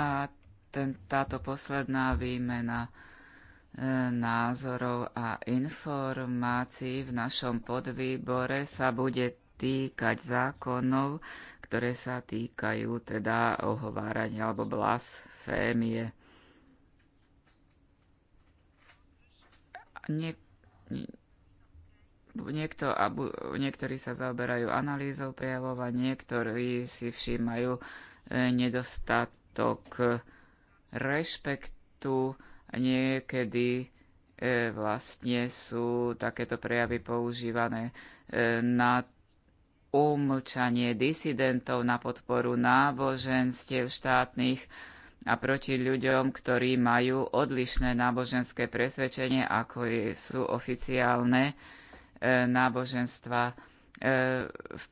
A ten, táto posledná výmena e, názorov a informácií v našom podvýbore sa bude týkať zákonov, ktoré sa týkajú teda ohovárania alebo blasfémie. Nie, nie, niekto, abu, niektorí sa zaoberajú analýzou prejavov a niektorí si všímajú e, nedostatok rešpektu a niekedy e, vlastne sú takéto prejavy používané e, na umlčanie disidentov, na podporu náboženstiev štátnych a proti ľuďom, ktorí majú odlišné náboženské presvedčenie, ako sú oficiálne E, náboženstva. E,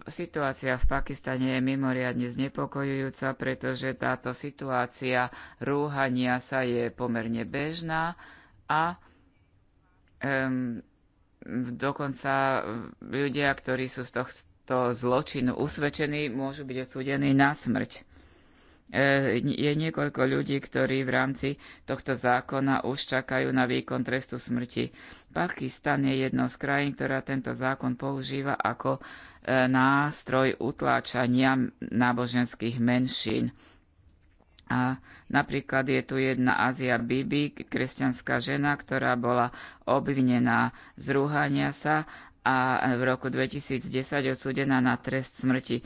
situácia v Pakistane je mimoriadne znepokojujúca, pretože táto situácia rúhania sa je pomerne bežná a um, dokonca ľudia, ktorí sú z tohto zločinu usvedčení, môžu byť odsúdení na smrť. E, je niekoľko ľudí, ktorí v rámci tohto zákona už čakajú na výkon trestu smrti. Pakistan je jednou z krajín, ktorá tento zákon používa ako e, nástroj utláčania náboženských menšín. A napríklad je tu jedna Azia Bibi, kresťanská žena, ktorá bola obvinená z rúhania sa a v roku 2010 odsudená na trest smrti.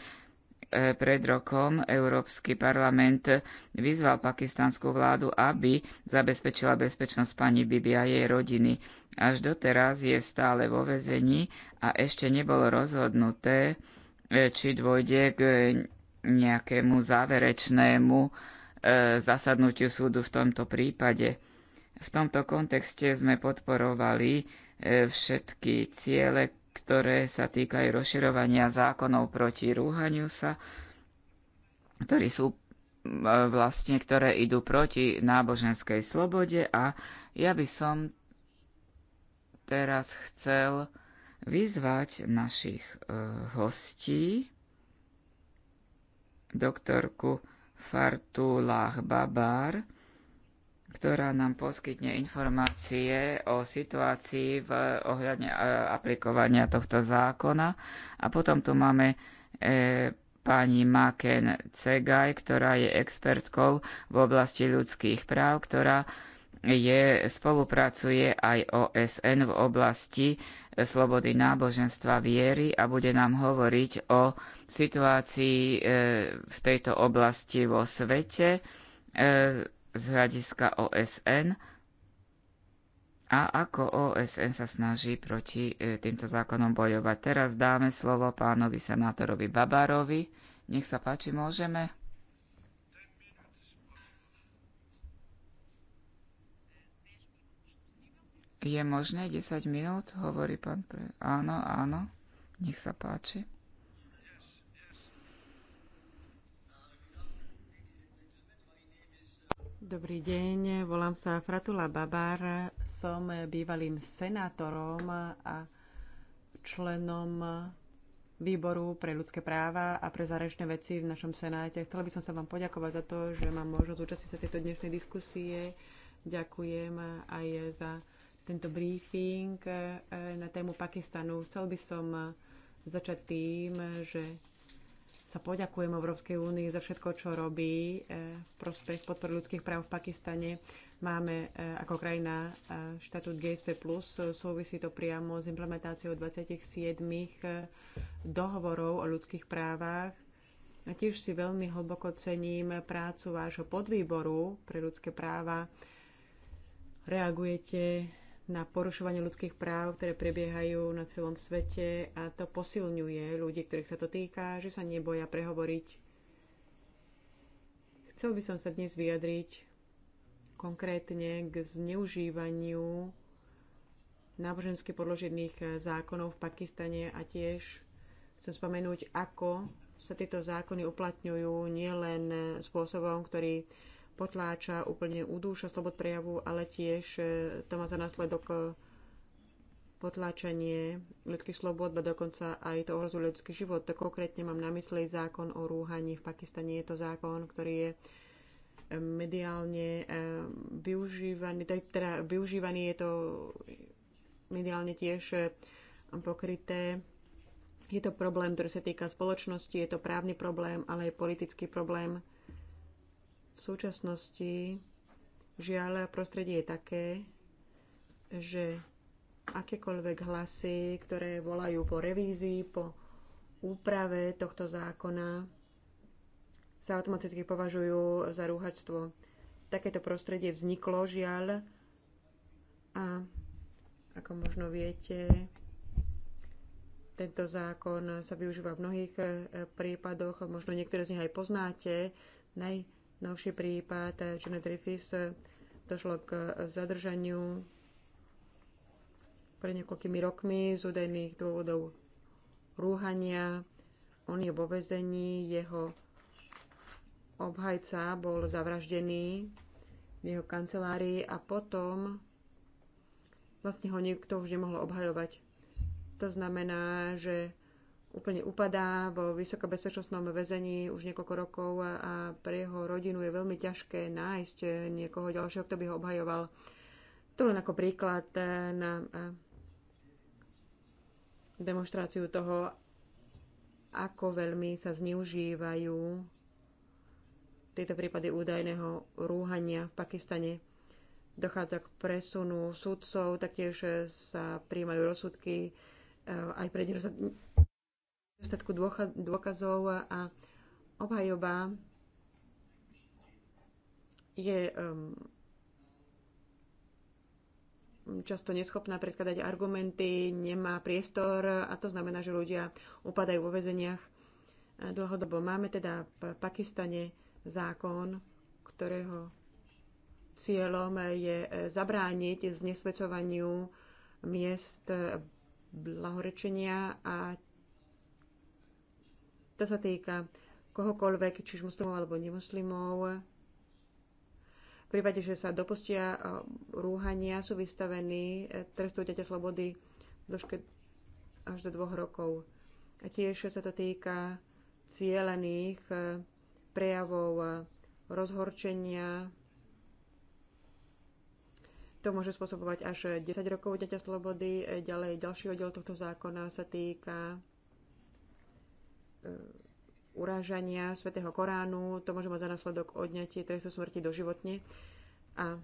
E, pred rokom Európsky parlament vyzval pakistanskú vládu, aby zabezpečila bezpečnosť pani Bibi a jej rodiny. Až doteraz je stále vo vezení a ešte nebolo rozhodnuté, e, či dôjde k nejakému záverečnému e, zasadnutiu súdu v tomto prípade. V tomto kontexte sme podporovali všetky ciele ktoré sa týkajú rozširovania zákonov proti rúhaniu sa, ktorí sú e, vlastne, ktoré idú proti náboženskej slobode a ja by som teraz chcel vyzvať našich e, hostí, doktorku Fartulách Babar, ktorá nám poskytne informácie o situácii v ohľadne e, aplikovania tohto zákona. A potom tu máme e, pani Maken Cegaj, ktorá je expertkou v oblasti ľudských práv, ktorá je, spolupracuje aj OSN v oblasti e, slobody náboženstva viery a bude nám hovoriť o situácii e, v tejto oblasti vo svete. E, z hľadiska OSN a ako OSN sa snaží proti e, týmto zákonom bojovať. Teraz dáme slovo pánovi senátorovi Babárovi. Nech sa páči, môžeme. Je možné 10 minút, hovorí pán pre... Áno, áno, nech sa páči. Dobrý deň, volám sa Fratula Babar, som bývalým senátorom a členom výboru pre ľudské práva a pre zárečné veci v našom Senáte. Chcela by som sa vám poďakovať za to, že mám možnosť účastniť sa tejto dnešnej diskusie. Ďakujem aj za tento briefing eh, na tému Pakistanu. Chcel by som eh, začať tým, že sa poďakujem Európskej únii za všetko, čo robí e, v prospech podpory ľudských práv v Pakistane. Máme e, ako krajina e, štatút GSP+, súvisí to priamo s implementáciou 27 dohovorov o ľudských právach. A tiež si veľmi hlboko cením prácu vášho podvýboru pre ľudské práva. Reagujete na porušovanie ľudských práv, ktoré prebiehajú na celom svete a to posilňuje ľudí, ktorých sa to týka, že sa neboja prehovoriť. Chcel by som sa dnes vyjadriť konkrétne k zneužívaniu nábožensky podložených zákonov v Pakistane a tiež chcem spomenúť, ako sa tieto zákony uplatňujú nielen spôsobom, ktorý potláča, úplne udúša slobod prejavu, ale tiež e, to má za následok e, potláčanie ľudských slobod, a dokonca aj to ohrozuje ľudský život. To konkrétne mám na mysli zákon o rúhaní. V Pakistane je to zákon, ktorý je e, mediálne využívaný, teda, teda využívaný je to mediálne tiež pokryté. Je to problém, ktorý sa týka spoločnosti, je to právny problém, ale aj politický problém v súčasnosti žiaľ prostredie je také, že akékoľvek hlasy, ktoré volajú po revízii, po úprave tohto zákona, sa automaticky považujú za rúhačstvo. Takéto prostredie vzniklo, žiaľ, a ako možno viete, tento zákon sa využíva v mnohých eh, prípadoch, možno niektoré z nich aj poznáte. Naj, Novší prípad eh, Johna Griffiths eh, došlo k eh, zadržaniu pred niekoľkými rokmi z údajných dôvodov rúhania. On je vo vezení, jeho obhajca bol zavraždený v jeho kancelárii a potom vlastne ho nikto už nemohol obhajovať. To znamená, že úplne upadá vo vysokobezpečnostnom väzení už niekoľko rokov a pre jeho rodinu je veľmi ťažké nájsť niekoho ďalšieho, kto by ho obhajoval. To len ako príklad e, na e, demonstráciu toho, ako veľmi sa zneužívajú tieto prípady údajného rúhania v Pakistane. Dochádza k presunu sudcov, taktiež sa príjmajú rozsudky e, aj pre dostatku dôkazov a obhajoba je um, často neschopná predkladať argumenty, nemá priestor a to znamená, že ľudia upadajú vo väzeniach dlhodobo. Máme teda v Pakistane zákon, ktorého cieľom je e, zabrániť znesvedcovaniu miest e, blahorečenia a to sa týka kohokoľvek, či už muslimov alebo nemuslimov. V prípade, že sa dopustia eh, rúhania, sú vystavení eh, trestu ťaťa slobody dĺžke až do dvoch rokov. A tiež sa to týka cielených eh, prejavov rozhorčenia. To môže spôsobovať až 10 rokov ťaťa slobody. Ďalej, ďalší oddiel tohto zákona sa týka E, urážania svätého Koránu, to môže mať za následok odňatie trestu smrti doživotne. A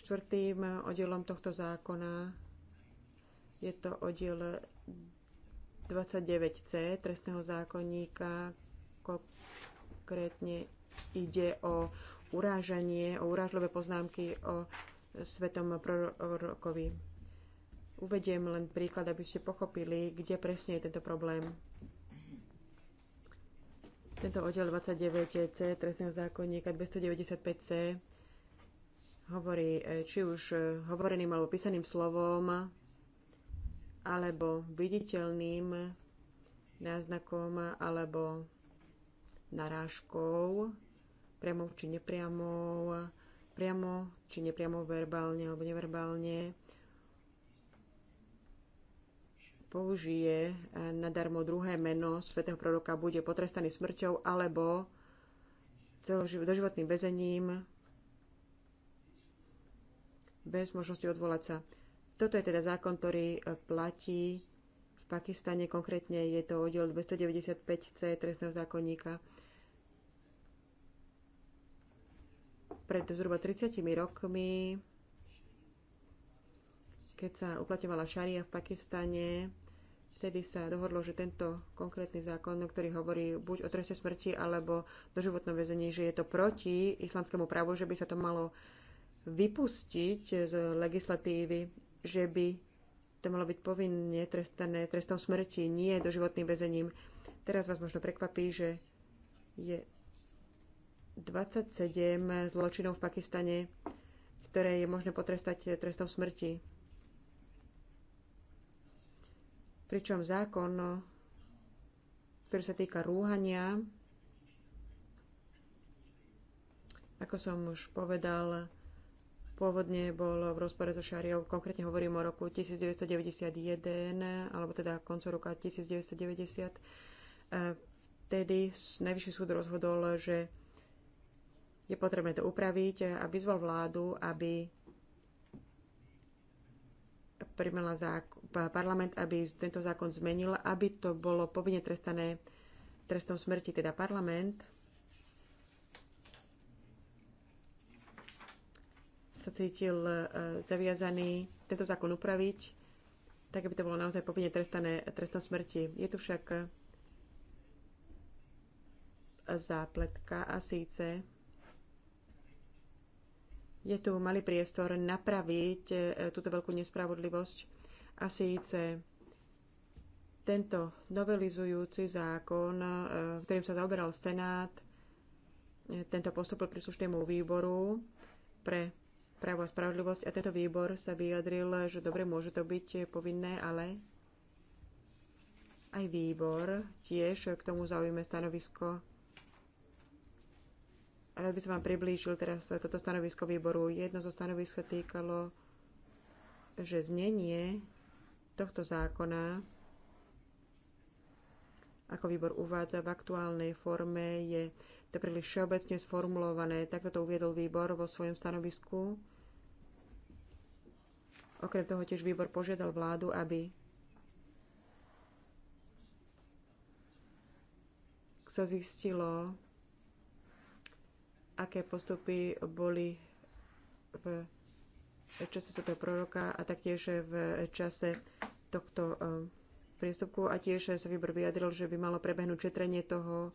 štvrtým oddielom tohto zákona je to oddiel 29c trestného zákonníka, konkrétne ide o urážanie, o urážlivé poznámky o svetom prorokovi. Uvediem len príklad, aby ste pochopili, kde presne je tento problém. Tento oddiel 29c trestného zákonníka 295c hovorí e, či už e, hovoreným alebo písaným slovom alebo viditeľným náznakom alebo narážkou priamou či nepriamou, priamo či nepriamo verbálne alebo neverbálne použije e, nadarmo druhé meno svätého proroka, bude potrestaný smrťou alebo doživotným väzením bez možnosti odvolať sa. Toto je teda zákon, ktorý e, platí v Pakistane, konkrétne je to oddiel 295c trestného zákonníka. Pred zhruba 30 rokmi keď sa uplatňovala šaria v Pakistane, vtedy sa dohodlo, že tento konkrétny zákon, ktorý hovorí buď o treste smrti alebo doživotnom väzení, že je to proti islamskému právu, že by sa to malo vypustiť z legislatívy, že by to malo byť povinne trestané trestom smrti, nie doživotným väzením. Teraz vás možno prekvapí, že je 27 zločinov v Pakistane, ktoré je možné potrestať trestom smrti Pričom zákon, ktorý sa týka rúhania, ako som už povedal, pôvodne bol v rozpore so šáriou, konkrétne hovorím o roku 1991, alebo teda koncu roka 1990. E, vtedy Najvyšší súd rozhodol, že je potrebné to upraviť a vyzval vládu, aby primela parlament, aby tento zákon zmenil, aby to bolo povinne trestané trestom smrti, teda parlament sa cítil e, zaviazaný tento zákon upraviť, tak aby to bolo naozaj povinne trestané trestom smrti. Je tu však e, zápletka a síce je tu malý priestor napraviť e, túto veľkú nespravodlivosť a síce tento novelizujúci zákon, e, ktorým sa zaoberal Senát, e, tento postupil príslušnému výboru pre právo a spravodlivosť a tento výbor sa vyjadril, že dobre môže to byť povinné, ale aj výbor tiež k tomu zaujíme stanovisko Rád by som vám priblížil teraz toto stanovisko výboru. Jedno zo stanovisk sa týkalo, že znenie tohto zákona, ako výbor uvádza v aktuálnej forme, je to príliš všeobecne sformulované. Takto to uviedol výbor vo svojom stanovisku. Okrem toho tiež výbor požiadal vládu, aby sa zistilo, aké postupy boli v čase svätého proroka a taktiež v čase tohto eh, priestupku a tiež sa výbor vyjadril, že by malo prebehnúť četrenie toho,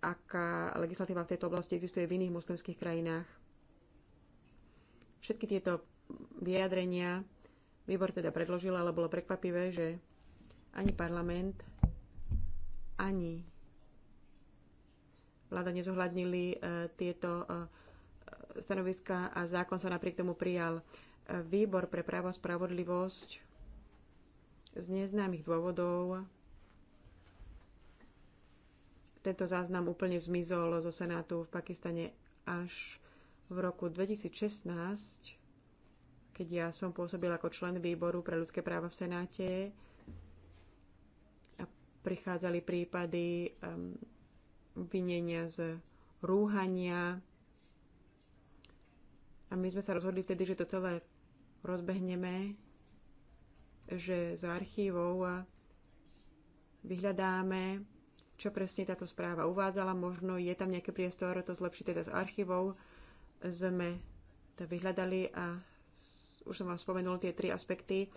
aká legislatíva v tejto oblasti existuje v iných muslimských krajinách. Všetky tieto vyjadrenia výbor teda predložil, ale bolo prekvapivé, že ani parlament, ani vláda nezohľadnili e, tieto e, stanoviska a zákon sa napriek tomu prijal. E, výbor pre právo a spravodlivosť z neznámych dôvodov tento záznam úplne zmizol zo Senátu v Pakistane až v roku 2016, keď ja som pôsobil ako člen výboru pre ľudské práva v Senáte a prichádzali prípady um, obvinenia, z rúhania. A my sme sa rozhodli vtedy, že to celé rozbehneme, že z archívov vyhľadáme, čo presne táto správa uvádzala. Možno je tam nejaký priestor to zlepšiť teda z archívou Sme to vyhľadali a už som vám spomenul tie tri aspekty.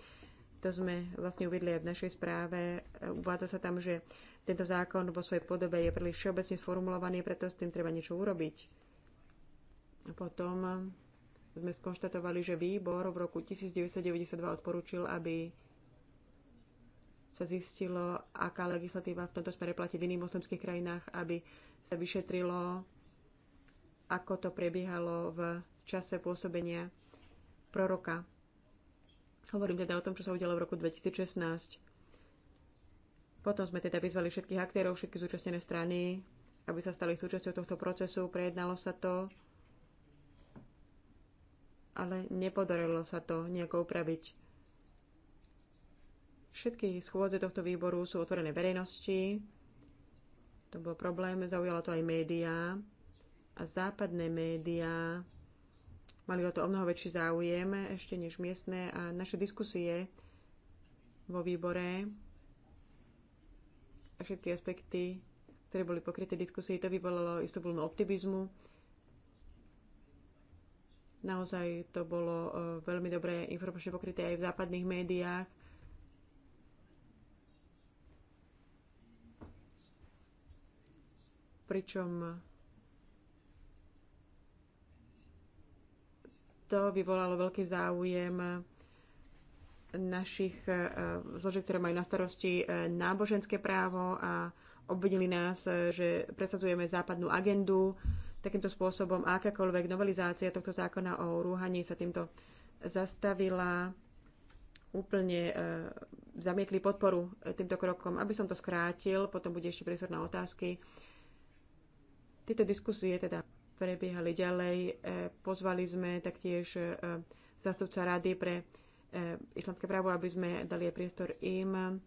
To sme vlastne uvedli aj v našej správe. Uvádza sa tam, že tento zákon vo svojej podobe je príliš všeobecne sformulovaný, preto s tým treba niečo urobiť. Potom sme skonštatovali, že výbor v roku 1992 odporučil, aby sa zistilo, aká legislatíva v tomto smere platí v iných moslimských krajinách, aby sa vyšetrilo, ako to prebiehalo v čase pôsobenia proroka. Hovorím teda o tom, čo sa udialo v roku 2016. Potom sme teda vyzvali všetkých aktérov, všetky zúčastnené strany, aby sa stali súčasťou tohto procesu. Prejednalo sa to, ale nepodarilo sa to nejako upraviť. Všetky schôdze tohto výboru sú otvorené verejnosti. To bol problém, zaujalo to aj médiá. A západné médiá mali o to o mnoho väčší záujem ešte než miestne a naše diskusie vo výbore a všetky aspekty, ktoré boli pokryté diskusie, to vyvolalo istú vlnu optimizmu. Naozaj to bolo e, veľmi dobre informačne pokryté aj v západných médiách. Pričom to vyvolalo veľký záujem našich e, e, zložiek, ktoré majú na starosti e, náboženské právo a obvinili nás, že presadzujeme západnú agendu. Takýmto spôsobom akákoľvek novelizácia tohto zákona o rúhaní sa týmto zastavila. Úplne zamietli podporu týmto krokom. Aby som to skrátil, potom bude ešte priestor na otázky. Tieto diskusie teda prebiehali ďalej. Pozvali sme taktiež zástupca Rady pre E, islamské právo, aby sme dali aj priestor im.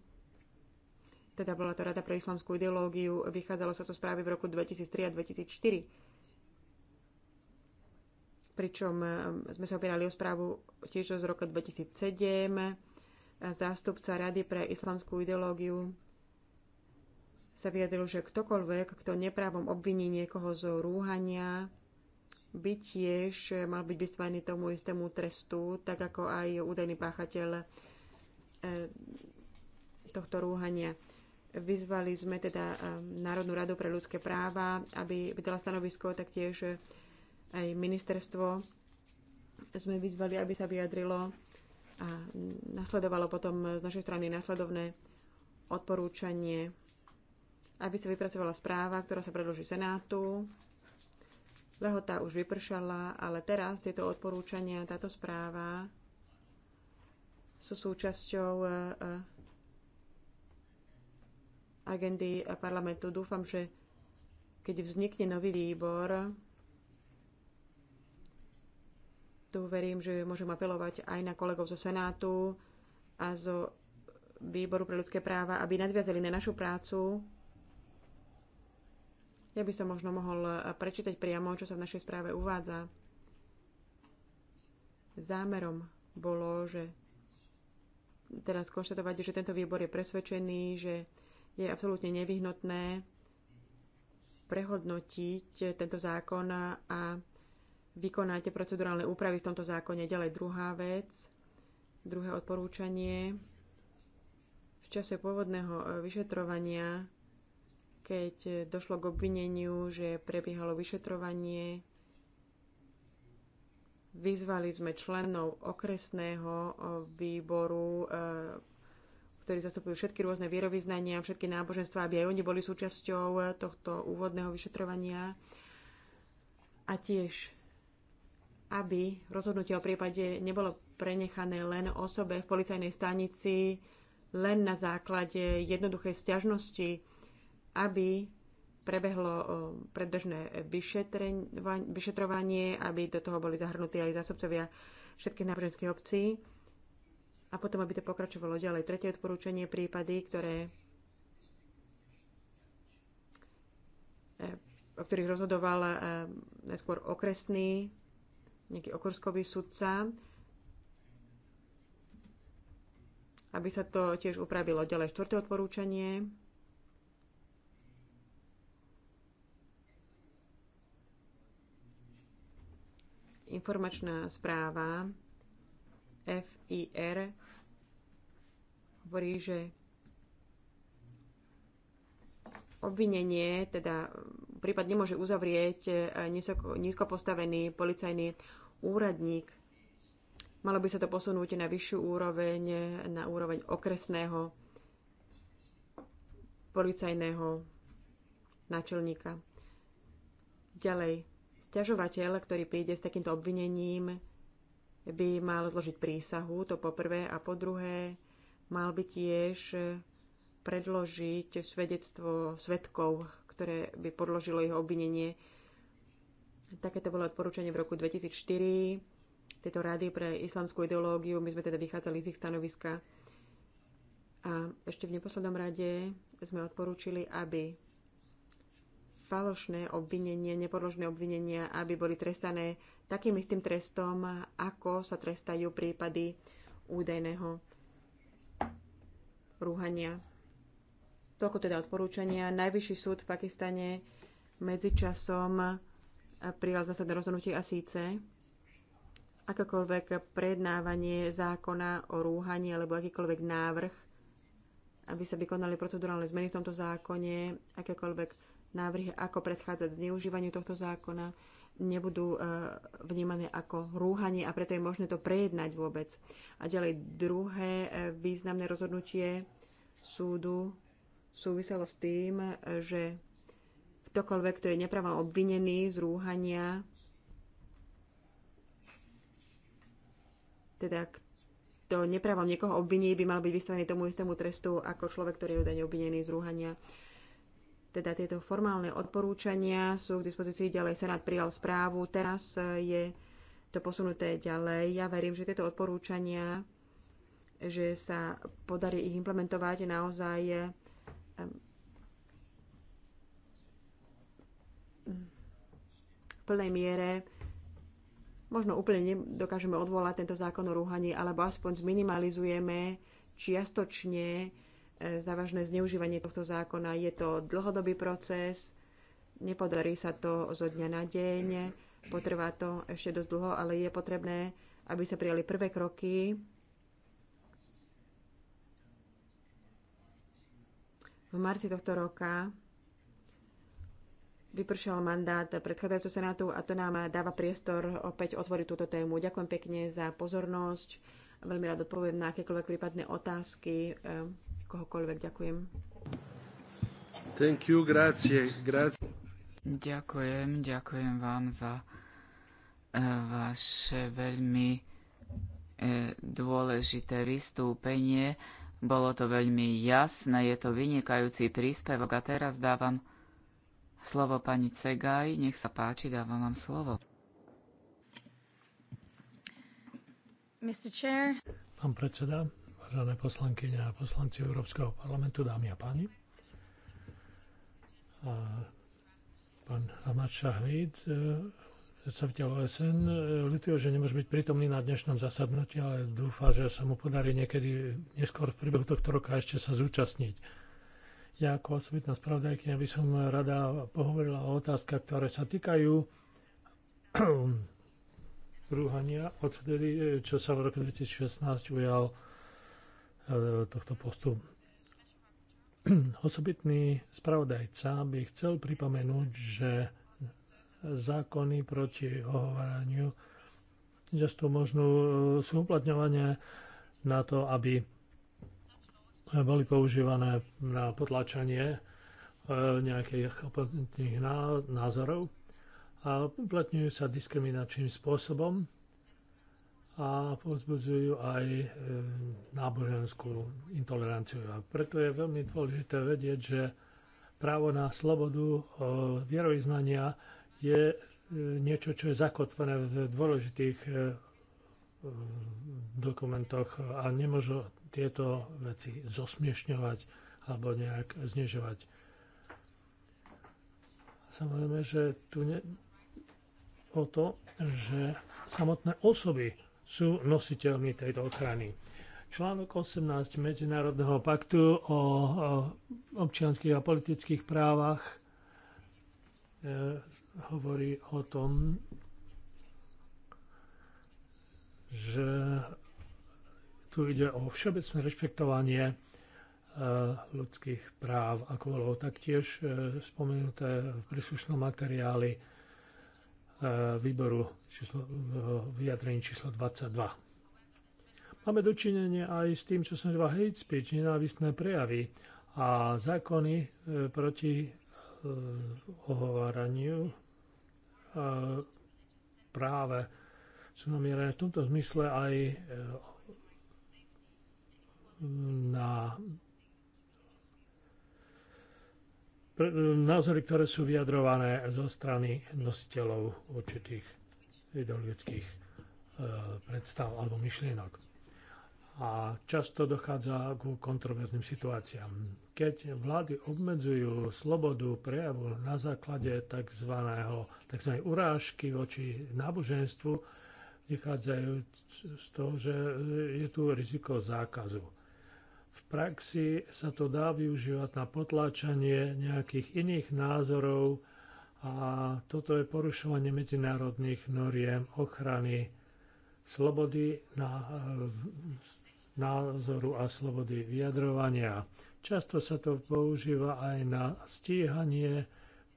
Teda bola to Rada pre islamskú ideológiu, vychádzalo sa to správy v roku 2003 a 2004. Pričom e, sme sa opierali o správu tiež z roku 2007. Zástupca Rady pre islamskú ideológiu sa vyjadril, že ktokoľvek, kto neprávom obviní niekoho z rúhania, by tiež mal byť vystavený tomu istému trestu, tak ako aj údajný páchateľ eh, tohto rúhania. Vyzvali sme teda eh, Národnú radu pre ľudské práva, aby vydala stanovisko, taktiež eh, aj ministerstvo sme vyzvali, aby sa vyjadrilo a nasledovalo potom z našej strany následovné odporúčanie, aby sa vypracovala správa, ktorá sa predloží Senátu Lehota už vypršala, ale teraz tieto odporúčania, táto správa sú súčasťou e, e, agendy parlamentu. Dúfam, že keď vznikne nový výbor, tu verím, že môžem apelovať aj na kolegov zo Senátu a zo Výboru pre ľudské práva, aby nadviazali na našu prácu ja by som možno mohol eh, prečítať priamo, čo sa v našej správe uvádza. Zámerom bolo, že teraz konštatovať, že tento výbor je presvedčený, že je absolútne nevyhnutné prehodnotiť tento zákon a vykonať procedurálne úpravy v tomto zákone. Ďalej druhá vec, druhé odporúčanie. V čase pôvodného eh, vyšetrovania keď e, došlo k obvineniu, že prebiehalo vyšetrovanie. Vyzvali sme členov okresného e, výboru, e, ktorí zastupujú všetky rôzne vierovýznania, všetky náboženstva, aby aj oni boli súčasťou tohto úvodného vyšetrovania. A tiež, aby rozhodnutie o prípade nebolo prenechané len osobe v policajnej stanici, len na základe jednoduchej stiažnosti aby prebehlo predbežné vyšetrovanie, aby do toho boli zahrnutí aj zásobcovia všetkých náboženských obcí a potom, aby to pokračovalo ďalej. Tretie odporúčanie prípady, ktoré e, o ktorých rozhodoval e, najskôr okresný, nejaký okrskový sudca, aby sa to tiež upravilo. Ďalej štvrté odporúčanie, Informačná správa FIR hovorí, že obvinenie, teda prípad nemôže uzavrieť e, nízko, postavený policajný úradník. Malo by sa to posunúť na vyššiu úroveň, na úroveň okresného policajného náčelníka. Ďalej. Sťažovateľ, ktorý príde s takýmto obvinením, by mal zložiť prísahu, to po prvé, a po druhé mal by tiež predložiť svedectvo svetkov, ktoré by podložilo jeho obvinenie. Také to bolo odporúčanie v roku 2004 tejto rady pre islamskú ideológiu. My sme teda vychádzali z ich stanoviska. A ešte v neposlednom rade sme odporúčili, aby falošné obvinenie, nepodložné obvinenia, aby boli trestané takým istým trestom, ako sa trestajú prípady údajného rúhania. Toľko teda odporúčania. Najvyšší súd v Pakistane medzičasom prijal zásadné rozhodnutie a síce akékoľvek prednávanie zákona o rúhaní alebo akýkoľvek návrh, aby sa vykonali procedurálne zmeny v tomto zákone, akékoľvek návrhy, ako predchádzať zneužívaniu tohto zákona, nebudú e, vnímané ako rúhanie a preto je možné to prejednať vôbec. A ďalej druhé e, významné rozhodnutie súdu súviselo s tým, e, že ktokoľvek, kto je nepravom obvinený z rúhania, teda kto nepravom niekoho obviní, by mal byť vystavený tomu istému trestu ako človek, ktorý je údajne obvinený z rúhania. Teda tieto formálne odporúčania sú k dispozícii ďalej. Senát prijal správu, teraz e, je to posunuté ďalej. Ja verím, že tieto odporúčania, že sa podarí ich implementovať naozaj e, v plnej miere. Možno úplne nedokážeme odvolať tento zákon o rúhaní, alebo aspoň zminimalizujeme čiastočne E, závažné zneužívanie tohto zákona. Je to dlhodobý proces, nepodarí sa to zo dňa na deň, potrvá to ešte dosť dlho, ale je potrebné, aby sa prijali prvé kroky. V marci tohto roka vypršal mandát predchádzajúceho senátu a to nám dáva priestor opäť otvoriť túto tému. Ďakujem pekne za pozornosť. Veľmi rád odpoviem na akékoľvek prípadné otázky e, kohokoľvek. Ďakujem. Thank you, grazie, grazie. Ďakujem, ďakujem vám za e, vaše veľmi e, dôležité vystúpenie. Bolo to veľmi jasné, je to vynikajúci príspevok a teraz dávam slovo pani Cegaj. Nech sa páči, dávam vám slovo. Pán predseda, vážené poslankyne a poslanci Európskeho parlamentu, dámy a páni. A pán Hamad Šahvid, e, predstaviteľ OSN, ľutuje, e, že nemôže byť prítomný na dnešnom zasadnutí, ale dúfa, že sa mu podarí niekedy neskôr v priebehu tohto roka ešte sa zúčastniť. Ja ako osobitná spravodajkynia by som rada pohovorila o otázkach, ktoré sa týkajú rúhania odtedy, e, čo sa v roku 2016 ujal e, tohto postu. [clears throat] Osobitný spravodajca by chcel pripomenúť, že zákony proti ohovaraniu často možno e, sú uplatňované na to, aby boli používané na potlačanie nejakých opotných názorov a uplatňujú sa diskriminačným spôsobom a pozbudzujú aj e, náboženskú intoleranciu. A preto je veľmi dôležité vedieť, že právo na slobodu e, vierovýznania je e, niečo, čo je zakotvené v dôležitých dokumentoch a nemôžu tieto veci zosmiešňovať alebo nejak znižovať. Samozrejme, že tu ne, o to, že samotné osoby sú nositeľmi tejto ochrany. Článok 18 Medzinárodného paktu o občianských a politických právach e, hovorí o tom, že tu ide o všeobecné rešpektovanie e, ľudských práv, ako bolo taktiež e, spomenuté v príslušnom materiáli E, výboru číslo, vyjadrení číslo 22. Máme dočinenie aj s tým, čo som nazýva hate speech, nenávistné prejavy a zákony e, proti e, ohováraniu práve sú namierané v tomto zmysle aj na názory, ktoré sú vyjadrované zo strany nositeľov určitých ideologických e, predstav alebo myšlienok. A často dochádza k kontroverzným situáciám. Keď vlády obmedzujú slobodu prejavu na základe tzv. tzv. urážky voči náboženstvu, vychádzajú z toho, že je tu riziko zákazu. V praxi sa to dá využívať na potláčanie nejakých iných názorov a toto je porušovanie medzinárodných noriem ochrany slobody na, názoru a slobody vyjadrovania. Často sa to používa aj na stíhanie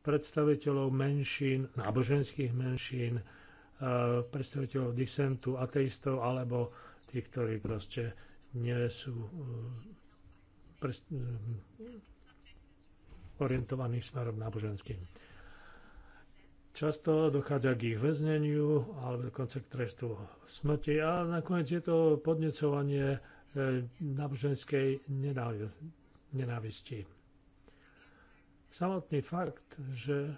predstaviteľov menšín, náboženských menšín, eh, predstaviteľov disentu, ateistov alebo tých, ktorí proste nie sú eh, eh, orientovaní smerom náboženským. Často dochádza k ich väzneniu alebo dokonca k trestu smrti a nakoniec je to podnecovanie eh, náboženskej nenávisti. Samotný fakt, že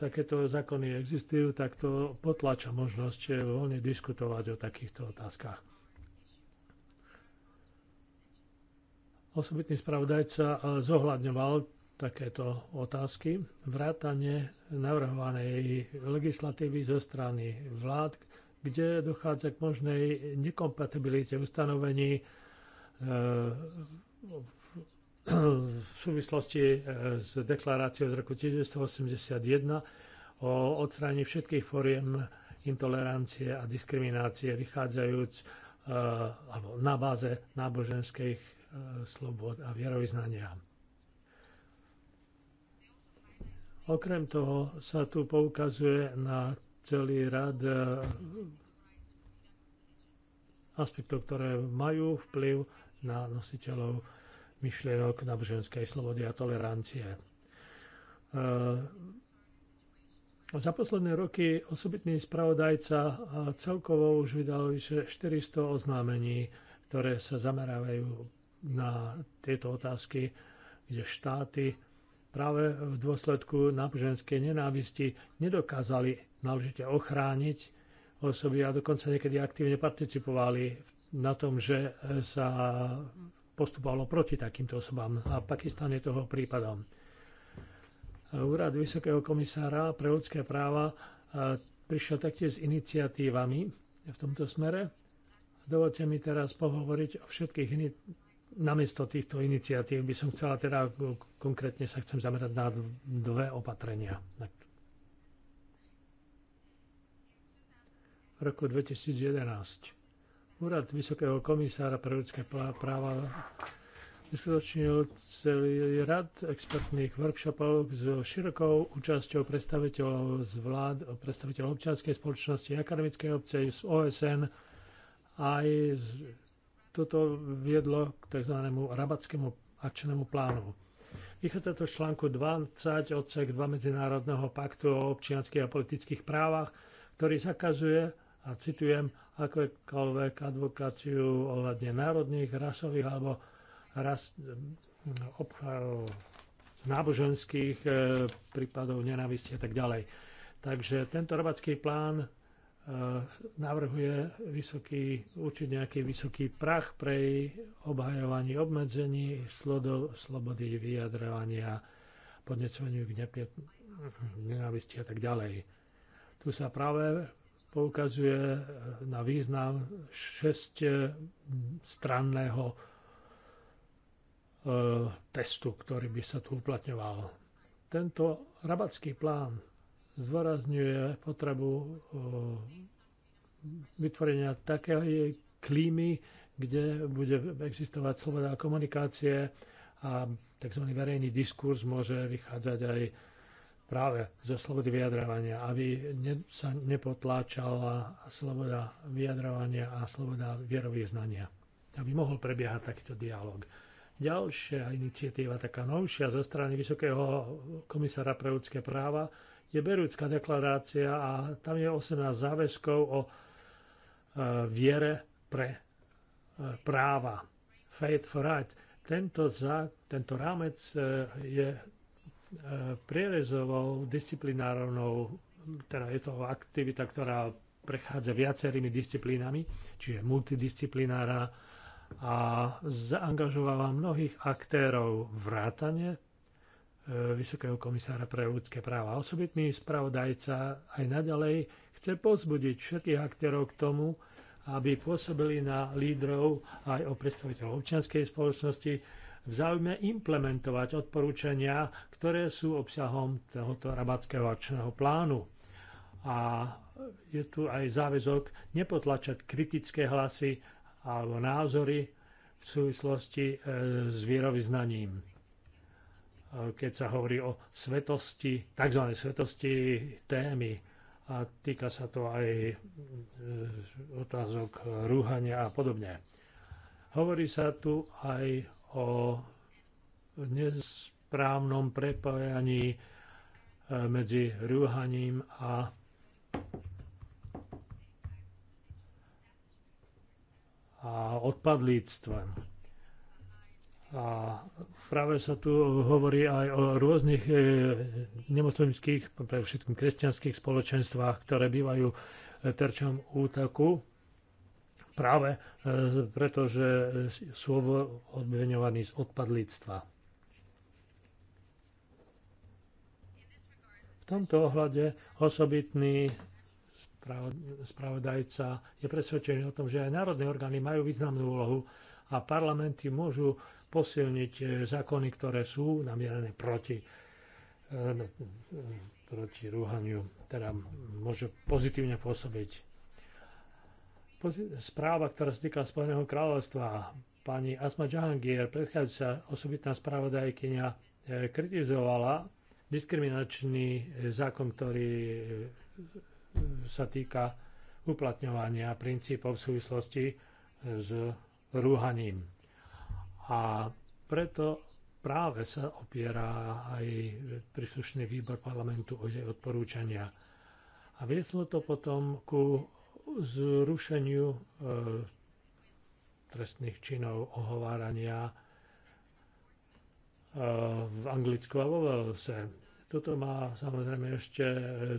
takéto zákony existujú, tak to potlača možnosť voľne diskutovať o takýchto otázkach. osobitný spravodajca zohľadňoval takéto otázky, vrátane navrhovanej legislatívy zo strany vlád, kde dochádza k možnej nekompatibilite ustanovení e, v súvislosti e, s deklaráciou z roku 1981 o odstráni všetkých foriem intolerancie a diskriminácie vychádzajúc e, alebo na báze náboženských Eh, slobod a vierovýznania. Okrem toho sa tu poukazuje na celý rad eh, aspektov, ktoré majú vplyv na nositeľov myšlienok náboženskej slobody a tolerancie. Eh, za posledné roky osobitný spravodajca celkovo už vydal vyše 400 oznámení, ktoré sa zamerávajú na tieto otázky, kde štáty práve v dôsledku náboženskej nenávisti nedokázali náležite ochrániť osoby a dokonca niekedy aktívne participovali na tom, že sa postupovalo proti takýmto osobám a Pakistan je toho prípadom. Úrad Vysokého komisára pre ľudské práva e, prišiel taktiež s iniciatívami v tomto smere. Dovolte mi teraz pohovoriť o všetkých namiesto týchto iniciatív by som chcela teda konkrétne sa chcem zamerať na dve opatrenia. V roku 2011 Úrad Vysokého komisára pre ľudské práva vyskutočnil celý rad expertných workshopov s širokou účasťou predstaviteľov z vlád, predstaviteľov občianskej spoločnosti, akademickej obce, z OSN, aj z toto viedlo k tzv. rabatskému akčnému plánu. Vychádza to z článku 20 odsek 2 Medzinárodného paktu o občianských a politických právach, ktorý zakazuje, a citujem, akékoľvek advokáciu ohľadne národných, rasových alebo ras, hm, náboženských e, prípadov nenávisti a tak ďalej. Takže tento rabatský plán E, navrhuje vysoký, určiť nejaký vysoký prach pre obhajovaní obhajovanie obmedzení slodo, slobody vyjadrovania, podnecovaniu k nenávisti a tak ďalej. Tu sa práve poukazuje na význam šeststranného e, testu, ktorý by sa tu uplatňoval. Tento rabatský plán zvorazňuje potrebu vytvorenia takej klímy, kde bude existovať sloboda komunikácie a tzv. verejný diskurs môže vychádzať aj práve zo slobody vyjadrovania, aby sa nepotláčala sloboda vyjadrovania a sloboda vierovýznania, aby mohol prebiehať takýto dialog. Ďalšia iniciatíva, taká novšia zo strany Vysokého komisára pre ľudské práva, je Berúcká deklarácia a tam je 18 záväzkov o e, viere pre e, práva. Faith for Right. Tento, za, tento rámec e, je prierezovou disciplinárnou, teda je to aktivita, ktorá prechádza viacerými disciplínami, čiže multidisciplinárna a zaangažovala mnohých aktérov vrátane E, vysokého komisára pre ľudské práva. Osobitný spravodajca aj naďalej chce pozbudiť všetkých aktérov k tomu, aby pôsobili na lídrov aj o predstaviteľov občianskej spoločnosti v záujme implementovať odporúčania, ktoré sú obsahom tohoto rabatského akčného plánu. A je tu aj záväzok nepotlačať kritické hlasy alebo názory v súvislosti e, s vierovýznaním keď sa hovorí o svetosti, tzv. svetosti témy. A týka sa to aj e, otázok rúhania a podobne. Hovorí sa tu aj o nesprávnom prepájaní e, medzi rúhaním a a odpadlíctvom. A práve sa tu hovorí aj o rôznych e, nemoslimských, pre všetkým kresťanských spoločenstvách, ktoré bývajú e, terčom útaku práve e, preto, že sú obviňovaní z odpadlíctva. V tomto ohľade osobitný spravodajca je presvedčený o tom, že aj národné orgány majú významnú úlohu a parlamenty môžu posilniť e, zákony, ktoré sú namierené proti, e, no, proti rúhaniu, teda môže pozitívne pôsobiť. Správa, ktorá sa týka Spojeného kráľovstva, pani Asma Jahangir, predchádzajúca osobitná správodajkynia, e, kritizovala diskriminačný zákon, ktorý sa týka uplatňovania princípov v súvislosti s rúhaním. A preto práve sa opiera aj príslušný výbor parlamentu o jej odporúčania. A viedlo to potom ku zrušeniu e, trestných činov ohovárania e, v Anglicku a vo Velse. Toto má samozrejme ešte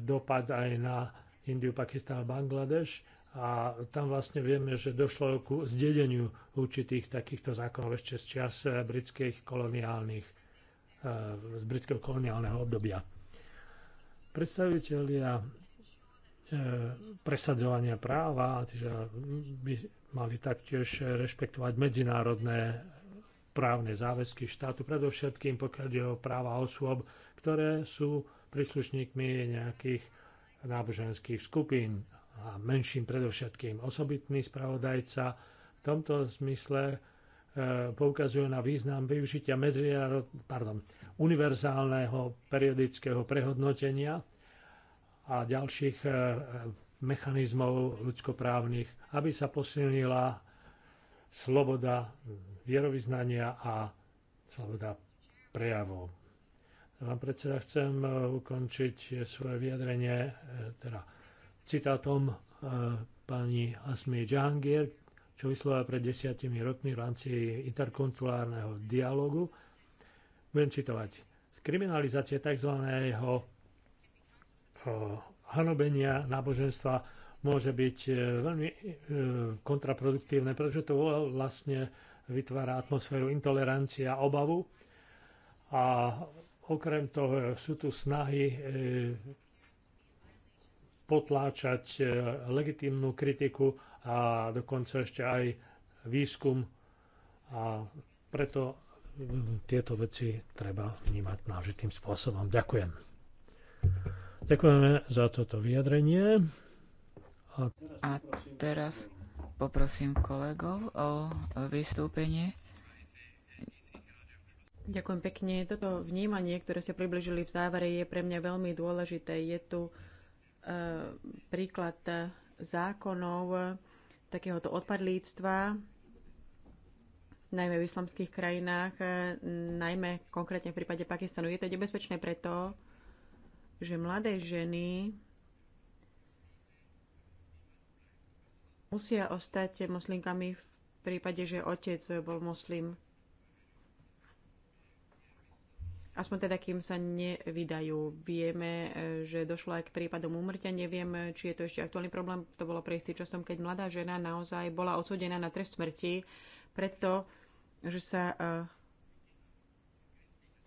dopad aj na Indiu, Pakistan a Bangladeš a tam vlastne vieme, že došlo ku zdedeniu určitých takýchto zákonov ešte z čas eh, britských koloniálnych, eh, z britského koloniálneho obdobia. Predstavitelia eh, presadzovania práva, že by mali taktiež rešpektovať medzinárodné právne záväzky štátu, predovšetkým pokiaľ je o práva osôb, ktoré sú príslušníkmi nejakých náboženských skupín a menším predovšetkým. Osobitný spravodajca v tomto zmysle e, poukazuje na význam využitia pardon, univerzálneho periodického prehodnotenia a ďalších e, mechanizmov ľudskoprávnych, aby sa posilnila sloboda vierovýznania a sloboda prejavov. Vám predseda chcem e, ukončiť svoje vyjadrenie, teda citátom e, pani Asmie Jahangir, čo vyslovila pred desiatimi rokmi v rámci interkonsulárneho dialogu. Budem citovať. Z kriminalizácie tzv. E, hanobenia náboženstva môže byť e, veľmi kontraproduktívne, pretože to vlastne vytvára atmosféru intolerancia a obavu. A okrem toho sú tu snahy potláčať e, legitimnú kritiku a dokonca ešte aj výskum a preto mm, tieto veci treba vnímať nážitým spôsobom. Ďakujem. Ďakujeme za toto vyjadrenie. A, a teraz poprosím kolegov o vystúpenie. Ďakujem pekne. Toto vnímanie, ktoré ste približili v závere, je pre mňa veľmi dôležité. Je tu E, príklad zákonov takéhoto odpadlíctva, najmä v islamských krajinách, e, najmä konkrétne v prípade Pakistanu. Je to nebezpečné preto, že mladé ženy musia ostať moslinkami v prípade, že otec bol moslim. Aspoň teda, kým sa nevydajú. Vieme, e, že došlo aj k prípadom úmrtia. Neviem, či je to ešte aktuálny problém. To bolo pre istý časom, keď mladá žena naozaj bola odsudená na trest smrti, preto, že sa e,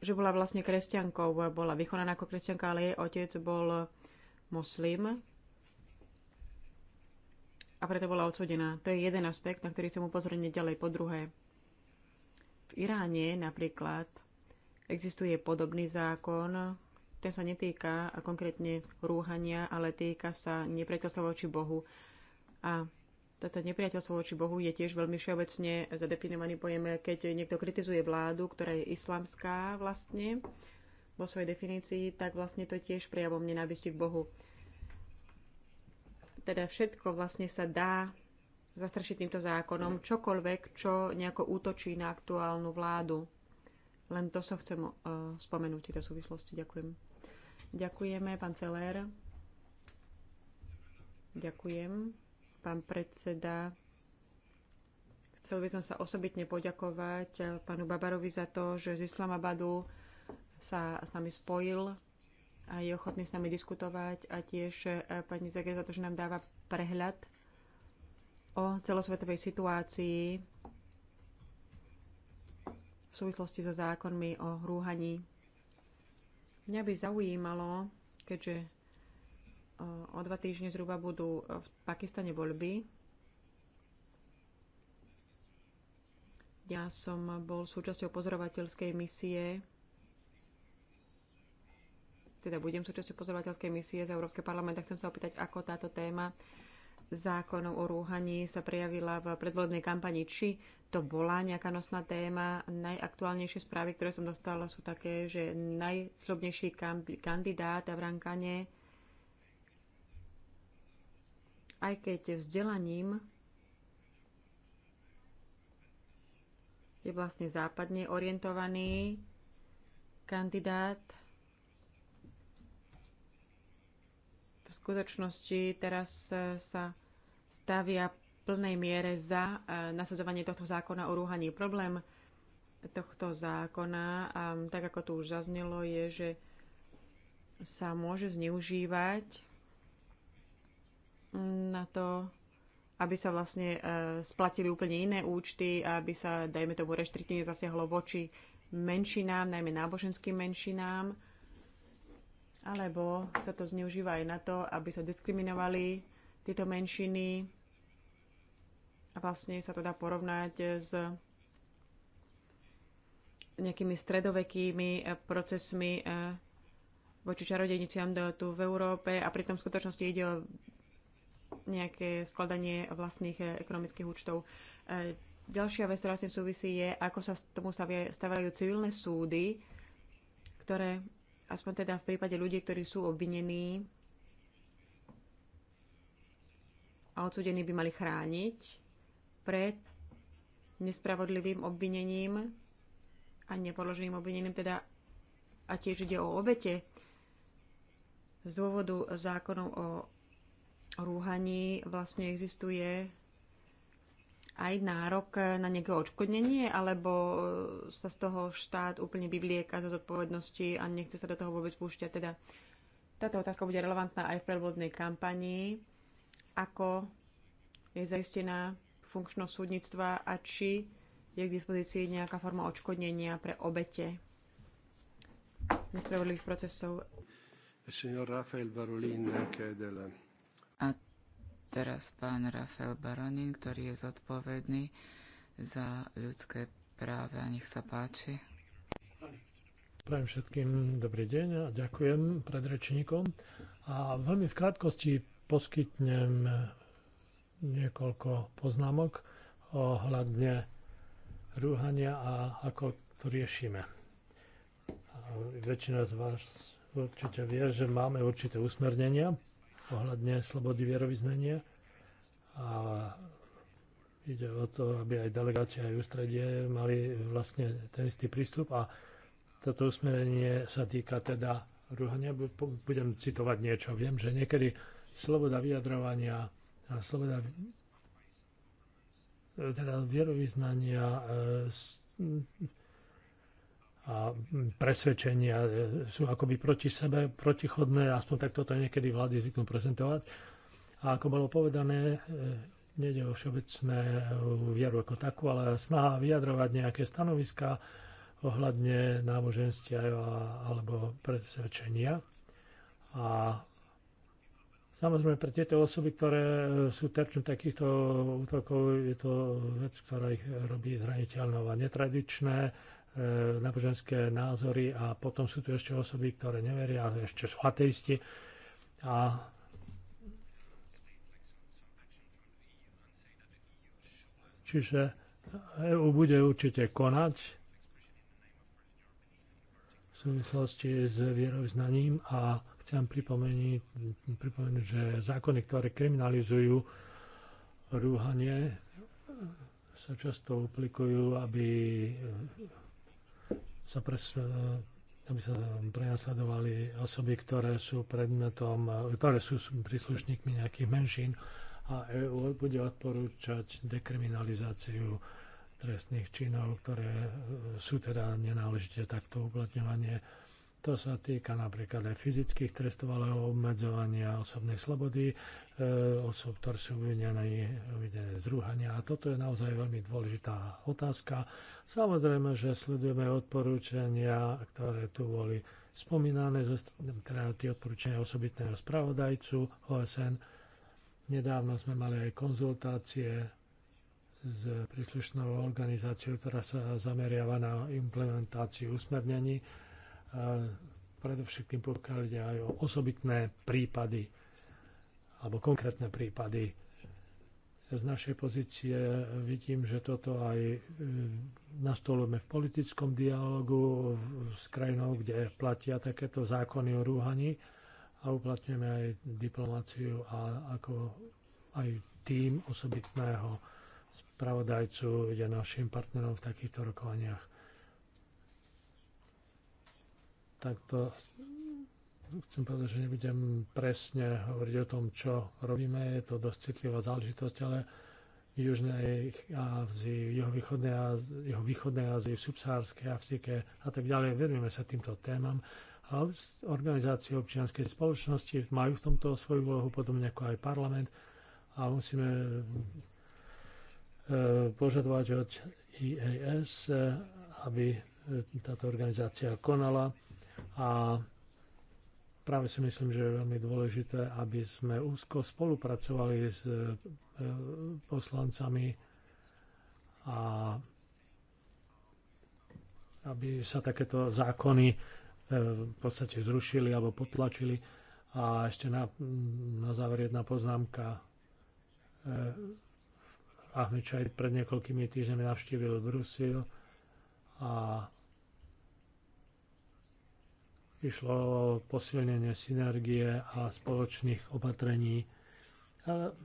že bola vlastne kresťankou, bola vychovaná ako kresťanka, ale jej otec bol moslim a preto bola odsudená. To je jeden aspekt, na ktorý chcem upozorniť ďalej. Po druhé, v Iráne napríklad Existuje podobný zákon, ten sa netýka konkrétne rúhania, ale týka sa nepriateľstva voči Bohu. A toto nepriateľstvo voči Bohu je tiež veľmi všeobecne zadefinovaný pojem, keď niekto kritizuje vládu, ktorá je islamská vlastne, vo svojej definícii, tak vlastne to tiež prejavom nenávisti k Bohu. Teda všetko vlastne sa dá zastrašiť týmto zákonom, čokoľvek, čo nejako útočí na aktuálnu vládu. Len to sa chcem uh, spomenúť v tejto súvislosti. Ďakujem. Ďakujeme, pán Celér. Ďakujem, pán predseda. Chcel by som sa osobitne poďakovať eh, pánu Babarovi za to, že z Islamabadu sa s nami spojil a je ochotný s nami diskutovať a tiež eh, pani Zager za to, že nám dáva prehľad o celosvetovej situácii v súvislosti so zákonmi o rúhaní. Mňa by zaujímalo, keďže e, o dva týždne zhruba budú e, v Pakistane voľby. Ja som bol súčasťou pozorovateľskej misie, teda budem súčasťou pozorovateľskej misie z Európskeho parlamenta. Chcem sa opýtať, ako táto téma zákonov o rúhaní sa prejavila v predvolebnej kampani. Či to bola nejaká nosná téma? Najaktuálnejšie správy, ktoré som dostala, sú také, že najslobnejší kandidát v Rankane, aj keď vzdelaním je vlastne západne orientovaný kandidát. V skutočnosti teraz sa stavia plnej miere za e, nasadzovanie tohto zákona o rúhaní. Problém tohto zákona, tak ako tu už zaznelo, je, že sa môže zneužívať na to, aby sa vlastne e, splatili úplne iné účty, aby sa, dajme tomu, reštriktívne zasiahlo voči menšinám, najmä náboženským menšinám, alebo sa to zneužíva aj na to, aby sa diskriminovali tieto menšiny a vlastne sa to dá porovnať s nejakými stredovekými eh, procesmi eh, voči čarodejniciam tu v Európe a pritom v skutočnosti ide o nejaké skladanie vlastných eh, ekonomických účtov. Ďalšia vec, ktorá s tým súvisí, je, ako sa tomu stavajú civilné súdy, ktoré aspoň teda v prípade ľudí, ktorí sú obvinení a odsudení by mali chrániť pred nespravodlivým obvinením a nepoloženým obvinením, teda a tiež ide o obete z dôvodu zákonov o rúhaní vlastne existuje aj nárok na nejaké odškodnenie, alebo sa z toho štát úplne vyblieka zo zodpovednosti a nechce sa do toho vôbec púšťať. Teda táto otázka bude relevantná aj v predvodnej kampanii ako je zaistená funkčnosť súdnictva a či je k dispozícii nejaká forma odškodnenia pre obete nespravodlivých procesov. A teraz pán Rafael Baronin, ktorý je zodpovedný za ľudské práve a nech sa páči. Prajem všetkým dobrý deň a ďakujem predrečníkom. A veľmi v krátkosti poskytnem niekoľko poznámok ohľadne rúhania a ako to riešime. Väčšina z vás určite vie, že máme určité usmernenia ohľadne slobody vierovýznania a ide o to, aby aj delegácia, aj ústredie mali vlastne ten istý prístup a toto usmerenie sa týka teda rúhania. Budem citovať niečo. Viem, že niekedy sloboda vyjadrovania a sloboda e, teda vierovýznania e, a presvedčenia e, sú akoby proti sebe, protichodné, aspoň takto to niekedy vlády zvyknú prezentovať. A ako bolo povedané, nejde o všeobecné vieru ako takú, ale snaha vyjadrovať nejaké stanoviská ohľadne náboženstia alebo presvedčenia. A Samozrejme, pre tieto osoby, ktoré e, sú terčom takýchto útokov, je to vec, ktorá ich robí zraniteľnou a netradičné e, náboženské názory a potom sú tu ešte osoby, ktoré neveria, ešte sú ateisti a Čiže EU bude určite konať v súvislosti s vierovznaním a Chcem pripomenúť, pripomenúť, že zákony, ktoré kriminalizujú rúhanie, sa často aplikujú, aby sa, pres, aby sa prenasledovali osoby, ktoré sú predmetom, ktoré sú príslušníkmi nejakých menšín a EU bude odporúčať dekriminalizáciu trestných činov, ktoré sú teda nenáležite takto uplatňovanie to sa týka napríklad aj fyzických trestov, ale obmedzovania osobnej slobody, e, osob, ktoré sú uvedené uvidené zrúhania. A toto je naozaj veľmi dôležitá otázka. Samozrejme, že sledujeme odporúčania, ktoré tu boli spomínané, teda tie odporúčania osobitného spravodajcu OSN. Nedávno sme mali aj konzultácie s príslušnou organizáciou, ktorá sa zameriava na implementáciu usmernení predovšetkým pokiaľ ide aj o osobitné prípady alebo konkrétne prípady. Z našej pozície vidím, že toto aj e, nastolujeme v politickom dialogu s krajinou, kde platia takéto zákony o rúhaní a uplatňujeme aj diplomáciu a ako aj tým osobitného spravodajcu je našim partnerom v takýchto rokovaniach tak to chcem povedať, že nebudem presne hovoriť o tom, čo robíme. Je to dosť citlivá záležitosť, ale v Južnej Ázii, v Juhovýchodnej Ázii, Ázii, v Subsahárskej Afrike a tak ďalej. Venujeme sa týmto témam a organizácie občianskej spoločnosti majú v tomto svoju úlohu, podobne ako aj parlament a musíme e, požadovať od IAS, e, aby e, táto organizácia konala a práve si myslím, že je veľmi dôležité, aby sme úzko spolupracovali s e, poslancami a aby sa takéto zákony e, v podstate zrušili alebo potlačili. A ešte na, na záver jedna poznámka. E, Ahmed Šajd pred niekoľkými týždňami navštívil Brusil a Išlo o posilnenie synergie a spoločných opatrení, ale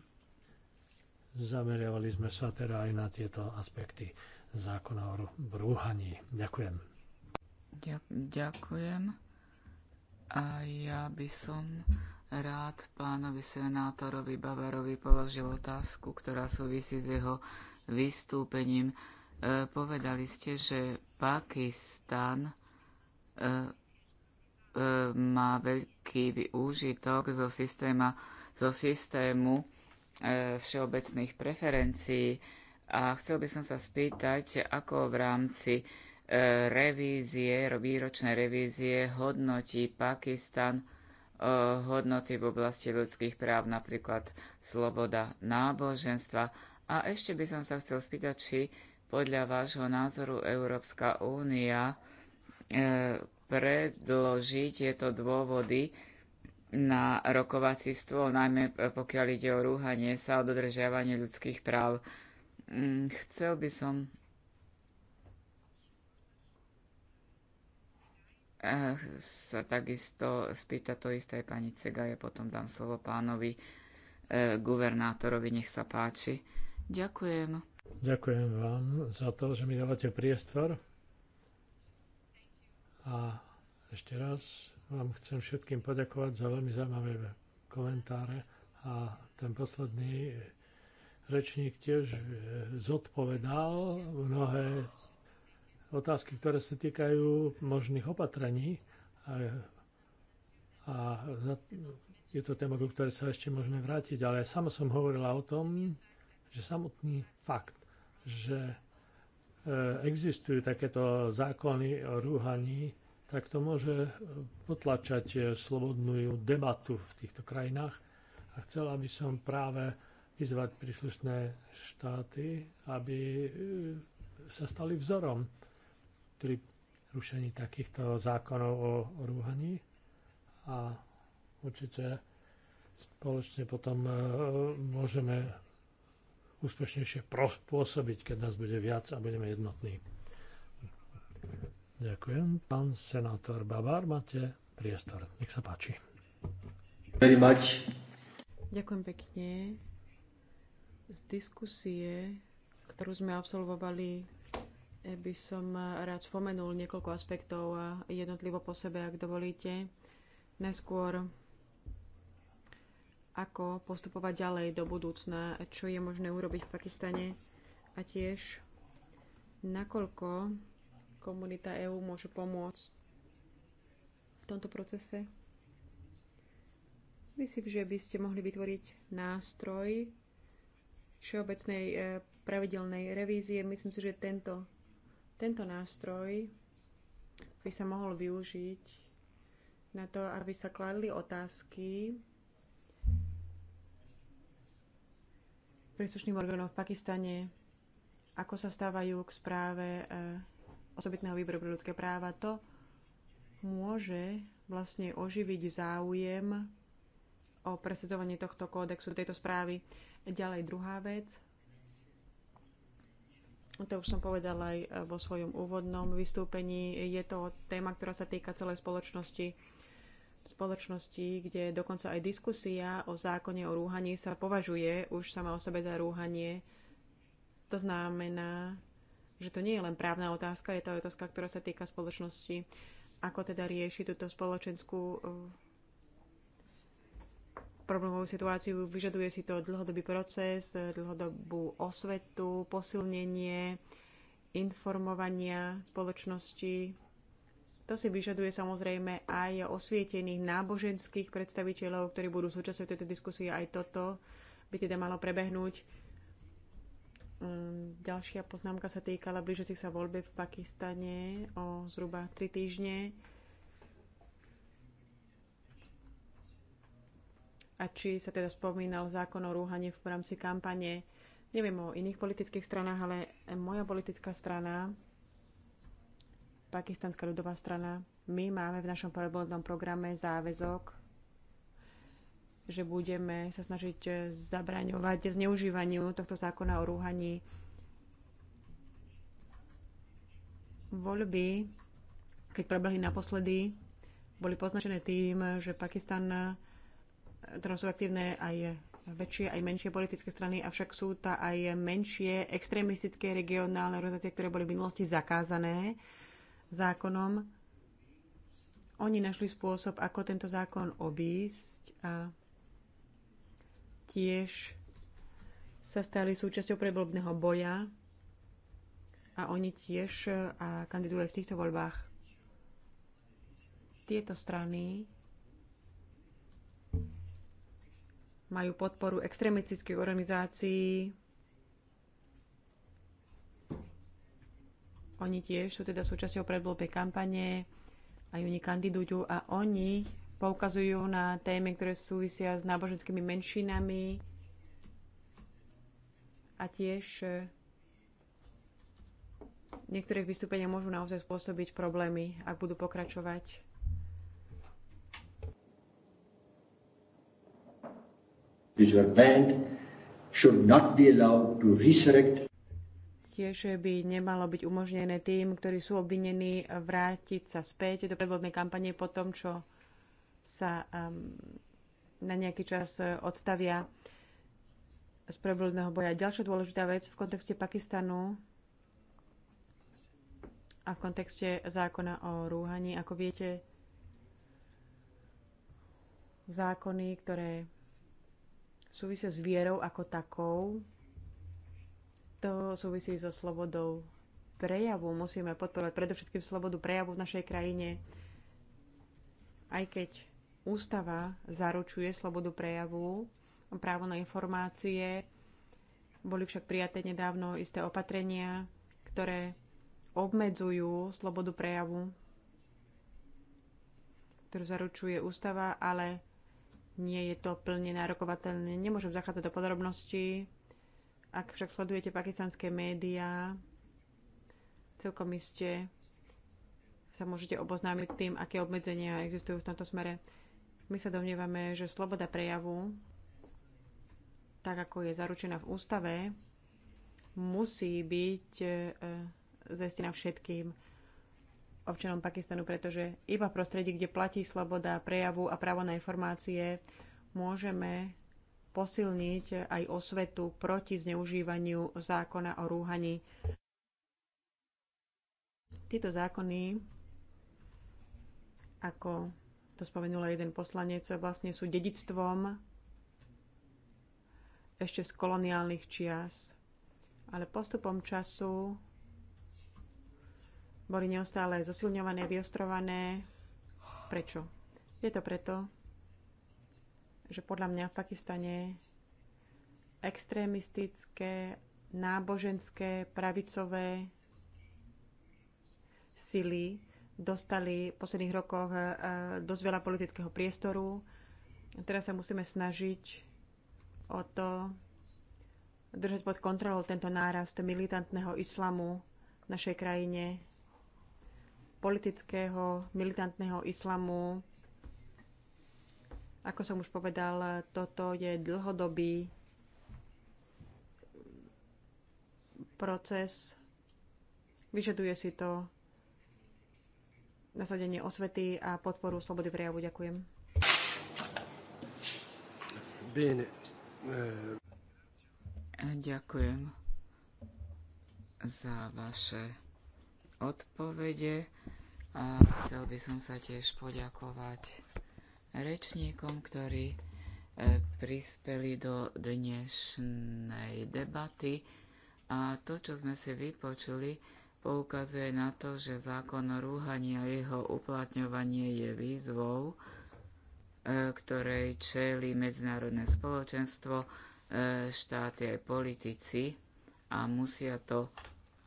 zameriavali sme sa teda aj na tieto aspekty zákona o rúhaní. Ďakujem. Ďakujem. A ja by som rád pánovi senátorovi Bavarovi položil otázku, ktorá súvisí s jeho vystúpením. E, povedali ste, že Pakistan e, má veľký úžitok zo, systéma, zo systému e, všeobecných preferencií. A chcel by som sa spýtať, ako v rámci e, revízie, výročnej revízie hodnotí Pakistan e, hodnoty v oblasti ľudských práv, napríklad sloboda náboženstva. A ešte by som sa chcel spýtať, či podľa vášho názoru Európska únia predloží tieto dôvody na rokovací stôl, najmä pokiaľ ide o rúhanie sa o dodržiavanie ľudských práv. Mm, chcel by som eh, sa takisto spýta to isté pani Cega, ja potom dám slovo pánovi e, guvernátorovi, nech sa páči. Ďakujem. Ďakujem vám za to, že mi dávate priestor a ešte raz vám chcem všetkým poďakovať za veľmi zaujímavé komentáre a ten posledný rečník tiež e, zodpovedal mnohé otázky, ktoré sa týkajú možných opatrení a, a za, je to téma, ku ktorej sa ešte môžeme vrátiť, ale ja sama som hovorila o tom, že samotný fakt, že E, existujú takéto zákony o rúhaní, tak to môže potlačať e, slobodnú debatu v týchto krajinách. A chcel, by som práve vyzvať príslušné štáty, aby e, sa stali vzorom pri rušení takýchto zákonov o rúhaní a určite spoločne potom môžeme úspešnejšie pôsobiť, keď nás bude viac a budeme jednotní. Ďakujem. Pán senátor Bavár máte priestor. Nech sa páči. Very much. Ďakujem pekne. Z diskusie, ktorú sme absolvovali, eh, by som eh, rád spomenul niekoľko aspektov eh, jednotlivo po sebe, ak dovolíte. Neskôr ako postupovať ďalej do budúcna, čo je možné urobiť v Pakistane a tiež nakoľko komunita EÚ môže pomôcť v tomto procese. Myslím, že by ste mohli vytvoriť nástroj všeobecnej e, pravidelnej revízie. Myslím si, že tento, tento nástroj by sa mohol využiť na to, aby sa kladli otázky príslušným orgánom v Pakistane, ako sa stávajú k správe eh, osobitného výboru pre ľudské práva, to môže vlastne oživiť záujem o presadzovanie tohto kódexu, tejto správy. Ďalej druhá vec, to už som povedala aj eh, vo svojom úvodnom vystúpení, je to téma, ktorá sa týka celej spoločnosti spoločnosti, kde dokonca aj diskusia o zákone o rúhaní sa považuje už sama o sebe za rúhanie. To znamená, že to nie je len právna otázka, je to otázka, ktorá sa týka spoločnosti, ako teda rieši túto spoločenskú eh, problémovú situáciu. Vyžaduje si to dlhodobý proces, dlhodobú osvetu, posilnenie, informovania spoločnosti, to si vyžaduje samozrejme aj osvietených náboženských predstaviteľov, ktorí budú súčasťou tejto diskusie. Aj toto by teda malo prebehnúť. Mm, ďalšia poznámka sa týkala blížiacich sa voľby v Pakistane o zhruba 3 týždne. A či sa teda spomínal zákon o rúhanie v rámci kampane. Neviem o iných politických stranách, ale moja politická strana Pakistanská ľudová strana. My máme v našom predvolebnom programe záväzok, že budeme sa snažiť zabraňovať zneužívaniu tohto zákona o rúhaní voľby, keď prebehli naposledy, boli poznačené tým, že Pakistan, ktorom sú aktívne aj väčšie, aj menšie politické strany, avšak sú tá aj menšie extrémistické regionálne organizácie, ktoré boli v minulosti zakázané zákonom, oni našli spôsob, ako tento zákon obísť a tiež sa stali súčasťou preblbného boja a oni tiež e, a kandidujú v týchto voľbách. Tieto strany majú podporu extremistických organizácií, Oni tiež sú teda súčasťou predvoľbej kampane a oni kandidujú a oni poukazujú na témy, ktoré súvisia s náboženskými menšinami a tiež e, niektorých vystúpenia môžu naozaj spôsobiť problémy, ak budú pokračovať. Which were banned should not be allowed to resurrect taktiež by nemalo byť umožnené tým, ktorí sú obvinení, vrátiť sa späť do predvodnej kampane po tom, čo sa um, na nejaký čas e, odstavia z prebludného boja. Ďalšia dôležitá vec v kontexte Pakistanu a v kontexte zákona o rúhaní, ako viete, zákony, ktoré súvisia s vierou ako takou, to súvisí so slobodou prejavu. Musíme podporovať predovšetkým slobodu prejavu v našej krajine, aj keď ústava zaručuje slobodu prejavu, právo na informácie. Boli však prijaté nedávno isté opatrenia, ktoré obmedzujú slobodu prejavu, ktorú zaručuje ústava, ale nie je to plne nárokovateľné. Nemôžem zachádzať do podrobností ak však sledujete pakistanské médiá, celkom iste sa môžete oboznámiť s tým, aké obmedzenia existujú v tomto smere. My sa domnievame, že sloboda prejavu, tak ako je zaručená v ústave, musí byť e, zestina všetkým občanom Pakistanu, pretože iba v prostredí, kde platí sloboda prejavu a právo na informácie, môžeme posilniť aj osvetu proti zneužívaniu zákona o rúhaní. Tieto zákony, ako to spomenul jeden poslanec, vlastne sú dedictvom ešte z koloniálnych čias. Ale postupom času boli neustále zosilňované, vyostrované. Prečo? Je to preto, že podľa mňa v Pakistane extrémistické, náboženské, pravicové sily dostali v posledných rokoch e, e, dosť veľa politického priestoru. Teraz sa musíme snažiť o to držať pod kontrolou tento nárast militantného islamu v našej krajine, politického militantného islamu, ako som už povedal, toto je dlhodobý proces. Vyžaduje si to nasadenie osvety a podporu slobody prejavu. Ďakujem. Bene. Eh, ďakujem za vaše odpovede a chcel by som sa tiež poďakovať rečníkom, ktorí e, prispeli do dnešnej debaty a to, čo sme si vypočuli, poukazuje na to, že zákon rúhaní a jeho uplatňovanie je výzvou, e, ktorej čeli medzinárodné spoločenstvo, e, štáty aj politici a musia to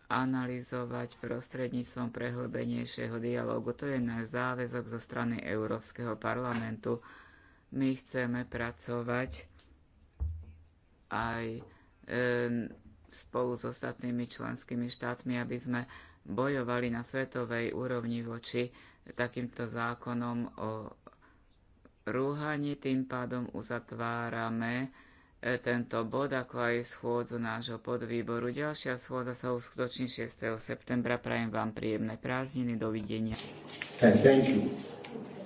analyzovať prostredníctvom prehlbenejšieho dialógu. To je náš záväzok zo strany Európskeho parlamentu. My chceme pracovať aj e, spolu s ostatnými členskými štátmi, aby sme bojovali na svetovej úrovni voči takýmto zákonom o rúhaní. Tým pádom uzatvárame E, tento bod, ako aj schôdzu nášho podvýboru. Ďalšia schôdza sa uskutoční 6. septembra. Prajem vám príjemné prázdniny. Dovidenia. Thank you.